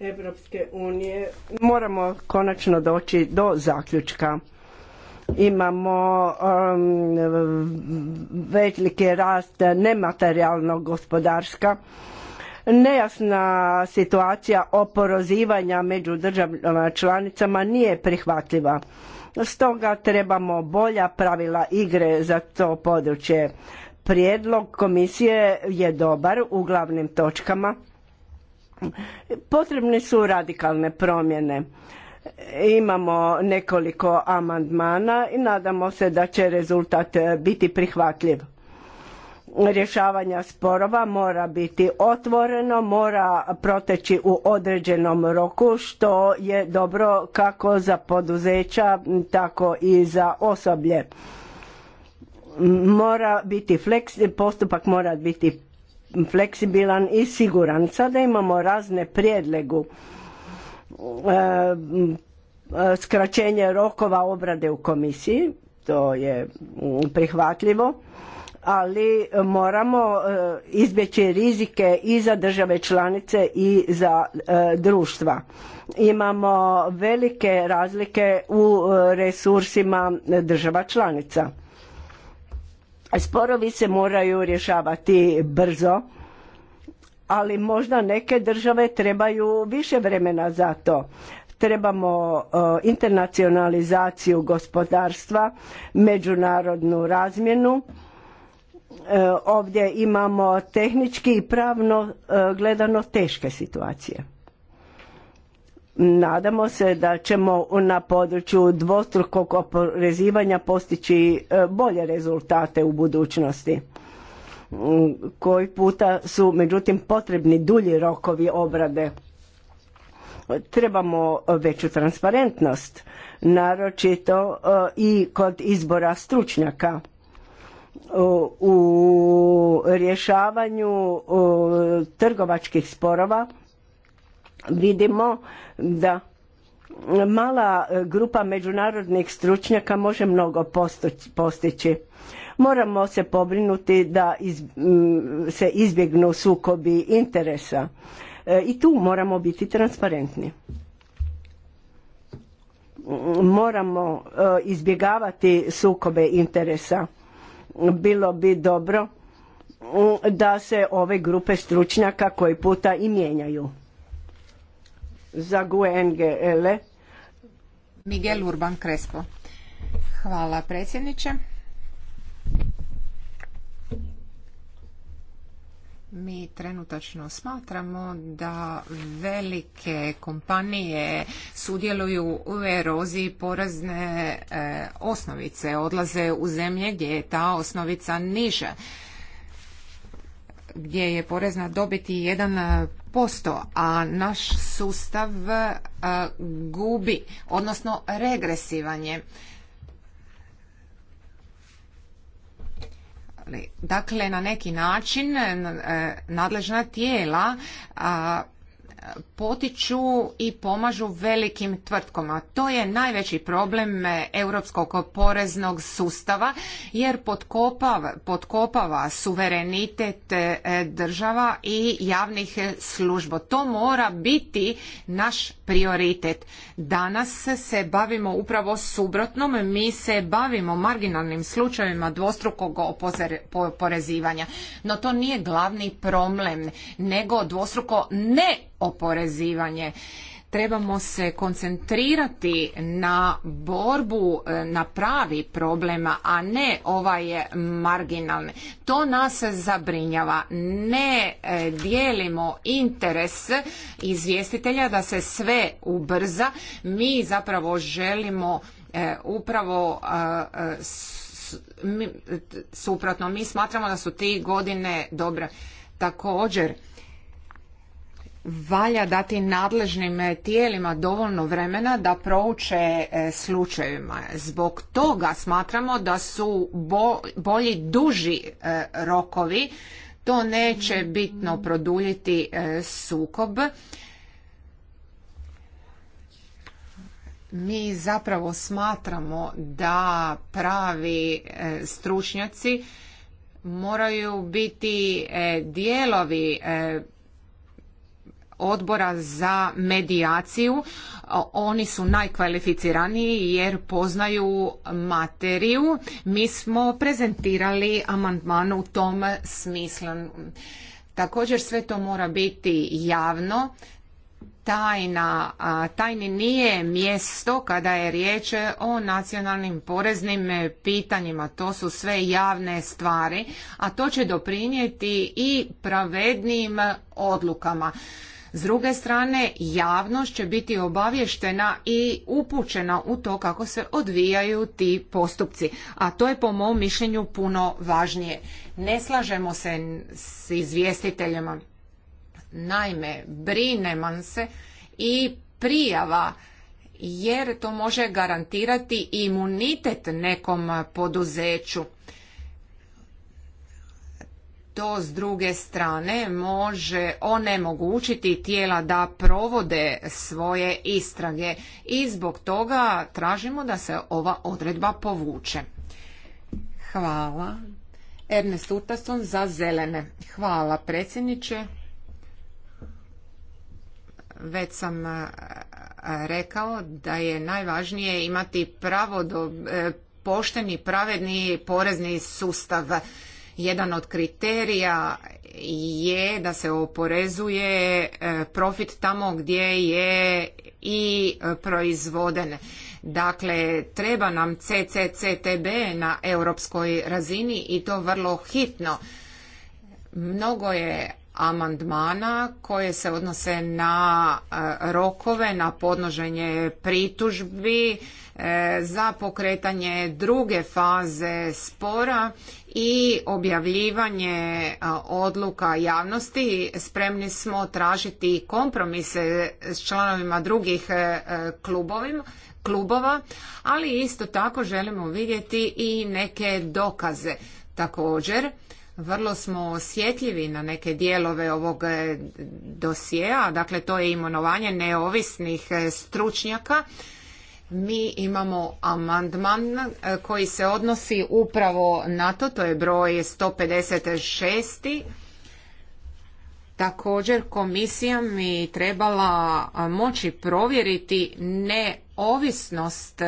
Evropske unije moramo konačno doći do zaključka. Imamo um, veliki rast nematerijalnog gospodarska, nejasna situacija oporozivanja među državama članicama nije prihvatljiva. Stoga trebamo bolja pravila igre za to područje. Prijedlog komisije je dobar u glavnim točkama Potrebne su radikalne promjene. Imamo nekoliko amandmana i nadamo se da će rezultat e, biti prihvatljiv. Rješavanja sporova mora biti otvoreno, mora proteći u određenom roku što je dobro kako za poduzeća, tako i za osoblje. Mora biti fleksi, postupak mora biti fleksibilan i siguran. Sada imamo razne prijedlegu e, skraćenje rokova obrade u komisiji, to je prihvatljivo, ali moramo e, izbjeći rizike i za države članice i za e, društva. Imamo velike razlike u e, resursima država članica Sporovi se moraju rješavati brzo, ali možda neke države trebaju više vremena za to. Trebamo e, internacionalizaciju gospodarstva, međunarodnu razmjenu. E, ovdje imamo tehnički i pravno e, gledano teške situacije. Nadamo se da ćemo na području dvostrukog oporezivanja postići e, bolje rezultate u budućnosti. Mm, koji puta su međutim potrebni dulji rokovi obrade. Trebamo veću transparentnost, naročito e, i kod izbora stručnjaka u rješavanju trgovačkih sporova vidimo da mala grupa međunarodnih stručnjaka može mnogo postići. Moramo se pobrinuti da mm, se izbjegnu sukobi interesa e, i tu moramo biti transparentni. Moramo e, izbjegavati sukobe interesa. Bilo bi dobro mm, da se ove grupe stručnjaka koji puta i mijenjaju za GUNGL. Miguel Urban Crespo. Hvala predsjedniče. Mi trenutačno smatramo da velike kompanije sudjeluju u eroziji porazne e, osnovice, odlaze u zemlje gdje je ta osnovica niža gdje je porez na dobiti 1%, e, a naš sustav e, gubi, odnosno regresivan je. Dakle, na neki način e, nadležna tijela potiču i pomažu velikim tvrtkama. To je najveći problem e, europskog poreznog sustava jer potkopava, suverenitet e, država i javnih službo. To mora biti naš prioritet. Danas se bavimo upravo subrotnom. Mi se bavimo marginalnim slučajevima dvostrukog oporezivanja. No to nije glavni problem, nego dvostruko ne oporezivanje trebamo se koncentrirati na borbu e, na pravi problema, a ne ovaj je marginalni. To nas zabrinjava. Ne e, dijelimo interes izvjestitelja da se sve ubrza. Mi zapravo želimo e, upravo suprotno. Mi smatramo da su ti godine dobre. Također, valja dati nadležnim tijelima dovoljno vremena da prouče e, slučajevima. Zbog toga smatramo da su bolji duži e, rokovi, to neće bitno produljiti e, sukob. Mi zapravo smatramo da pravi stručnjaci moraju biti dijelovi odbora za medijaciju. Oni su najkvalificiraniji jer poznaju materiju. Mi smo prezentirali amandman u tom smislu. Također sve to mora biti javno. Tajna, tajni nije mjesto kada je riječ o nacionalnim poreznim pitanjima. To su sve javne stvari, a to će doprinijeti i pravednim odlukama. S druge strane, javnost će biti obavještena i upućena u to kako se odvijaju ti postupci, a to je po mom mišljenju puno važnije. Ne slažemo se s izvjestiteljima. Naime, man se i prijava jer to može garantirati imunitet nekom poduzeću to s druge strane može onemogućiti tijela da provode svoje istrage i zbog toga tražimo da se ova odredba povuče. Hvala. Ernest Utason za zelene. Hvala predsjedniče. Već sam e, rekao da je najvažnije imati pravo do e, pošteni, pravedni porezni sustav. Jedan od kriterija je da se oporezuje e, profit tamo gdje je i e, proizvoden. Dakle, treba nam CCCTB na europskoj razini i to vrlo hitno. Mnogo je amandmana koje se odnose na e, rokove, na podnoženje pritužbi, e, za pokretanje druge faze spora i objavljivanje e, odluka javnosti. Spremni smo tražiti kompromise s članovima drugih klubovima, klubova, ali isto tako želimo vidjeti i neke dokaze. Također, vrlo smo osjetljivi na neke dijelove ovog e, dosjea, dakle to je imenovanje neovisnih e, stručnjaka. Mi imamo amandman e, koji se odnosi upravo na to, to je broj 156. Također komisija mi trebala moći provjeriti neovisnost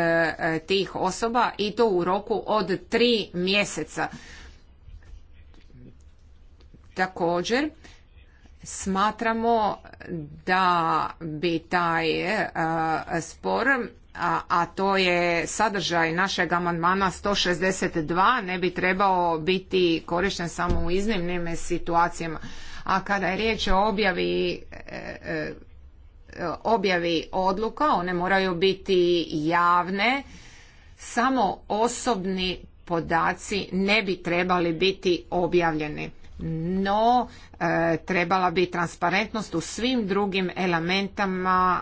tih osoba i to u roku od tri mjeseca. Također, smatramo da bi taj e, spor a, to je sadržaj našeg amandmana 162 ne bi trebao biti korišten samo u iznimnim situacijama a kada je riječ o objavi e, e, objavi odluka one moraju biti javne samo osobni podaci ne bi trebali biti objavljeni no e, trebala bi transparentnost u svim drugim elementama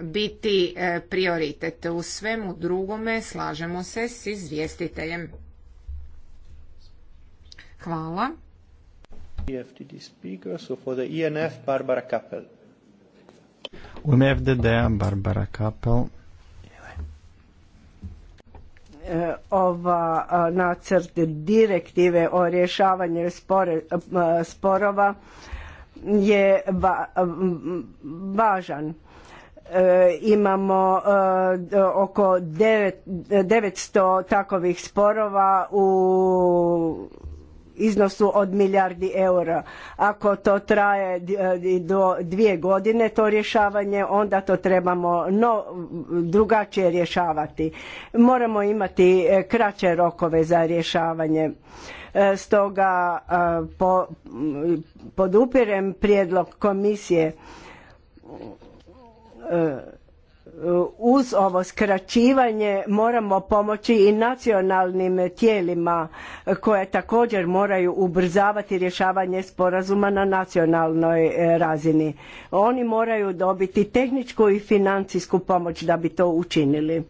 biti e, prioritet. U svemu drugome slažemo se s izvjestiteljem. Hvala. E u ime Barbara Kappel. E, ova e, nacrt direktive o rješavanju e, sporova je važan. Imamo oko 900 takovih sporova u iznosu od milijardi eura. Ako to traje e, do dvije godine to rješavanje, onda to trebamo no, drugačije rješavati. Moramo imati e, kraće rokove za rješavanje. E, stoga podupirem prijedlog komisije uz ovo skraćivanje moramo pomoći i nacionalnim tijelima koje također moraju ubrzavati rješavanje sporazuma na nacionalnoj e, razini. Oni moraju dobiti tehničku i financijsku pomoć da bi to učinili.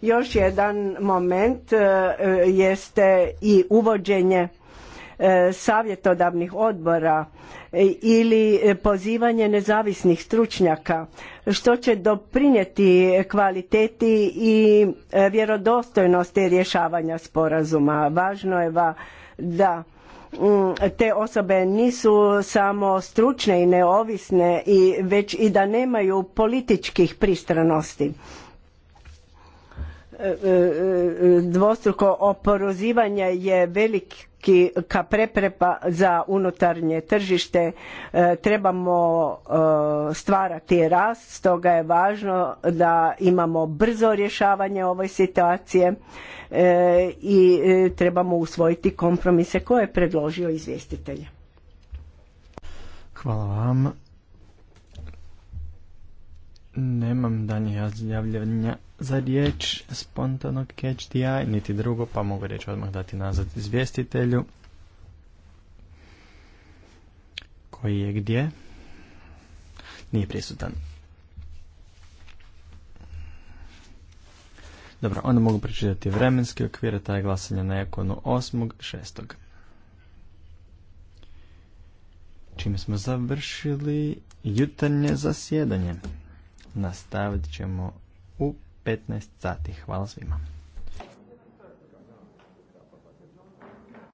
Još jedan moment e, e, jeste i uvođenje E, savjetodavnih odbora e, ili e, pozivanje nezavisnih stručnjaka što će doprinijeti kvaliteti i vjerodostojnosti rješavanja sporazuma. Važno je da mm, te osobe nisu samo stručne i neovisne i već i da nemaju političkih pristranosti dvostruko oporozivanje je velik ka preprepa za unutarnje tržište e, trebamo e, stvarati rast, stoga je važno da imamo brzo rješavanje ove situacije e, i trebamo usvojiti kompromise koje je predložio izvjestitelj. Hvala vam. Nemam danje javljanja za riječ spontanog catch niti drugo, pa mogu reći odmah dati nazad izvjestitelju. Koji je gdje? Nije prisutan. Dobro, onda mogu pročitati vremenski okvir, a taj glasanje na ekonu 8.6. Čime smo završili jutarnje zasjedanje. Nastavit ćemo u 15 sati. Hvala svima.